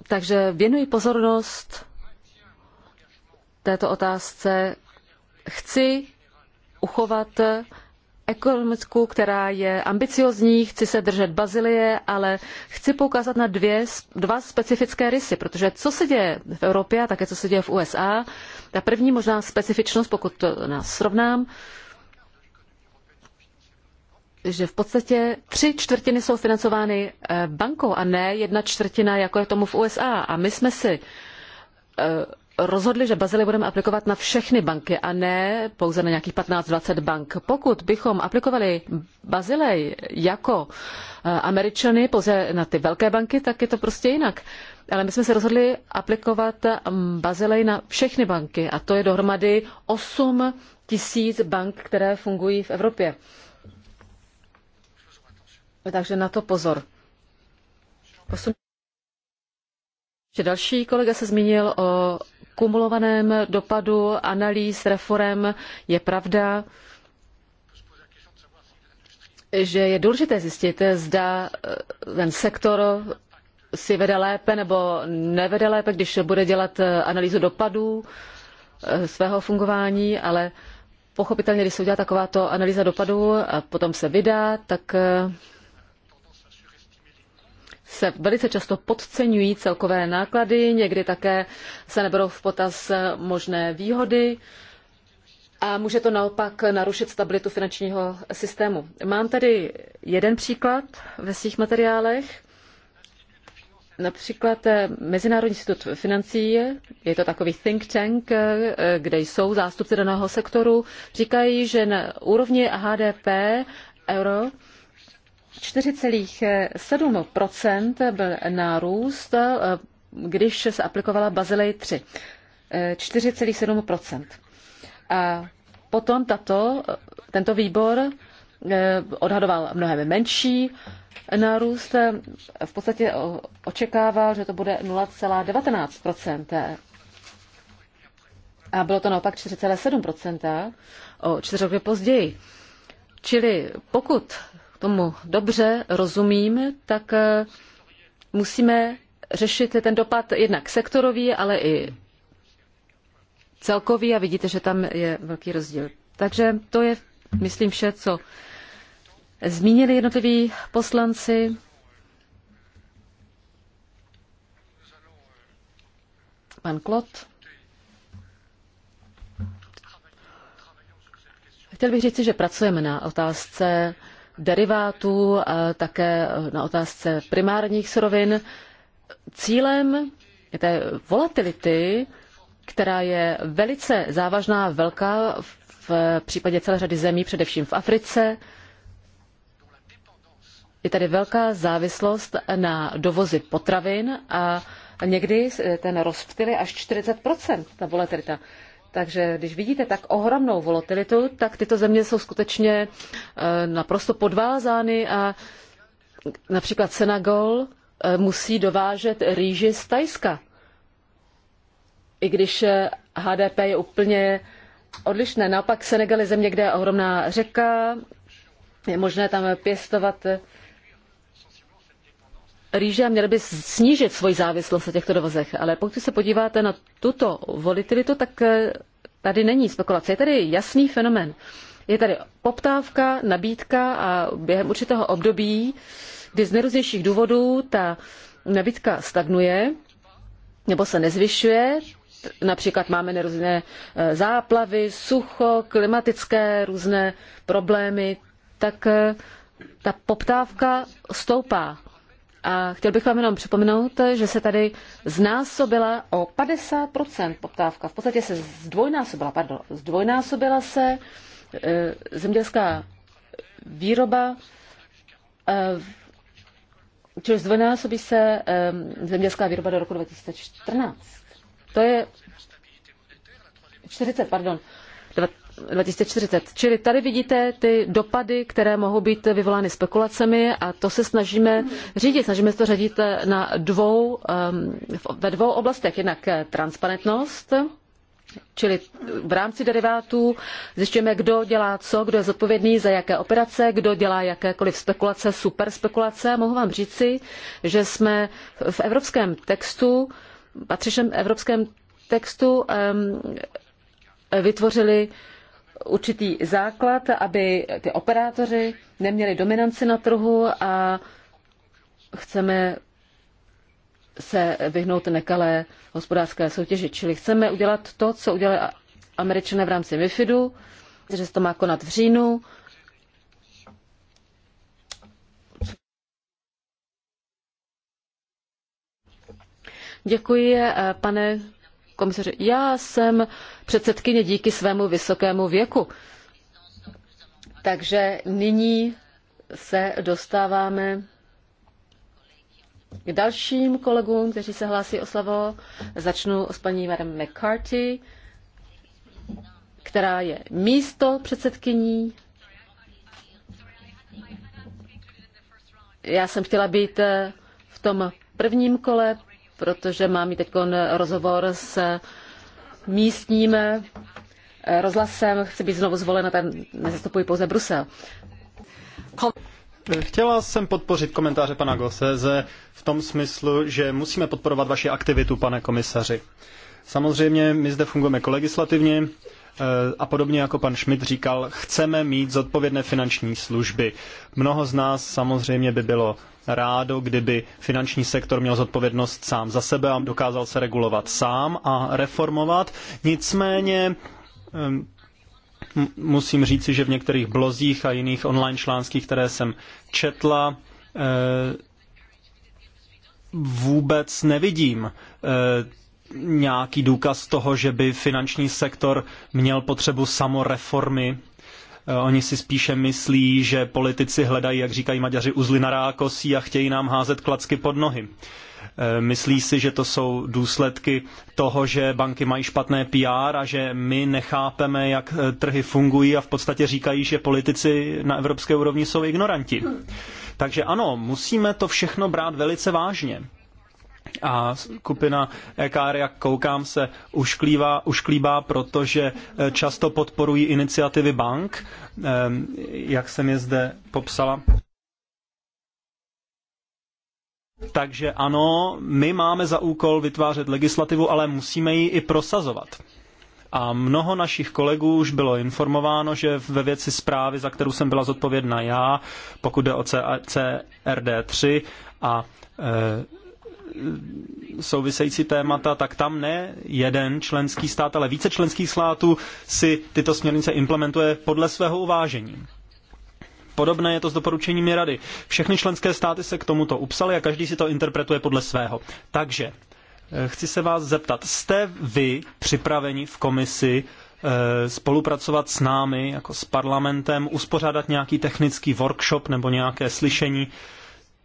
Takže věnuji pozornost této otázce. Chci uchovat ekonomiku, která je ambiciózní, chci se držet Bazilie, ale chci poukázat na dvě, dva specifické rysy, protože co se děje v Evropě a také co se děje v USA, ta první možná specifičnost, pokud to nás srovnám, že v podstatě tři čtvrtiny jsou financovány eh, bankou a ne jedna čtvrtina, jako je tomu v USA. A my jsme si eh, rozhodli, že Bazily budeme aplikovat na všechny banky a ne pouze na nějakých 15-20 bank. Pokud bychom aplikovali Bazilej jako eh, Američany pouze na ty velké banky, tak je to prostě jinak. Ale my jsme se rozhodli aplikovat mm, Bazilej na všechny banky a to je dohromady 8 tisíc bank, které fungují v Evropě. Takže na to pozor. 8 další kolega se zmínil o kumulovaném dopadu analýz reform je pravda, že je důležité zjistit, zda eh, ten sektor si vede lépe nebo nevede lépe, když bude dělat eh, analýzu dopadů eh, svého fungování, ale pochopitelně, když se udělá takováto analýza dopadů a potom se vydá, tak se velice často podceňují celkové náklady, někdy také se neberou v potaz možné výhody a může to naopak narušit stabilitu finančního systému. Mám tady jeden příklad ve svých materiálech. Například eh, Mezinárodní institut financí, je to takový think tank, eh, kde jsou zástupci daného sektoru, říkají, že na úrovni HDP euro 4,7 byl nárůst, eh, když se aplikovala Bazilej 3. 4,7 A potom tato, eh, tento výbor eh, odhadoval mnohem menší nárůst. V podstatě očekával, že to bude 0,19 a bylo to naopak 4,7 o čtyři roky později. Čili pokud tomu dobře rozumím, tak eh, musíme řešit ten dopad jednak sektorový, ale i celkový a vidíte, že tam je velký rozdíl. Takže to je, myslím, vše, co zmínili jednotliví poslanci. Pan Klot. Chtěl bych říci, že pracujeme na otázce derivátů a také na otázce primárních surovin. Cílem té volatility, která je velice závažná, velká v případě celé řady zemí, především v Africe, je tady velká závislost na dovozy potravin a někdy ten rozptyl je až 40 ta volatilita. Takže když vidíte tak ohromnou volatilitu, tak tyto země jsou skutečně eh, naprosto podvázány a například Senegal eh, musí dovážet rýži z Tajska. I když HDP eh, je úplně odlišné. Naopak Senegal je země, kde je ohromná řeka, je možné tam pěstovat rýže a měli by snížit svoji závislost na těchto dovozech. Ale pokud se podíváte na tuto volatilitu, tak eh, tady není spekulace. Je tady jasný fenomen. Je tady poptávka, nabídka a během určitého období, kdy z nejrůznějších důvodů ta nabídka stagnuje nebo se nezvyšuje, například máme různé eh, záplavy, sucho, klimatické různé problémy, tak eh, ta poptávka stoupá. A chtěl bych vám jenom připomenout, že se tady znásobila o 50% poptávka. V podstatě se zdvojnásobila, pardon, zdvojnásobila se e, zemědělská výroba, e, čili zdvojnásobí se e, zemědělská výroba do roku 2014. To je 40, pardon, 2040. Čili tady vidíte ty dopady, které mohou být vyvolány spekulacemi a to se snažíme řídit. Snažíme se to řídit na dvou, ve dvou oblastech. Jednak transparentnost, Čili v rámci derivátů zjišťujeme, kdo dělá co, kdo je zodpovědný za jaké operace, kdo dělá jakékoliv spekulace, super spekulace. Mohu vám říci, že jsme v evropském textu, patřičném evropském textu vytvořili určitý základ, aby ty operátoři neměli dominanci na trhu a chceme se vyhnout nekalé hospodářské soutěži. Čili chceme udělat to, co udělali američané v rámci MIFIDu, že se to má konat v říjnu. Děkuji, eh, pane komisaři, já jsem předsedkyně díky svému vysokému věku. Takže nyní se dostáváme k dalším kolegům, kteří se hlásí o slovo. Začnu s paní Madam McCarthy, která je místo předsedkyní. Já jsem chtěla být v tom prvním kole protože mám teď rozhovor s místním eh, rozhlasem. Chci být znovu zvolena, tam nezastupuji pouze Brusel. Chtěla jsem podpořit komentáře pana Goseze v tom smyslu, že musíme podporovat vaši aktivitu, pane komisaři. Samozřejmě my zde fungujeme kolegislativně, Eh, a podobně jako pan Schmidt říkal, chceme mít zodpovědné finanční služby. Mnoho z nás samozřejmě by bylo rádo, kdyby finanční sektor měl zodpovědnost sám za sebe a dokázal se regulovat sám a reformovat. Nicméně musím říci, že v některých blozích a jiných online článských, které jsem četla, eh, vůbec nevidím eh, nějaký důkaz toho, že by finanční sektor měl potřebu samoreformy. Eh, oni si spíše myslí, že politici hledají, jak říkají Maďaři, uzly na rákosí a chtějí nám házet klacky pod nohy. Eh, myslí si, že to jsou důsledky toho, že banky mají špatné PR a že my nechápeme, jak eh, trhy fungují a v podstatě říkají, že politici na evropské úrovni jsou ignoranti. Takže ano, musíme to všechno brát velice vážně. A skupina EKR, jak koukám, se ušklívá, ušklíbá, protože eh, často podporují iniciativy bank, ehm, jak jsem je zde popsala. Takže ano, my máme za úkol vytvářet legislativu, ale musíme ji i prosazovat. A mnoho našich kolegů už bylo informováno, že ve věci zprávy, za kterou jsem byla zodpovědná já, pokud jde o CRD3 a e, související témata, tak tam ne jeden členský stát, ale více členských států si tyto směrnice implementuje podle svého uvážení. Podobné je to s doporučeními rady. Všechny členské státy se k tomuto upsaly a každý si to interpretuje podle svého. Takže eh, chci se vás zeptat, jste vy připraveni v komisi eh, spolupracovat s námi, jako s parlamentem, uspořádat nějaký technický workshop nebo nějaké slyšení,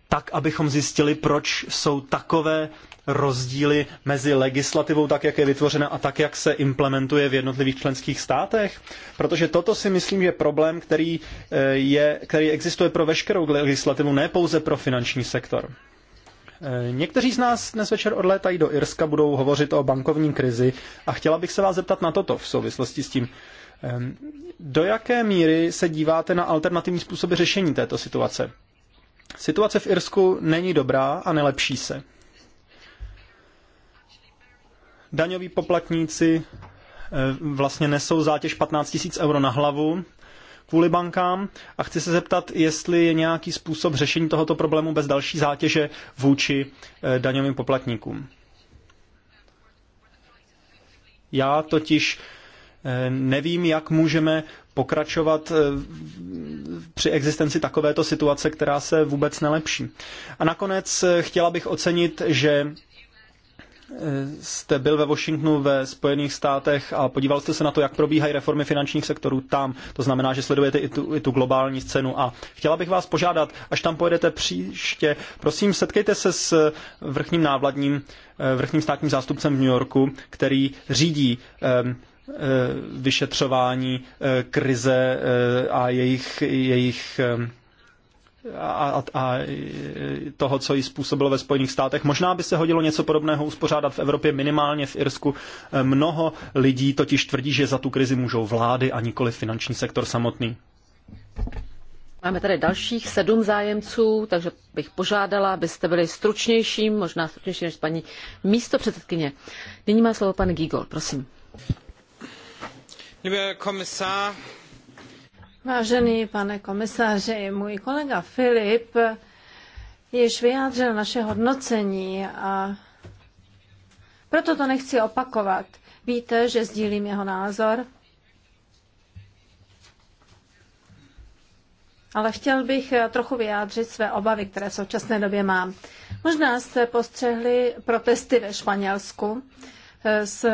tak, abychom zjistili, proč jsou takové rozdíly mezi legislativou, tak jak je vytvořena a tak, jak se implementuje v jednotlivých členských státech? Protože toto si myslím je problém, který, eh, je, který existuje pro veškerou legislativu, ne pouze pro finanční sektor. Eh, někteří z nás dnes večer odlétají do Irska, budou hovořit o bankovní krizi a chtěla bych se vás zeptat na toto v souvislosti s tím. Ehm, do jaké míry se díváte na alternativní způsoby řešení této situace? Situace v Irsku není dobrá a nelepší se. Daňoví poplatníci eh, vlastně nesou zátěž 15 000 euro na hlavu kvůli bankám a chci se zeptat, jestli je nějaký způsob řešení tohoto problému bez další zátěže vůči eh, daňovým poplatníkům. Já totiž eh, nevím, jak můžeme pokračovat eh, při existenci takovéto situace, která se vůbec nelepší. A nakonec eh, chtěla bych ocenit, že eh, jste byl ve Washingtonu ve Spojených státech a podíval jste se na to, jak probíhají reformy finančních sektorů tam. To znamená, že sledujete i tu, i tu globální scénu. A chtěla bych vás požádat, až tam pojedete příště, prosím, setkejte se s vrchním návladním, vrchním státním zástupcem v New Yorku, který řídí Eh, vyšetřování eh, krize eh, a jejich, jejich a, a toho, co jí způsobilo ve Spojených státech. Možná by se hodilo něco podobného uspořádat v Evropě, minimálně v Irsku. Mnoho lidí totiž tvrdí, že za tu krizi můžou vlády a nikoli finanční sektor samotný. Máme tady dalších sedm zájemců, takže bych požádala, abyste byli stručnější, možná stručnější než paní místo předsedkyně. Nyní má slovo pan Gigol, prosím. Vážený pane komisáři, můj kolega Filip již vyjádřil naše hodnocení a proto to nechci opakovat. Víte, že sdílím jeho názor. Ale chtěl bych trochu vyjádřit své obavy, které v současné době mám. Možná jste postřehli protesty ve Španělsku. Eh, s,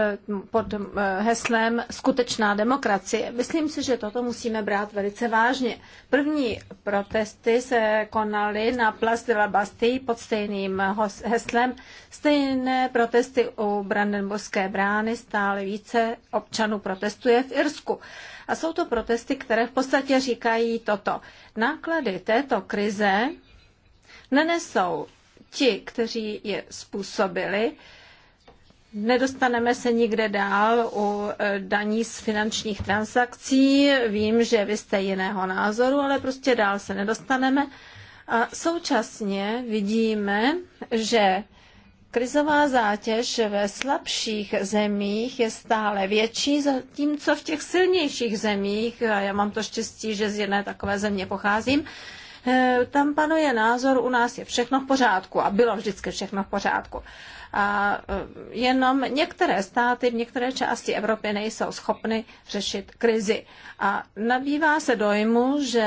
pod eh, heslem Skutečná demokracie. Myslím si, že toto musíme brát velice vážně. První protesty se konaly na Place de la Bastille pod stejným heslem. Stejné protesty u Brandenburské brány stále více občanů protestuje v Irsku. A jsou to protesty, které v podstatě říkají toto. Náklady této krize nenesou ti, kteří je způsobili, Nedostaneme se nikde dál u e, daní z finančních transakcí. Vím, že vy jste jiného názoru, ale prostě dál se nedostaneme. A současně vidíme, že krizová zátěž ve slabších zemích je stále větší, zatímco v těch silnějších zemích, a já mám to štěstí, že z jedné takové země pocházím, e, tam panuje názor, u nás je všechno v pořádku a bylo vždycky všechno v pořádku a eh, jenom některé státy v některé části Evropy nejsou schopny řešit krizi. A nabývá se dojmu, že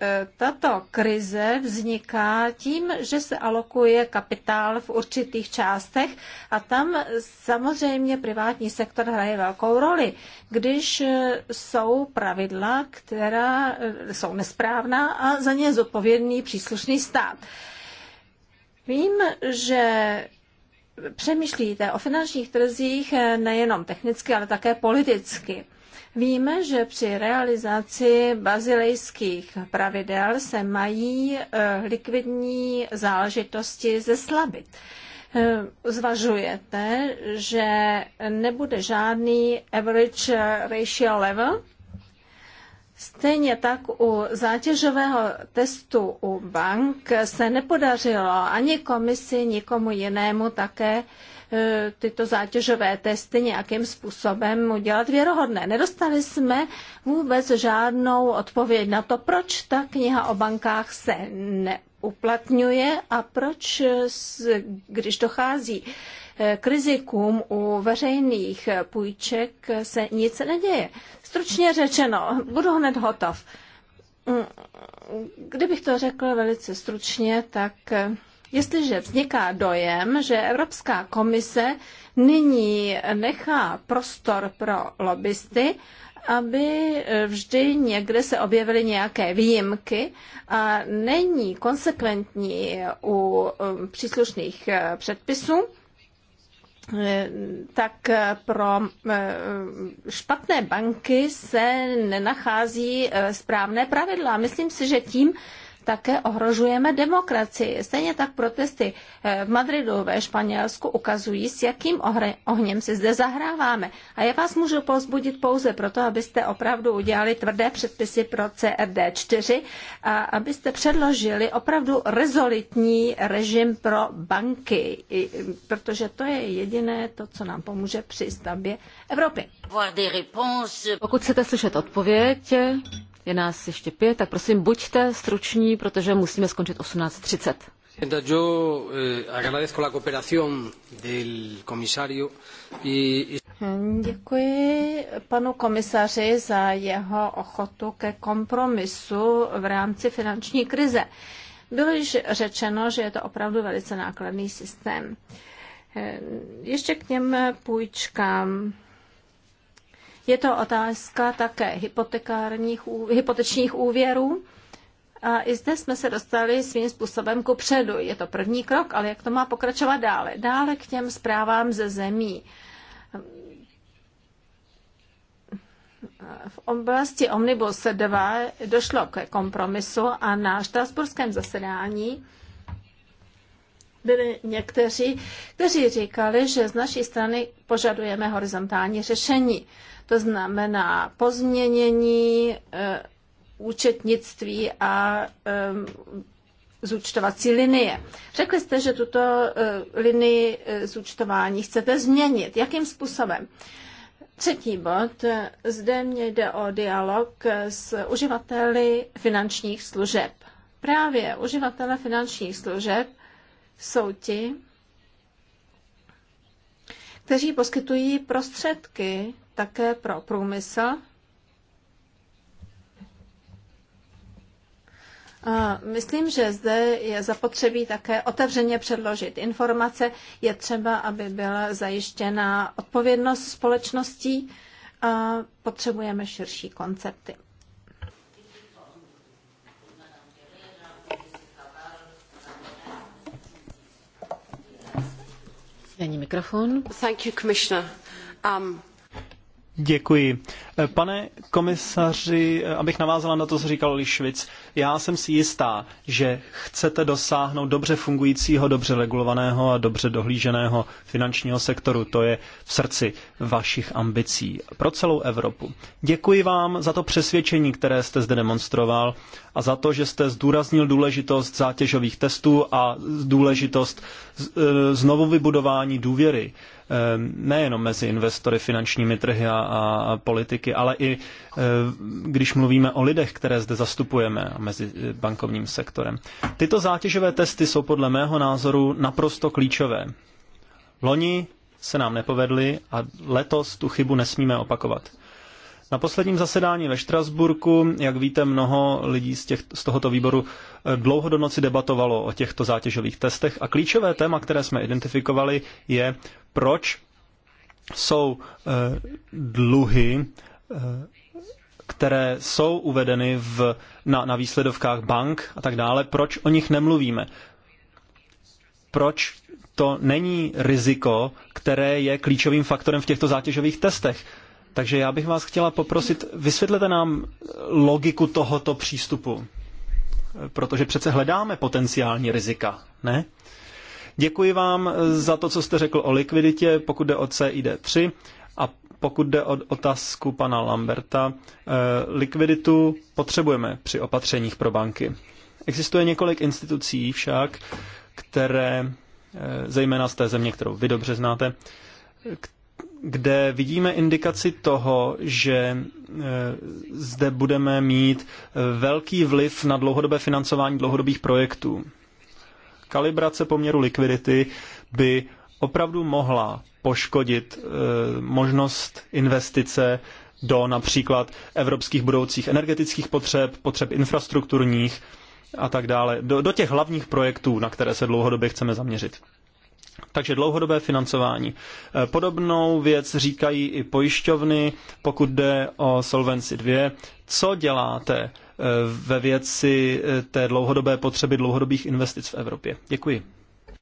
eh, tato krize vzniká tím, že se alokuje kapitál v určitých částech a tam samozřejmě privátní sektor hraje velkou roli. Když eh, jsou pravidla, která jsou nesprávná a za ně je zodpovědný příslušný stát. Vím, že přemýšlíte o finančních trzích eh, nejenom technicky, ale také politicky. Víme, že při realizaci bazilejských pravidel se mají eh, likvidní záležitosti zeslabit. Eh, zvažujete, že nebude žádný average ratio level Stejně tak u zátěžového testu u bank se nepodařilo ani komisi, nikomu jinému také e, tyto zátěžové testy nějakým způsobem udělat věrohodné. Nedostali jsme vůbec žádnou odpověď na to, proč ta kniha o bankách se neuplatňuje a proč, když dochází k rizikům u veřejných půjček se nic neděje. Stručně řečeno, budu hned hotov. Kdybych to řekl velice stručně, tak jestliže vzniká dojem, že Evropská komise nyní nechá prostor pro lobbysty, aby vždy někde se objevily nějaké výjimky a není konsekventní u příslušných předpisů, Eh, tak eh, pro eh, špatné banky se nenachází správné pravidla. Myslím si, že tím také ohrožujeme demokracii. Stejně tak protesty eh, v Madridu ve Španělsku ukazují, s jakým ohněm si zde zahráváme. A já vás můžu pozbudit pouze proto, abyste opravdu udělali tvrdé předpisy pro CRD4 a abyste předložili opravdu rezolitní režim pro banky, protože to je jediné to, co nám pomůže při stavbě Evropy. Pokud chcete slyšet odpověď, je nás ještě pět, tak prosím, buďte struční, protože musíme skončit 18.30. Eh, Děkuji panu komisaři za jeho ochotu ke kompromisu v rámci finanční krize. Bylo již řečeno, že je to opravdu velice nákladný systém. Eh, ještě k něm půjčkám je to otázka také hypotekárních, hypotečních úvěrů. A I zde jsme se dostali svým způsobem ku předu. Je to první krok, ale jak to má pokračovat dále? Dále k těm zprávám ze zemí. V oblasti Omnibus 2 došlo ke kompromisu a na štrasburském zasedání byli někteří, kteří říkali, že z naší strany požadujeme horizontální řešení. To znamená pozměnění e, účetnictví a e, zúčtovací linie. Řekli jste, že tuto e, linii e, zúčtování chcete změnit. Jakým způsobem? Třetí bod. Zde mě jde o dialog s uživateli finančních služeb. Právě uživatele finančních služeb jsou ti, kteří poskytují prostředky také pro průmysl. A myslím, že zde je zapotřebí také otevřeně předložit informace. Je třeba, aby byla zajištěna odpovědnost společností a potřebujeme širší koncepty. Není mikrofon. Thank you, Commissioner. Um, Děkuji. Eh, pane komisaři, eh, abych navázala na to, co říkal Lišvic, já jsem si jistá, že chcete dosáhnout dobře fungujícího, dobře regulovaného a dobře dohlíženého finančního sektoru. To je v srdci vašich ambicí pro celou Evropu. Děkuji vám za to přesvědčení, které jste zde demonstroval a za to, že jste zdůraznil důležitost zátěžových testů a důležitost eh, znovu vybudování důvěry Ehm, nejenom mezi investory, finančními trhy a, a politiky, ale i ehm, když mluvíme o lidech, které zde zastupujeme a mezi e, bankovním sektorem. Tyto zátěžové testy jsou podle mého názoru naprosto klíčové. Loni se nám nepovedly a letos tu chybu nesmíme opakovat. Na posledním zasedání ve Štrasburku, jak víte, mnoho lidí z, těch, z tohoto výboru eh, dlouho do noci debatovalo o těchto zátěžových testech a klíčové téma, které jsme identifikovali, je, proč jsou eh, dluhy eh, které jsou uvedeny v, na, na výsledovkách bank a tak dále, proč o nich nemluvíme? Proč to není riziko, které je klíčovým faktorem v těchto zátěžových testech? Takže já bych vás chtěla poprosit, vysvětlete nám logiku tohoto přístupu. Protože přece hledáme potenciální rizika, ne? Děkuji vám za to, co jste řekl o likviditě, pokud jde o CID3 a pokud jde o otázku pana Lamberta. Eh, likviditu potřebujeme při opatřeních pro banky. Existuje několik institucí však, které, eh, zejména z té země, kterou vy dobře znáte, kde vidíme indikaci toho, že e, zde budeme mít e, velký vliv na dlouhodobé financování dlouhodobých projektů. Kalibrace poměru likvidity by opravdu mohla poškodit e, možnost investice do například evropských budoucích energetických potřeb, potřeb infrastrukturních a tak dále, do, do těch hlavních projektů, na které se dlouhodobě chceme zaměřit. Takže dlouhodobé financování. Eh, podobnou věc říkají i pojišťovny, pokud jde o Solvency 2. Co děláte eh, ve věci eh, té dlouhodobé potřeby dlouhodobých investic v Evropě? Děkuji. E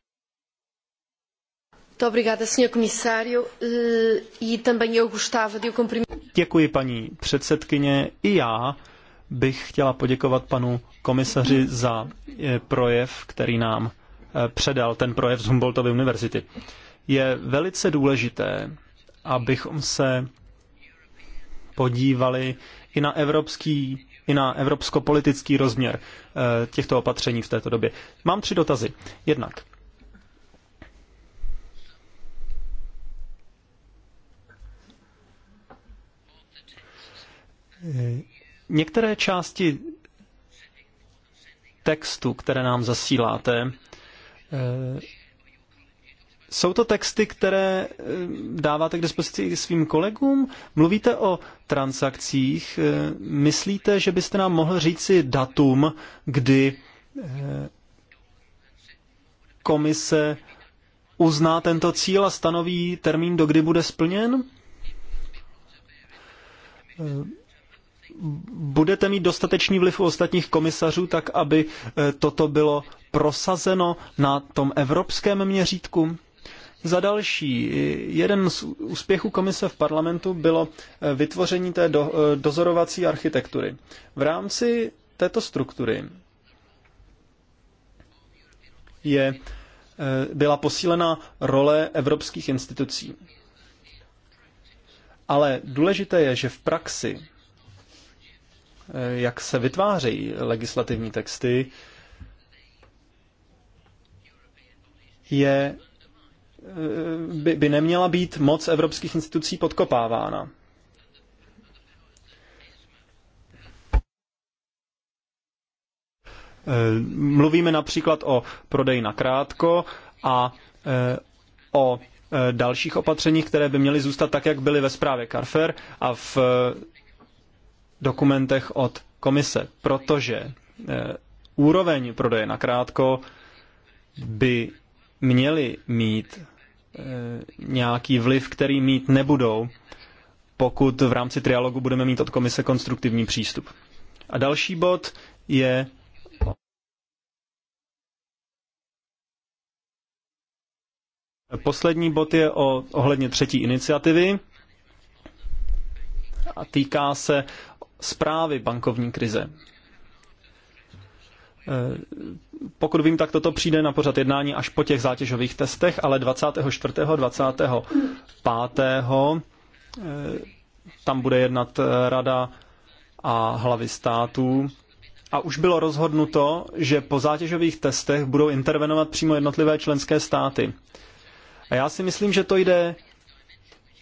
Děkuji, paní předsedkyně. I já bych chtěla poděkovat panu komisaři za projev, který nám předal ten projev z Humboldtovy univerzity. Je velice důležité, abychom se podívali i na evropský i na evropskopolitický rozměr eh, těchto opatření v této době. Mám tři dotazy. Jednak. Některé části textu, které nám zasíláte, Eh, jsou to texty, které eh, dáváte k dispozici i svým kolegům? Mluvíte o transakcích. Eh, myslíte, že byste nám mohl říci datum, kdy komise uzná tento cíl a stanoví termín, do kdy bude splněn? budete mít dostatečný vliv u ostatních komisařů, tak aby eh, toto bylo prosazeno na tom evropském měřítku? Za další, eh, jeden z úspěchů komise v parlamentu bylo eh, vytvoření té do, dozorovací architektury. V rámci této struktury je, byla posílena role evropských institucí. Ale důležité je, že v praxi Eh, jak se vytvářejí legislativní texty, je, eh, by, by neměla být moc evropských institucí podkopávána. Eh, mluvíme například o prodeji na krátko a o dalších opatřeních, které by měly zůstat tak, jak byly ve zprávě Carfer a v dokumentech od komise, protože eh, úroveň prodeje na krátko by měly mít eh, nějaký vliv, který mít nebudou, pokud v rámci trialogu budeme mít od komise konstruktivní přístup. A další bod je Poslední bod je o, ohledně třetí iniciativy a týká se zprávy bankovní krize. Eh, pokud vím, tak toto přijde na pořad jednání až po těch zátěžových testech, ale 24. 25. Eh, tam bude jednat eh, rada a hlavy států. A už bylo rozhodnuto, že po zátěžových testech budou intervenovat přímo jednotlivé členské státy. A já si myslím, že to jde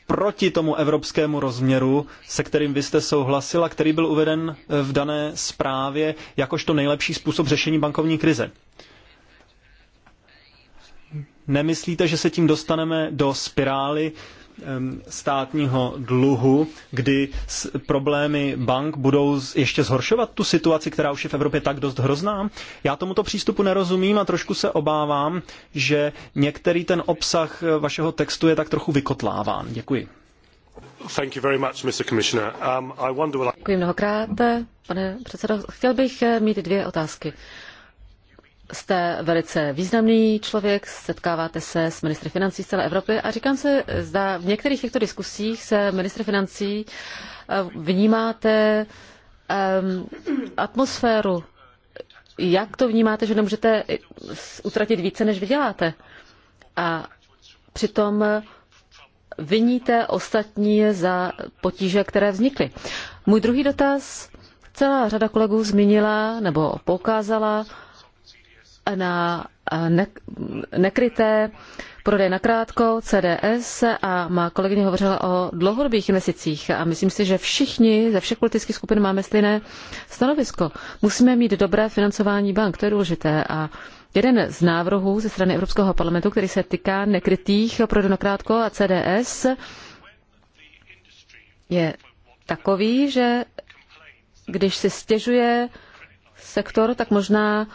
proti tomu evropskému rozměru, se kterým vy jste souhlasila, který byl uveden eh, v dané zprávě jakožto nejlepší způsob řešení bankovní krize. Nemyslíte, že se tím dostaneme do spirály, státního dluhu, kdy problémy bank budou ještě zhoršovat tu situaci, která už je v Evropě tak dost hrozná. Já tomuto přístupu nerozumím a trošku se obávám, že některý ten obsah eh, vašeho textu je tak trochu vykotláván. Děkuji. Thank you very much, Mr. Commissioner. Um, I wonder... Děkuji mnohokrát, pane předsedo. Chtěl bych eh, mít dvě otázky jste velice významný člověk, setkáváte se s ministry financí z celé Evropy a říkám se, zda v některých těchto diskusích se ministry financí eh, vnímáte um, atmosféru. Jak to vnímáte, že nemůžete utratit více, než vyděláte? A přitom viníte ostatní za potíže, které vznikly. Můj druhý dotaz. Celá řada kolegů zmínila nebo poukázala na eh, ne- nekryté prodej na krátko, CDS a má kolegyně hovořila o dlouhodobých investicích a myslím si, že všichni ze všech politických skupin máme stejné stanovisko. Musíme mít dobré financování bank, to je důležité a Jeden z návrhů ze strany Evropského parlamentu, který se týká nekrytých prodej na krátko a CDS, je takový, že když se stěžuje sektor, tak možná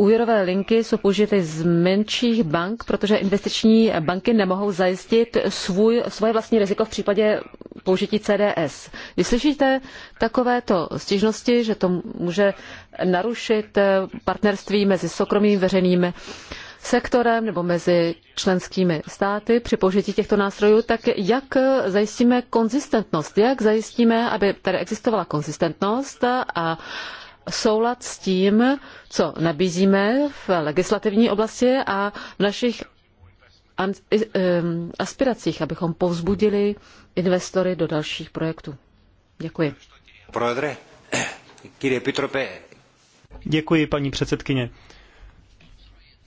úvěrové linky jsou použity z menších bank, protože investiční banky nemohou zajistit svůj, svoje vlastní riziko v případě použití CDS. Vy slyšíte takovéto stížnosti, že to může narušit partnerství mezi soukromým veřejným sektorem nebo mezi členskými státy při použití těchto nástrojů, tak jak zajistíme konzistentnost? Jak zajistíme, aby tady existovala konzistentnost a soulad s tím, co nabízíme v legislativní oblasti a v našich aspiracích, abychom povzbudili investory do dalších projektů. Děkuji. Děkuji, paní předsedkyně.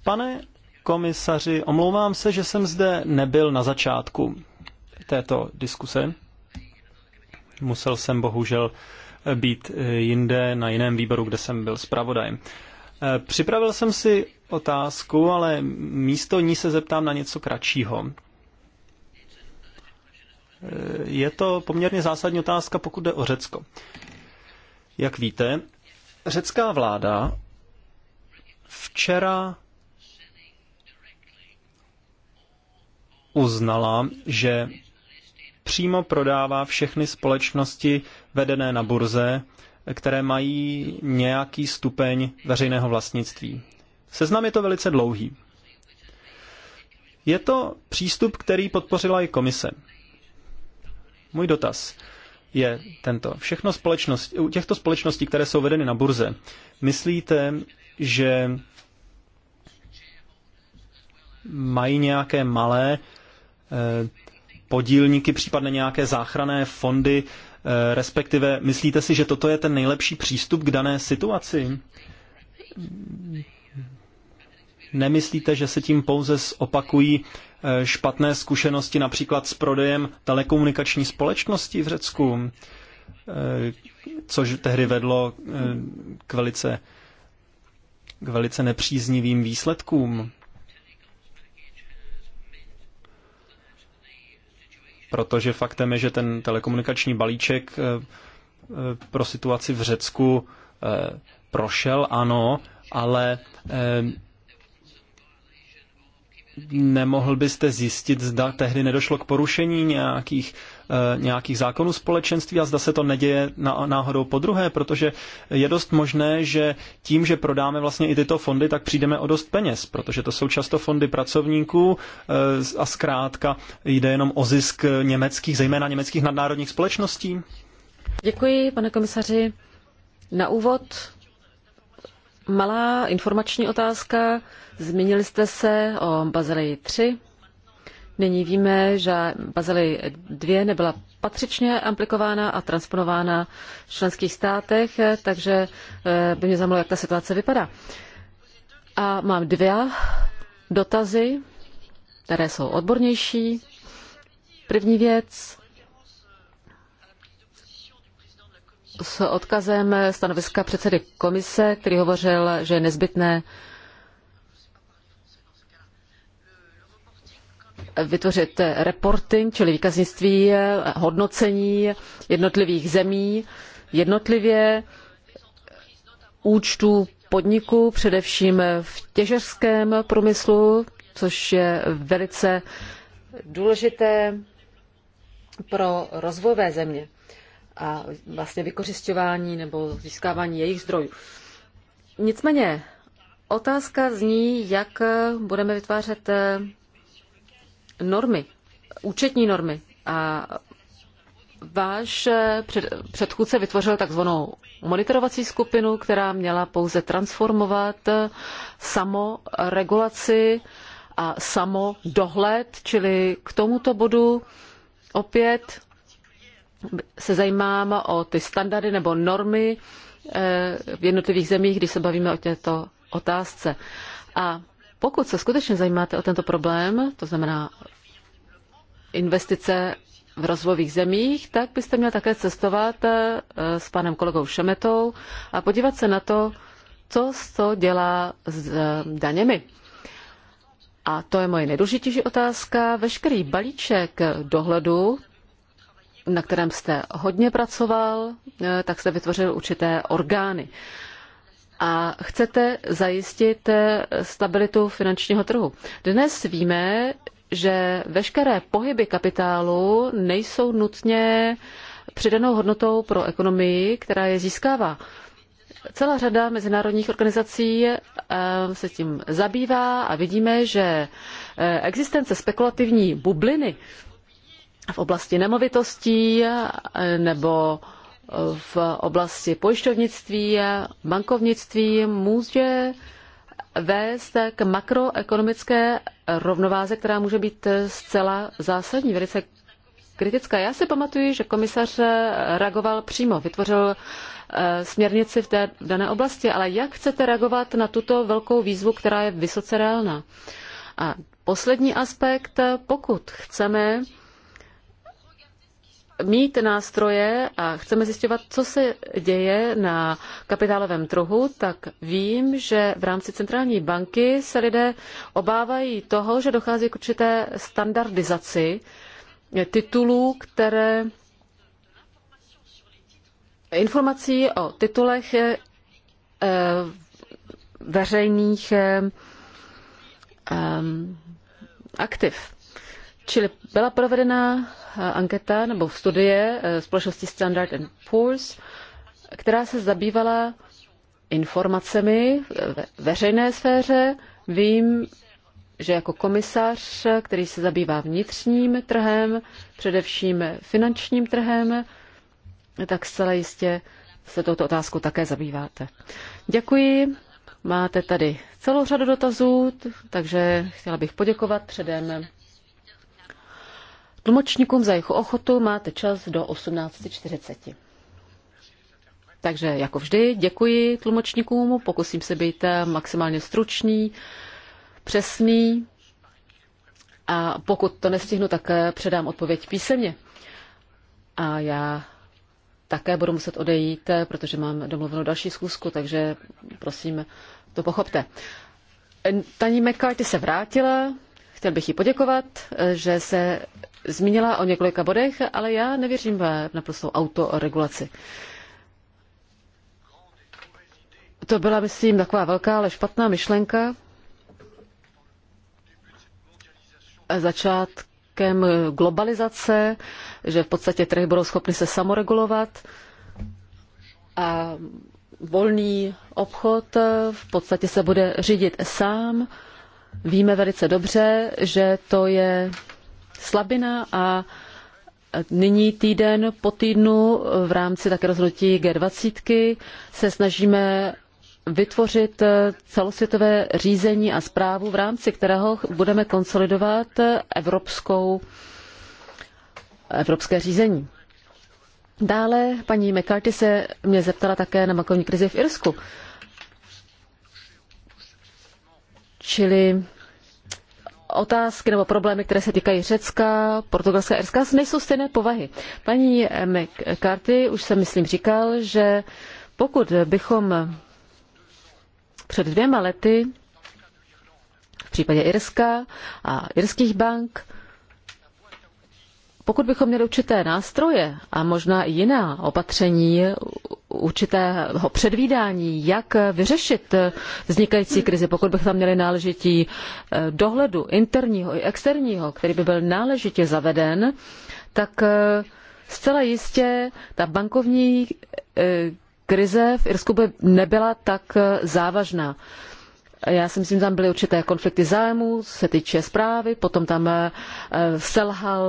Pane komisaři, omlouvám se, že jsem zde nebyl na začátku této diskuse. Musel jsem bohužel být eh, jinde na jiném výboru, kde jsem byl zpravodajem. Eh, připravil jsem si otázku, ale místo ní se zeptám na něco kratšího. Eh, je to poměrně zásadní otázka, pokud jde o Řecko. Jak víte, řecká vláda včera uznala, že přímo prodává všechny společnosti vedené na burze, které mají nějaký stupeň veřejného vlastnictví. Seznam je to velice dlouhý. Je to přístup, který podpořila i komise. Můj dotaz je tento. Všechno společnosti, u těchto společností, které jsou vedeny na burze, myslíte, že mají nějaké malé eh, podílníky, případně nějaké záchrané fondy, eh, Eh, respektive myslíte si, že toto je ten nejlepší přístup k dané situaci? Nemyslíte, že se tím pouze opakují eh, špatné zkušenosti například s prodejem telekomunikační společnosti v Řecku, eh, což tehdy vedlo k velice, k velice nepříznivým výsledkům? protože faktem je, že ten telekomunikační balíček eh, eh, pro situaci v Řecku eh, prošel, ano, ale nemohl byste zjistit, zda tehdy nedošlo k porušení nějakých Eh, nějakých zákonů společenství a zda se to neděje náhodou po druhé, protože je dost možné, že tím, že prodáme vlastně i tyto fondy, tak přijdeme o dost peněz, protože to jsou často fondy pracovníků eh, a zkrátka jde jenom o zisk německých, zejména německých nadnárodních společností. Děkuji, pane komisaři. Na úvod malá informační otázka. Zmínili jste se o Bazileji 3. Nyní víme, že Bazily 2 nebyla patřičně amplikována a transponována v členských státech, takže eh, by mě zajímalo, jak ta situace vypadá. A mám dvě dotazy, které jsou odbornější. První věc s odkazem stanoviska předsedy komise, který hovořil, že je nezbytné vytvořit reporting, čili výkaznictví, hodnocení jednotlivých zemí, jednotlivě účtů podniků, především v těžařském průmyslu, což je velice důležité pro rozvojové země a vlastně vykořišťování nebo získávání jejich zdrojů. Nicméně otázka zní, jak budeme vytvářet normy, účetní normy. A váš před, předchůdce vytvořil takzvanou monitorovací skupinu, která měla pouze transformovat samoregulaci a samodohled, čili k tomuto bodu opět se zajímám o ty standardy nebo normy eh, v jednotlivých zemích, když se bavíme o této otázce. A pokud se skutečně zajímáte o tento problém, to znamená investice v rozvojových zemích, tak byste měl také cestovat eh, s panem kolegou Šemetou a podívat se na to, co to dělá s eh, daněmi. A to je moje nejdůležitější otázka. Veškerý balíček dohledu, na kterém jste hodně pracoval, eh, tak jste vytvořil určité orgány a chcete zajistit eh, stabilitu finančního trhu. Dnes víme, že veškeré pohyby kapitálu nejsou nutně přidanou hodnotou pro ekonomii, která je získává. Celá řada mezinárodních organizací eh, se tím zabývá a vidíme, že eh, existence spekulativní bubliny v oblasti nemovitostí nebo v oblasti pojišťovnictví a bankovnictví může vést k makroekonomické rovnováze, která může být zcela zásadní, velice kritická. Já si pamatuju, že komisař reagoval přímo, vytvořil eh, směrnici v té dané oblasti, ale jak chcete reagovat na tuto velkou výzvu, která je vysoce reálná? A poslední aspekt, pokud chceme mít nástroje a chceme zjišťovat, co se děje na kapitálovém trhu, tak vím, že v rámci centrální banky se lidé obávají toho, že dochází k určité standardizaci titulů, které informací o titulech eh, veřejných eh, eh, aktiv. Čili byla provedena eh, anketa nebo studie eh, společnosti Standard Poor's, která se zabývala informacemi ve veřejné sféře. Vím, že jako komisař, který se zabývá vnitřním trhem, především finančním trhem, tak zcela jistě se touto otázkou také zabýváte. Děkuji. Máte tady celou řadu dotazů, takže chtěla bych poděkovat předem tlumočníkům za jejich ochotu. Máte čas do 18.40. Takže jako vždy děkuji tlumočníkům, pokusím se být maximálně stručný, přesný a pokud to nestihnu, tak předám odpověď písemně. A já také budu muset odejít, protože mám domluvenou další schůzku, takže prosím, to pochopte. Taní McCarthy se vrátila, Chtěl bych jí poděkovat, eh, že se zmínila o několika bodech, ale já nevěřím v naprostou autoregulaci. To byla, myslím, taková velká, ale špatná myšlenka. Začátkem globalizace, že v podstatě trhy budou schopny se samoregulovat a volný obchod v podstatě se bude řídit sám. Víme velice dobře, že to je slabina a nyní týden po týdnu v rámci také rozhodnutí G20 se snažíme vytvořit celosvětové řízení a zprávu, v rámci kterého budeme konsolidovat evropskou, evropské řízení. Dále paní McCarthy se mě zeptala také na makovní krizi v Irsku. Čili otázky nebo problémy, které se týkají Řecka, Portugalska, Irska, nejsou stejné povahy. Paní McCarthy už jsem, myslím, říkal, že pokud bychom před dvěma lety v případě Irska a irských bank, pokud bychom měli určité nástroje a možná i jiná opatření, určitého předvídání, jak vyřešit vznikající krizi, pokud bych tam měli náležitý eh, dohledu interního i externího, který by byl náležitě zaveden, tak eh, zcela jistě ta bankovní eh, krize v Irsku by nebyla tak závažná. Já si myslím, tam byly určité konflikty zájmů, se týče zprávy, potom tam selhal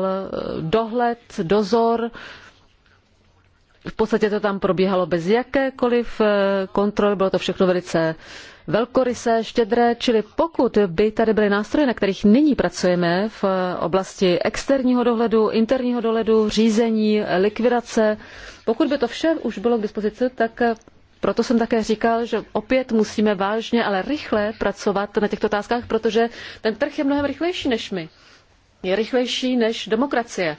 dohled, dozor, v podstatě to tam probíhalo bez jakékoliv eh, kontroly, bylo to všechno velice velkorysé, štědré, čili pokud by tady byly nástroje, na kterých nyní pracujeme v eh, oblasti externího dohledu, interního dohledu, řízení, likvidace, pokud by to vše už bylo k dispozici, tak eh, proto jsem také říkal, že opět musíme vážně, ale rychle pracovat na těchto otázkách, protože ten trh je mnohem rychlejší než my. Je rychlejší než demokracie.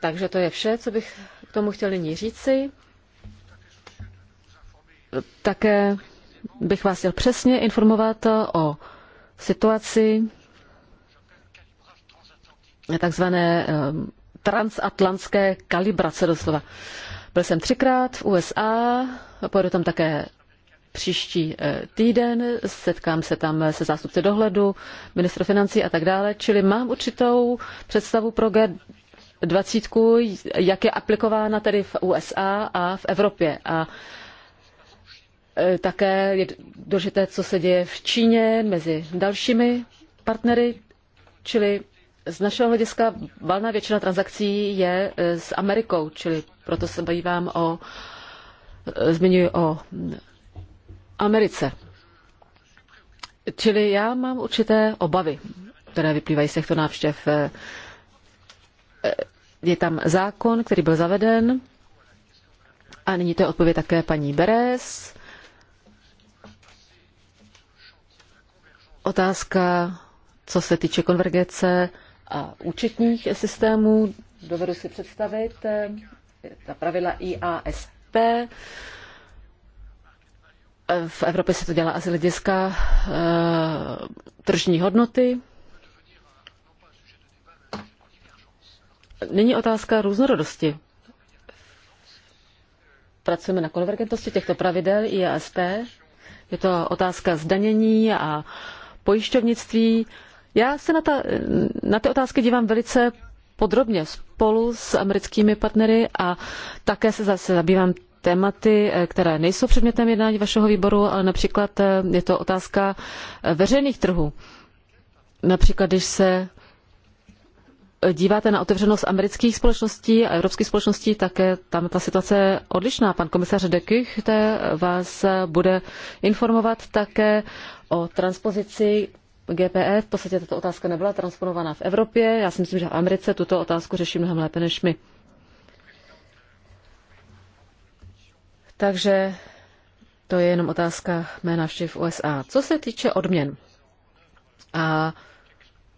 Takže to je vše, co bych tomu chtěl nyní říci. Také bych vás chtěl přesně informovat o situaci takzvané eh, transatlantské kalibrace doslova. Byl jsem třikrát v USA, pojedu tam také příští eh, týden, setkám se tam se zástupci dohledu, ministr financí a tak dále, čili mám určitou představu pro dvacítku, jak je aplikována tedy v USA a v Evropě. A e, také je důležité, co se děje v Číně mezi dalšími partnery, čili z našeho hlediska valná většina transakcí je e, s Amerikou, čili proto se bavím o, e, zmiňuji o Americe. Čili já mám určité obavy, které vyplývají z těchto návštěv je tam zákon, který byl zaveden. A nyní to je odpověď také paní Beres. Otázka, co se týče konvergence a účetních systémů, dovedu si představit eh, ta pravidla IASP. V Evropě se to dělá asi hlediska eh, tržní hodnoty. Není otázka různorodosti. Pracujeme na konvergentnosti těchto pravidel IASP. Je to otázka zdanění a pojišťovnictví. Já se na, ta, na ty otázky dívám velice podrobně spolu s americkými partnery a také se zase zabývám tématy, které nejsou předmětem jednání vašeho výboru, ale například je to otázka veřejných trhů. Například, když se díváte na otevřenost amerických společností a evropských společností, tak je tam ta situace odlišná. Pan komisař de Kuchte vás bude informovat také o transpozici GPE. V podstatě tato otázka nebyla transponovaná v Evropě. Já si myslím, že v Americe tuto otázku řeší mnohem lépe než my. Takže to je jenom otázka mé návštěv USA. Co se týče odměn a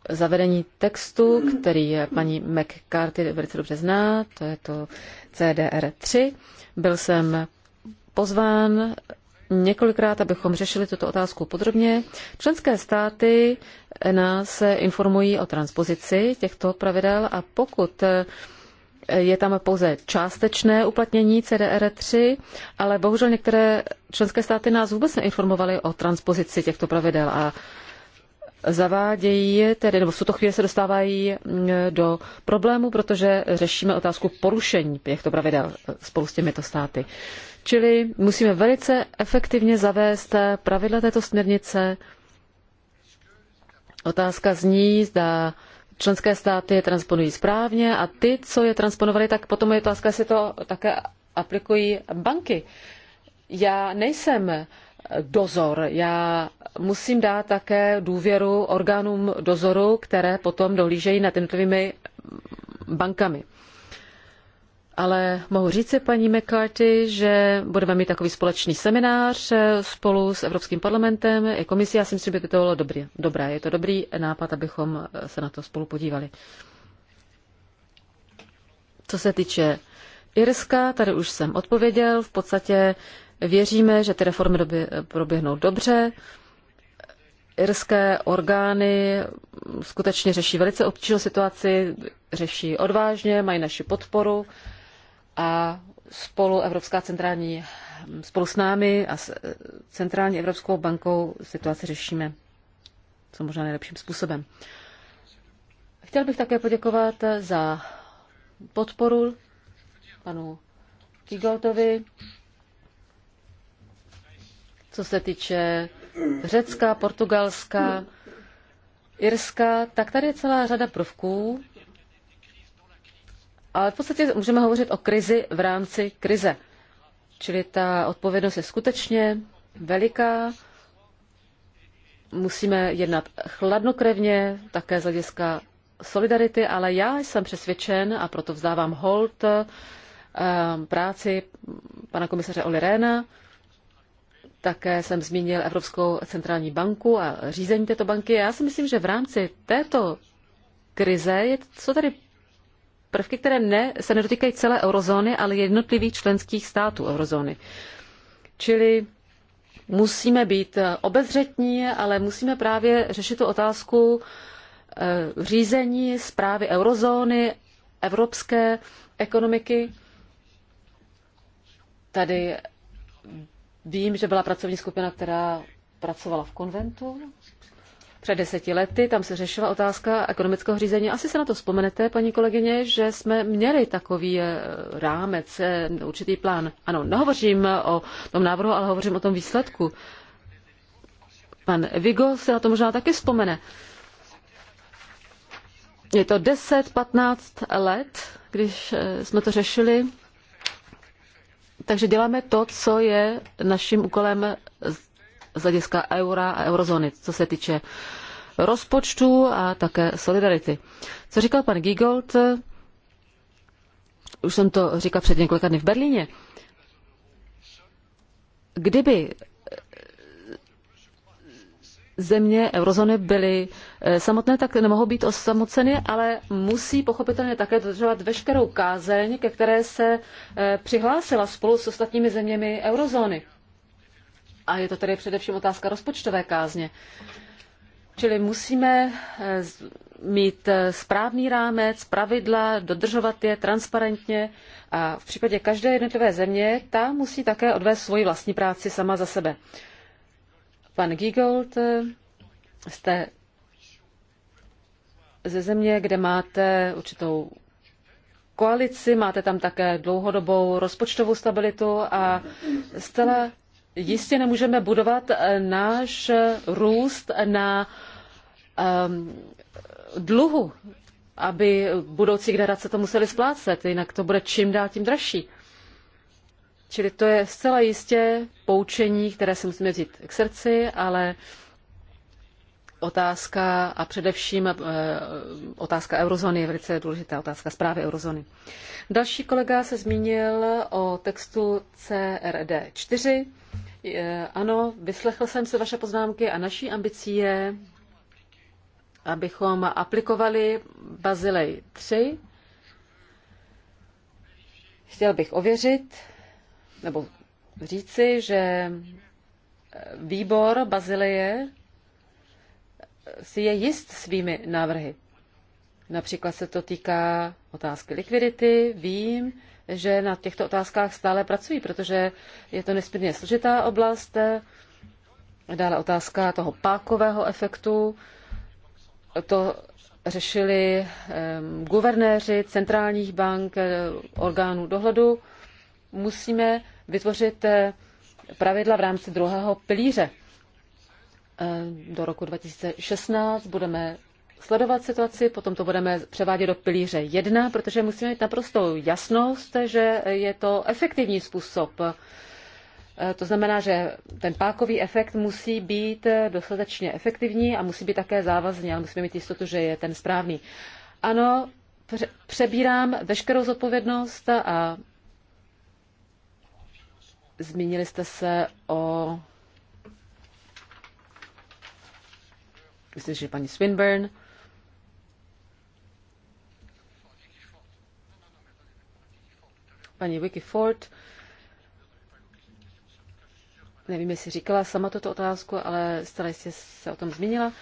zavedení textu, který paní McCarthy velice dobře zná, to je to CDR3. Byl jsem pozván několikrát, abychom řešili tuto otázku podrobně. Členské státy nás informují o transpozici těchto pravidel a pokud je tam pouze částečné uplatnění CDR3, ale bohužel některé členské státy nás vůbec neinformovaly o transpozici těchto pravidel a zavádějí, tedy nebo v tuto chvíli se dostávají mm, do problému, protože řešíme otázku porušení těchto pravidel eh, spolu s těmito státy. Čili musíme velice efektivně zavést pravidla této směrnice. Otázka zní, zda členské státy je transponují správně a ty, co je transponovali, tak potom je otázka, jestli to také aplikují banky. Já nejsem dozor. Já musím dát také důvěru orgánům dozoru, které potom dohlížejí nad jednotlivými bankami. Ale mohu říci paní McCarthy, že budeme mít takový společný seminář eh, spolu s Evropským parlamentem i komisí. Já si myslím, že by to bylo dobrý, dobré. Je to dobrý nápad, abychom eh, se na to spolu podívali. Co se týče Irska, tady už jsem odpověděl. V podstatě Věříme, že ty reformy době, proběhnou dobře. Irské orgány skutečně řeší velice obtížnou situaci, řeší odvážně, mají naši podporu a spolu Evropská centrální, spolu s námi a s eh, Centrální Evropskou bankou situaci řešíme co možná nejlepším způsobem. Chtěl bych také poděkovat za podporu panu Kigoltovi co se týče Řecka, Portugalska, Irska, tak tady je celá řada prvků, ale v podstatě můžeme hovořit o krizi v rámci krize. Čili ta odpovědnost je skutečně veliká. Musíme jednat chladnokrevně, také z hlediska solidarity, ale já jsem přesvědčen a proto vzdávám hold eh, práci pana komisaře Oli také jsem zmínil Evropskou centrální banku a řízení této banky. Já si myslím, že v rámci této krize je jsou tady prvky, které ne, se nedotýkají celé eurozóny, ale jednotlivých členských států eurozóny. Čili musíme být obezřetní, ale musíme právě řešit tu otázku eh, řízení zprávy eurozóny, evropské ekonomiky. Tady Vím, že byla pracovní skupina, která pracovala v konventu před deseti lety, tam se řešila otázka ekonomického řízení. Asi se na to vzpomenete, paní kolegyně, že jsme měli takový eh, rámec, eh, určitý plán. Ano, nehovořím o tom návrhu, ale hovořím o tom výsledku. Pan Vigo se na to možná taky vzpomene. Je to 10-15 let, když eh, jsme to řešili takže děláme to, co je naším úkolem z hlediska eura a eurozóny, co se týče rozpočtu a také solidarity. Co říkal pan Giegold, už jsem to říkal před několika dny v Berlíně, kdyby země eurozóny byly eh, samotné, tak nemohou být osamoceny, ale musí pochopitelně také dodržovat veškerou kázeň, ke které se eh, přihlásila spolu s ostatními zeměmi eurozóny. A je to tedy především otázka rozpočtové kázně. Čili musíme eh, mít správný rámec, pravidla, dodržovat je transparentně a v případě každé jednotlivé země ta musí také odvést svoji vlastní práci sama za sebe. Pan Giegold, eh, jste ze země, kde máte určitou koalici, máte tam také dlouhodobou rozpočtovou stabilitu a zcela jistě nemůžeme budovat eh, náš růst na um, dluhu, aby budoucí generace to museli splácet, jinak to bude čím dál tím dražší. Čili to je zcela jistě poučení, které si musíme vzít k srdci, ale otázka a především eh, otázka eurozóny je velice důležitá otázka zprávy eurozóny. Další kolega se zmínil o textu CRD 4. Eh, ano, vyslechl jsem si vaše poznámky a naší ambicí je, abychom aplikovali Bazilej 3. Chtěl bych ověřit, nebo říci, že výbor Bazileje si je jist svými návrhy. Například se to týká otázky likvidity. Vím, že na těchto otázkách stále pracují, protože je to nesmírně složitá oblast. Dále otázka toho pákového efektu. To řešili um, guvernéři centrálních bank, eh, orgánů dohledu musíme vytvořit eh, pravidla v rámci druhého pilíře. Eh, do roku 2016 budeme sledovat situaci, potom to budeme převádět do pilíře 1, protože musíme mít naprostou jasnost, že je to efektivní způsob. Eh, to znamená, že ten pákový efekt musí být dostatečně efektivní a musí být také závazný, ale musíme mít jistotu, že je ten správný. Ano, přebírám veškerou zodpovědnost a Zmínili jste se o myslím, že paní Swinburne. Paní Vicky Ford. Nevím, jestli říkala sama tuto otázku, ale stále jste se o tom zmínila.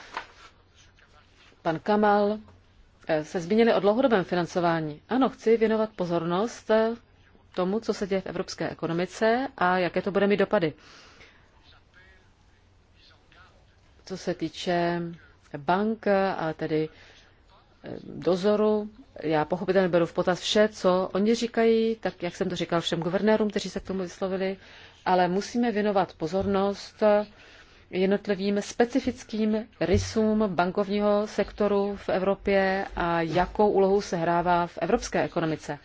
Pan Kamal eh, se zmínili o dlouhodobém financování. Ano, chci věnovat pozornost eh, tomu, co se děje v evropské ekonomice a jaké to bude mít dopady. Co se týče bank a tedy eh, dozoru. Já pochopitelně beru v potaz vše, co oni říkají, tak jak jsem to říkal všem guvernérům, kteří se k tomu vyslovili, ale musíme věnovat pozornost jednotlivým specifickým rysům bankovního sektoru v Evropě a jakou úlohu se hrává v evropské ekonomice.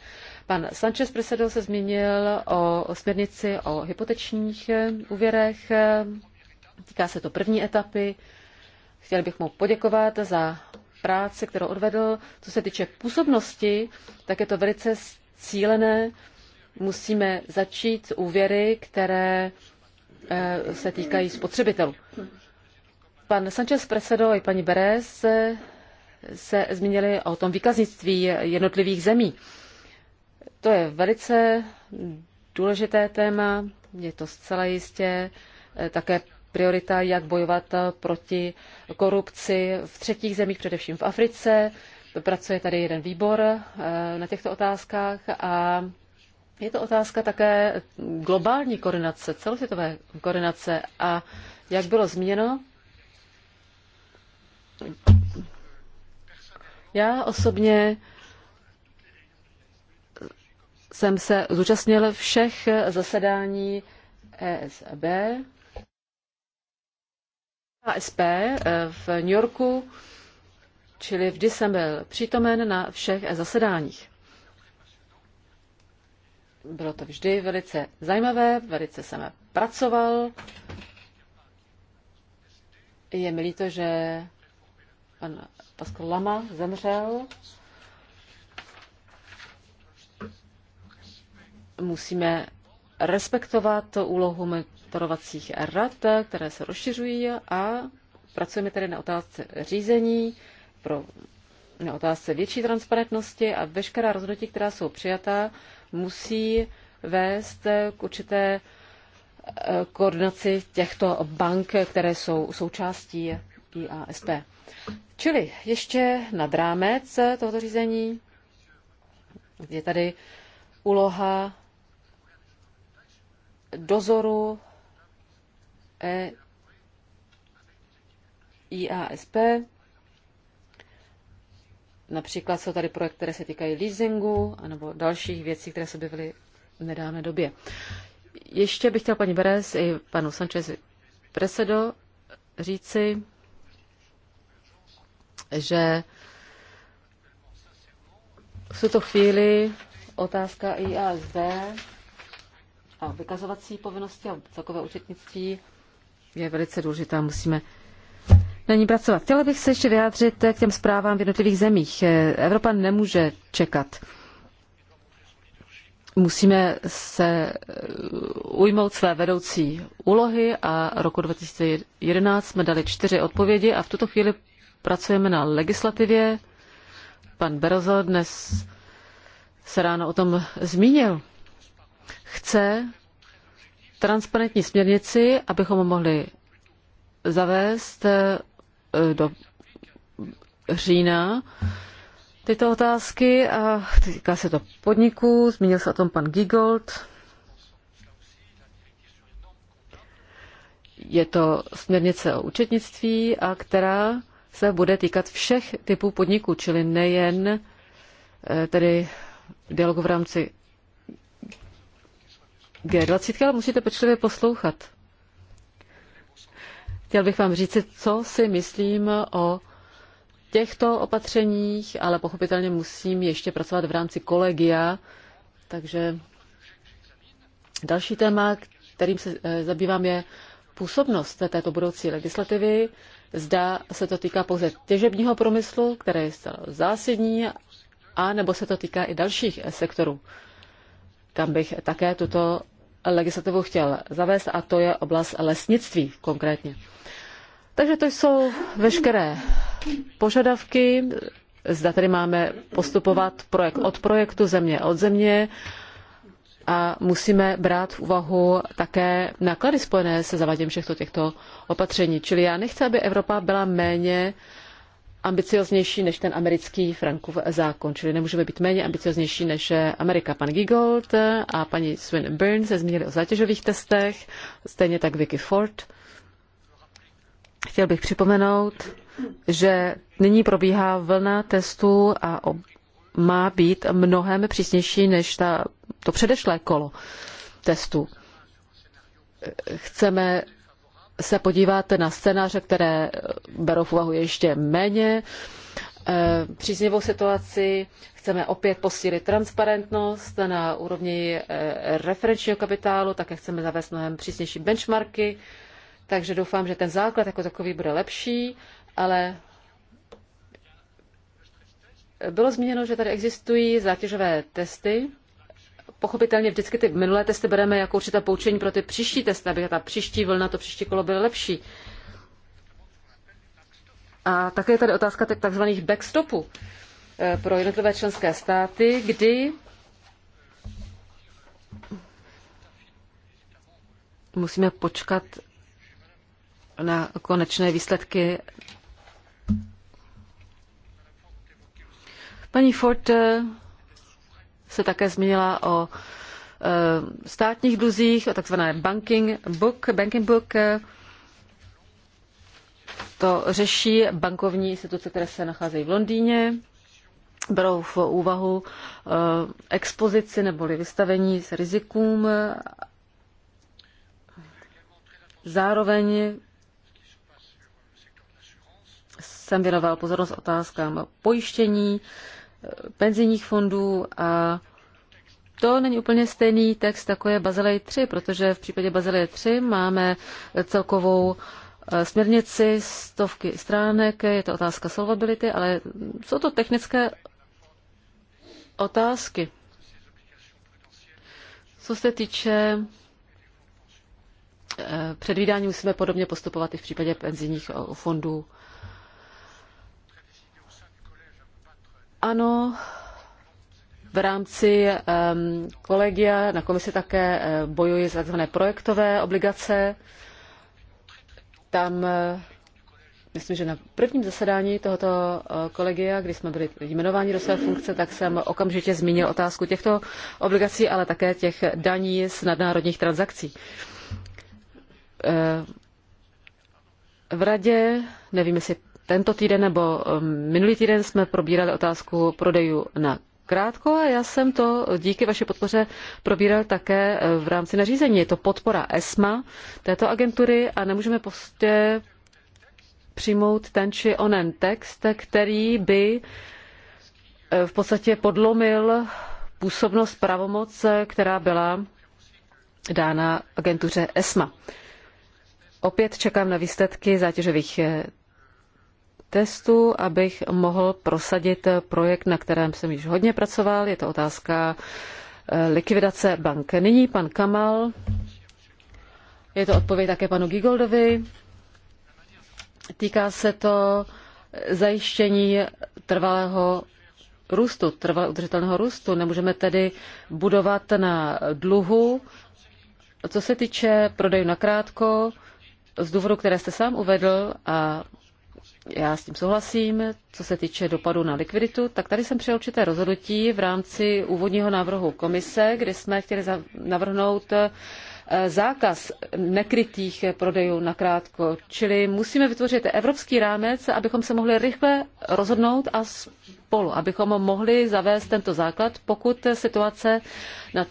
Pan Sanchez Presedo se zmínil o, o směrnici o hypotečních eh, úvěrech. Týká se to první etapy. Chtěl bych mu poděkovat za práci, kterou odvedl. Co se týče působnosti, tak je to velice cílené. Musíme začít úvěry, které eh, se týkají spotřebitelů. Pan Sanchez Presedo i paní Beres eh, se zmínili o tom výkaznictví jednotlivých zemí. To je velice důležité téma, je to zcela jistě eh, také priorita, jak bojovat eh, proti korupci v třetích zemích, především v Africe. Pracuje tady jeden výbor eh, na těchto otázkách a je to otázka také globální koordinace, celosvětové koordinace a jak bylo zmíněno, já osobně jsem se zúčastnil všech zasedání ESB, ASP eh, v New Yorku, čili vždy jsem byl přítomen na všech zasedáních. Bylo to vždy velice zajímavé, velice jsem pracoval. Je mi líto, že pan Pascal Lama zemřel musíme respektovat úlohu monitorovacích rad, které se rozšiřují a pracujeme tedy na otázce řízení, pro, na otázce větší transparentnosti a veškerá rozhodnutí, která jsou přijatá, musí vést k určité eh, koordinaci těchto bank, které jsou součástí IASP. Čili ještě nad rámec tohoto řízení je tady úloha dozoru e, IASP. Například jsou tady projekty, které se týkají leasingu anebo dalších věcí, které se objevily v nedávné době. Ještě bych chtěl paní Beres i panu Sanchez Presedo říci, že v tuto chvíli otázka IASD a vykazovací povinnosti a celkové účetnictví je velice důležitá. Musíme na ní pracovat. Chtěla bych se ještě vyjádřit k těm zprávám v jednotlivých zemích. Evropa nemůže čekat. Musíme se uh, ujmout své vedoucí úlohy a roku 2011 jsme dali čtyři odpovědi a v tuto chvíli pracujeme na legislativě. Pan Berozo dnes se ráno o tom zmínil chce transparentní směrnici, abychom mohli zavést eh, do října tyto otázky a týká se to podniků, zmínil se o tom pan Gigold. Je to směrnice o účetnictví, a která se bude týkat všech typů podniků, čili nejen eh, tedy dialogu v rámci G20, ale musíte pečlivě poslouchat. Chtěl bych vám říct, co si myslím o těchto opatřeních, ale pochopitelně musím ještě pracovat v rámci kolegia, takže další téma, kterým se eh, zabývám, je působnost této budoucí legislativy. Zda se to týká pouze těžebního průmyslu, které je zcela zásadní, a nebo se to týká i dalších eh, sektorů kam bych také tuto legislativu chtěl zavést, a to je oblast lesnictví konkrétně. Takže to jsou veškeré požadavky. Zda tady máme postupovat projekt od projektu, země od země a musíme brát v úvahu také náklady spojené se zavaděním všech těchto opatření. Čili já nechci, aby Evropa byla méně uh, ambicioznější než ten americký Frankův zákon, čili nemůžeme být méně ambicioznější než eh, Amerika. Pan Gigold eh, a paní Swin Byrne se zmínili o zátěžových testech, stejně tak Vicky Ford. Chtěl bych připomenout, že nyní probíhá vlna testů a má být mnohem přísnější než ta, to předešlé kolo testů. Chceme se podíváte na scénáře, které berou v úvahu ještě méně eh, příznivou situaci, chceme opět posílit transparentnost na úrovni eh, referenčního kapitálu, také chceme zavést mnohem přísnější benchmarky, takže doufám, že ten základ jako takový bude lepší, ale bylo zmíněno, že tady existují zátěžové testy, pochopitelně vždycky ty minulé testy bereme jako určité poučení pro ty příští testy, aby ta příští vlna, to příští kolo bylo lepší. A také je tady otázka takzvaných backstopů eh, pro jednotlivé členské státy, kdy musíme počkat na konečné výsledky. Paní Ford eh, se také zmínila o e, státních dluzích, o takzvané banking book. Banking book to řeší bankovní instituce, které se nacházejí v Londýně, berou v úvahu e, expozici neboli vystavení s rizikům. Zároveň jsem věnoval pozornost otázkám pojištění, penzijních fondů a to není úplně stejný text, jako je Bazilej 3, protože v případě Bazileje 3 máme celkovou eh, směrnici stovky stránek, je to otázka solvability, ale jsou to technické otázky. Co se týče eh, předvídání, musíme podobně postupovat i v případě penzijních eh, fondů Ano, v rámci um, kolegia na komisi také eh, bojuji za tzv. projektové obligace. Tam, eh, myslím, že na prvním zasedání tohoto eh, kolegia, kdy jsme byli jmenováni do své funkce, tak jsem okamžitě zmínil otázku těchto obligací, ale také těch daní z nadnárodních transakcí. V radě, nevím, jestli tento týden nebo um, minulý týden jsme probírali otázku prodejů na krátko a já jsem to díky vaší podpoře probíral také eh, v rámci nařízení. Je to podpora ESMA této agentury a nemůžeme prostě přijmout ten či onen text, který by eh, v podstatě podlomil působnost pravomoc, která byla dána agentuře ESMA. Opět čekám na výsledky zátěžových eh, testů, abych mohl prosadit projekt, na kterém jsem již hodně pracoval. Je to otázka eh, likvidace bank. Nyní pan Kamal. Je to odpověď také panu Gigoldovi. Týká se to zajištění trvalého růstu, trvalé udržitelného růstu. Nemůžeme tedy budovat na dluhu. Co se týče prodejů na krátko, z důvodu, které jste sám uvedl a já s tím souhlasím. Co se týče dopadu na likviditu, tak tady jsem přijel určité rozhodnutí v rámci úvodního návrhu komise, kde jsme chtěli navrhnout eh, zákaz nekrytých prodejů na krátko. Čili musíme vytvořit evropský rámec, abychom se mohli rychle rozhodnout a spolu, abychom mohli zavést tento základ, pokud situace na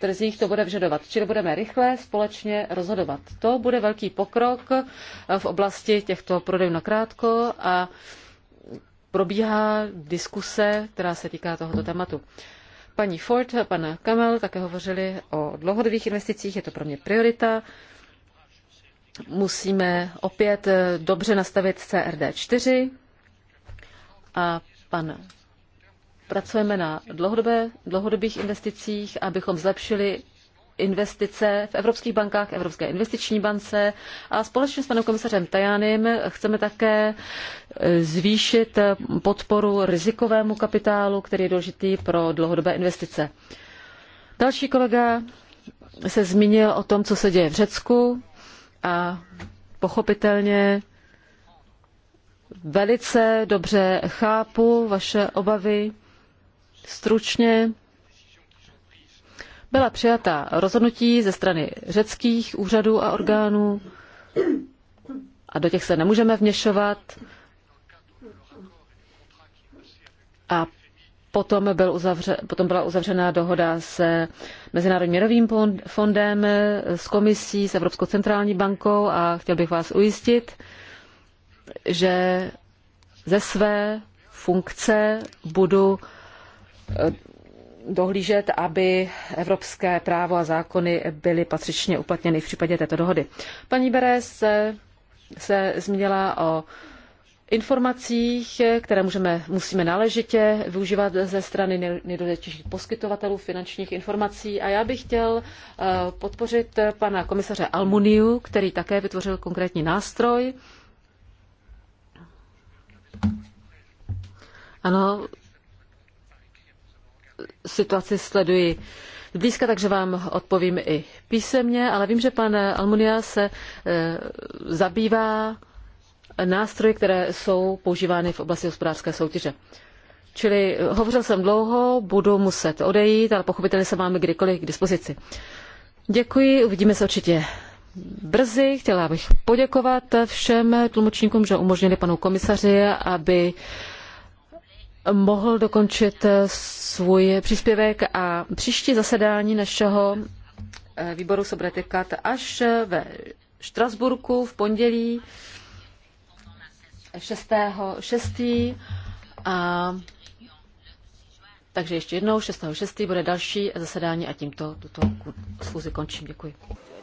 trzích to bude vyžadovat. Čili budeme rychle společně rozhodovat. To bude velký pokrok v oblasti těchto prodejů na krátko a probíhá diskuse, která se týká tohoto tématu. Paní Ford a pan Kamel také hovořili o dlouhodobých investicích, je to pro mě priorita. Musíme opět dobře nastavit CRD 4 a pan Pracujeme na dlouhodobé, dlouhodobých investicích, abychom zlepšili investice v evropských bankách, Evropské investiční bance a společně s panem komisařem Tajánem chceme také e, zvýšit podporu rizikovému kapitálu, který je důležitý pro dlouhodobé investice. Další kolega se zmínil o tom, co se děje v Řecku a pochopitelně velice dobře chápu vaše obavy stručně byla přijata rozhodnutí ze strany řeckých úřadů a orgánů a do těch se nemůžeme vněšovat. A potom, byl uzavře, potom byla uzavřena dohoda se Mezinárodním měrovým fondem, eh, s komisí, s Evropskou centrální bankou a chtěl bych vás ujistit, že ze své funkce budu Eh, dohlížet, aby evropské právo a zákony byly patřičně uplatněny v případě této dohody. Paní Beres se, se zmínila o informacích, které můžeme, musíme náležitě využívat ze strany nejdůležitějších poskytovatelů finančních informací. A já bych chtěl eh, podpořit pana komisaře Almuniu, který také vytvořil konkrétní nástroj. Ano, situaci sleduji zblízka, takže vám odpovím i písemně, ale vím, že pan Almunia se e, zabývá nástroji, které jsou používány v oblasti hospodářské soutěže. Čili hovořil jsem dlouho, budu muset odejít, ale pochopitelně se máme kdykoliv k dispozici. Děkuji, uvidíme se určitě brzy. Chtěla bych poděkovat všem tlumočníkům, že umožnili panu komisaři, aby mohl dokončit eh, svůj příspěvek a příští zasedání našeho eh, výboru se bude týkat až eh, ve Štrasburku v pondělí 6. 6. A takže ještě jednou 6. 6. bude další zasedání a tímto tuto schůzi končím. Děkuji.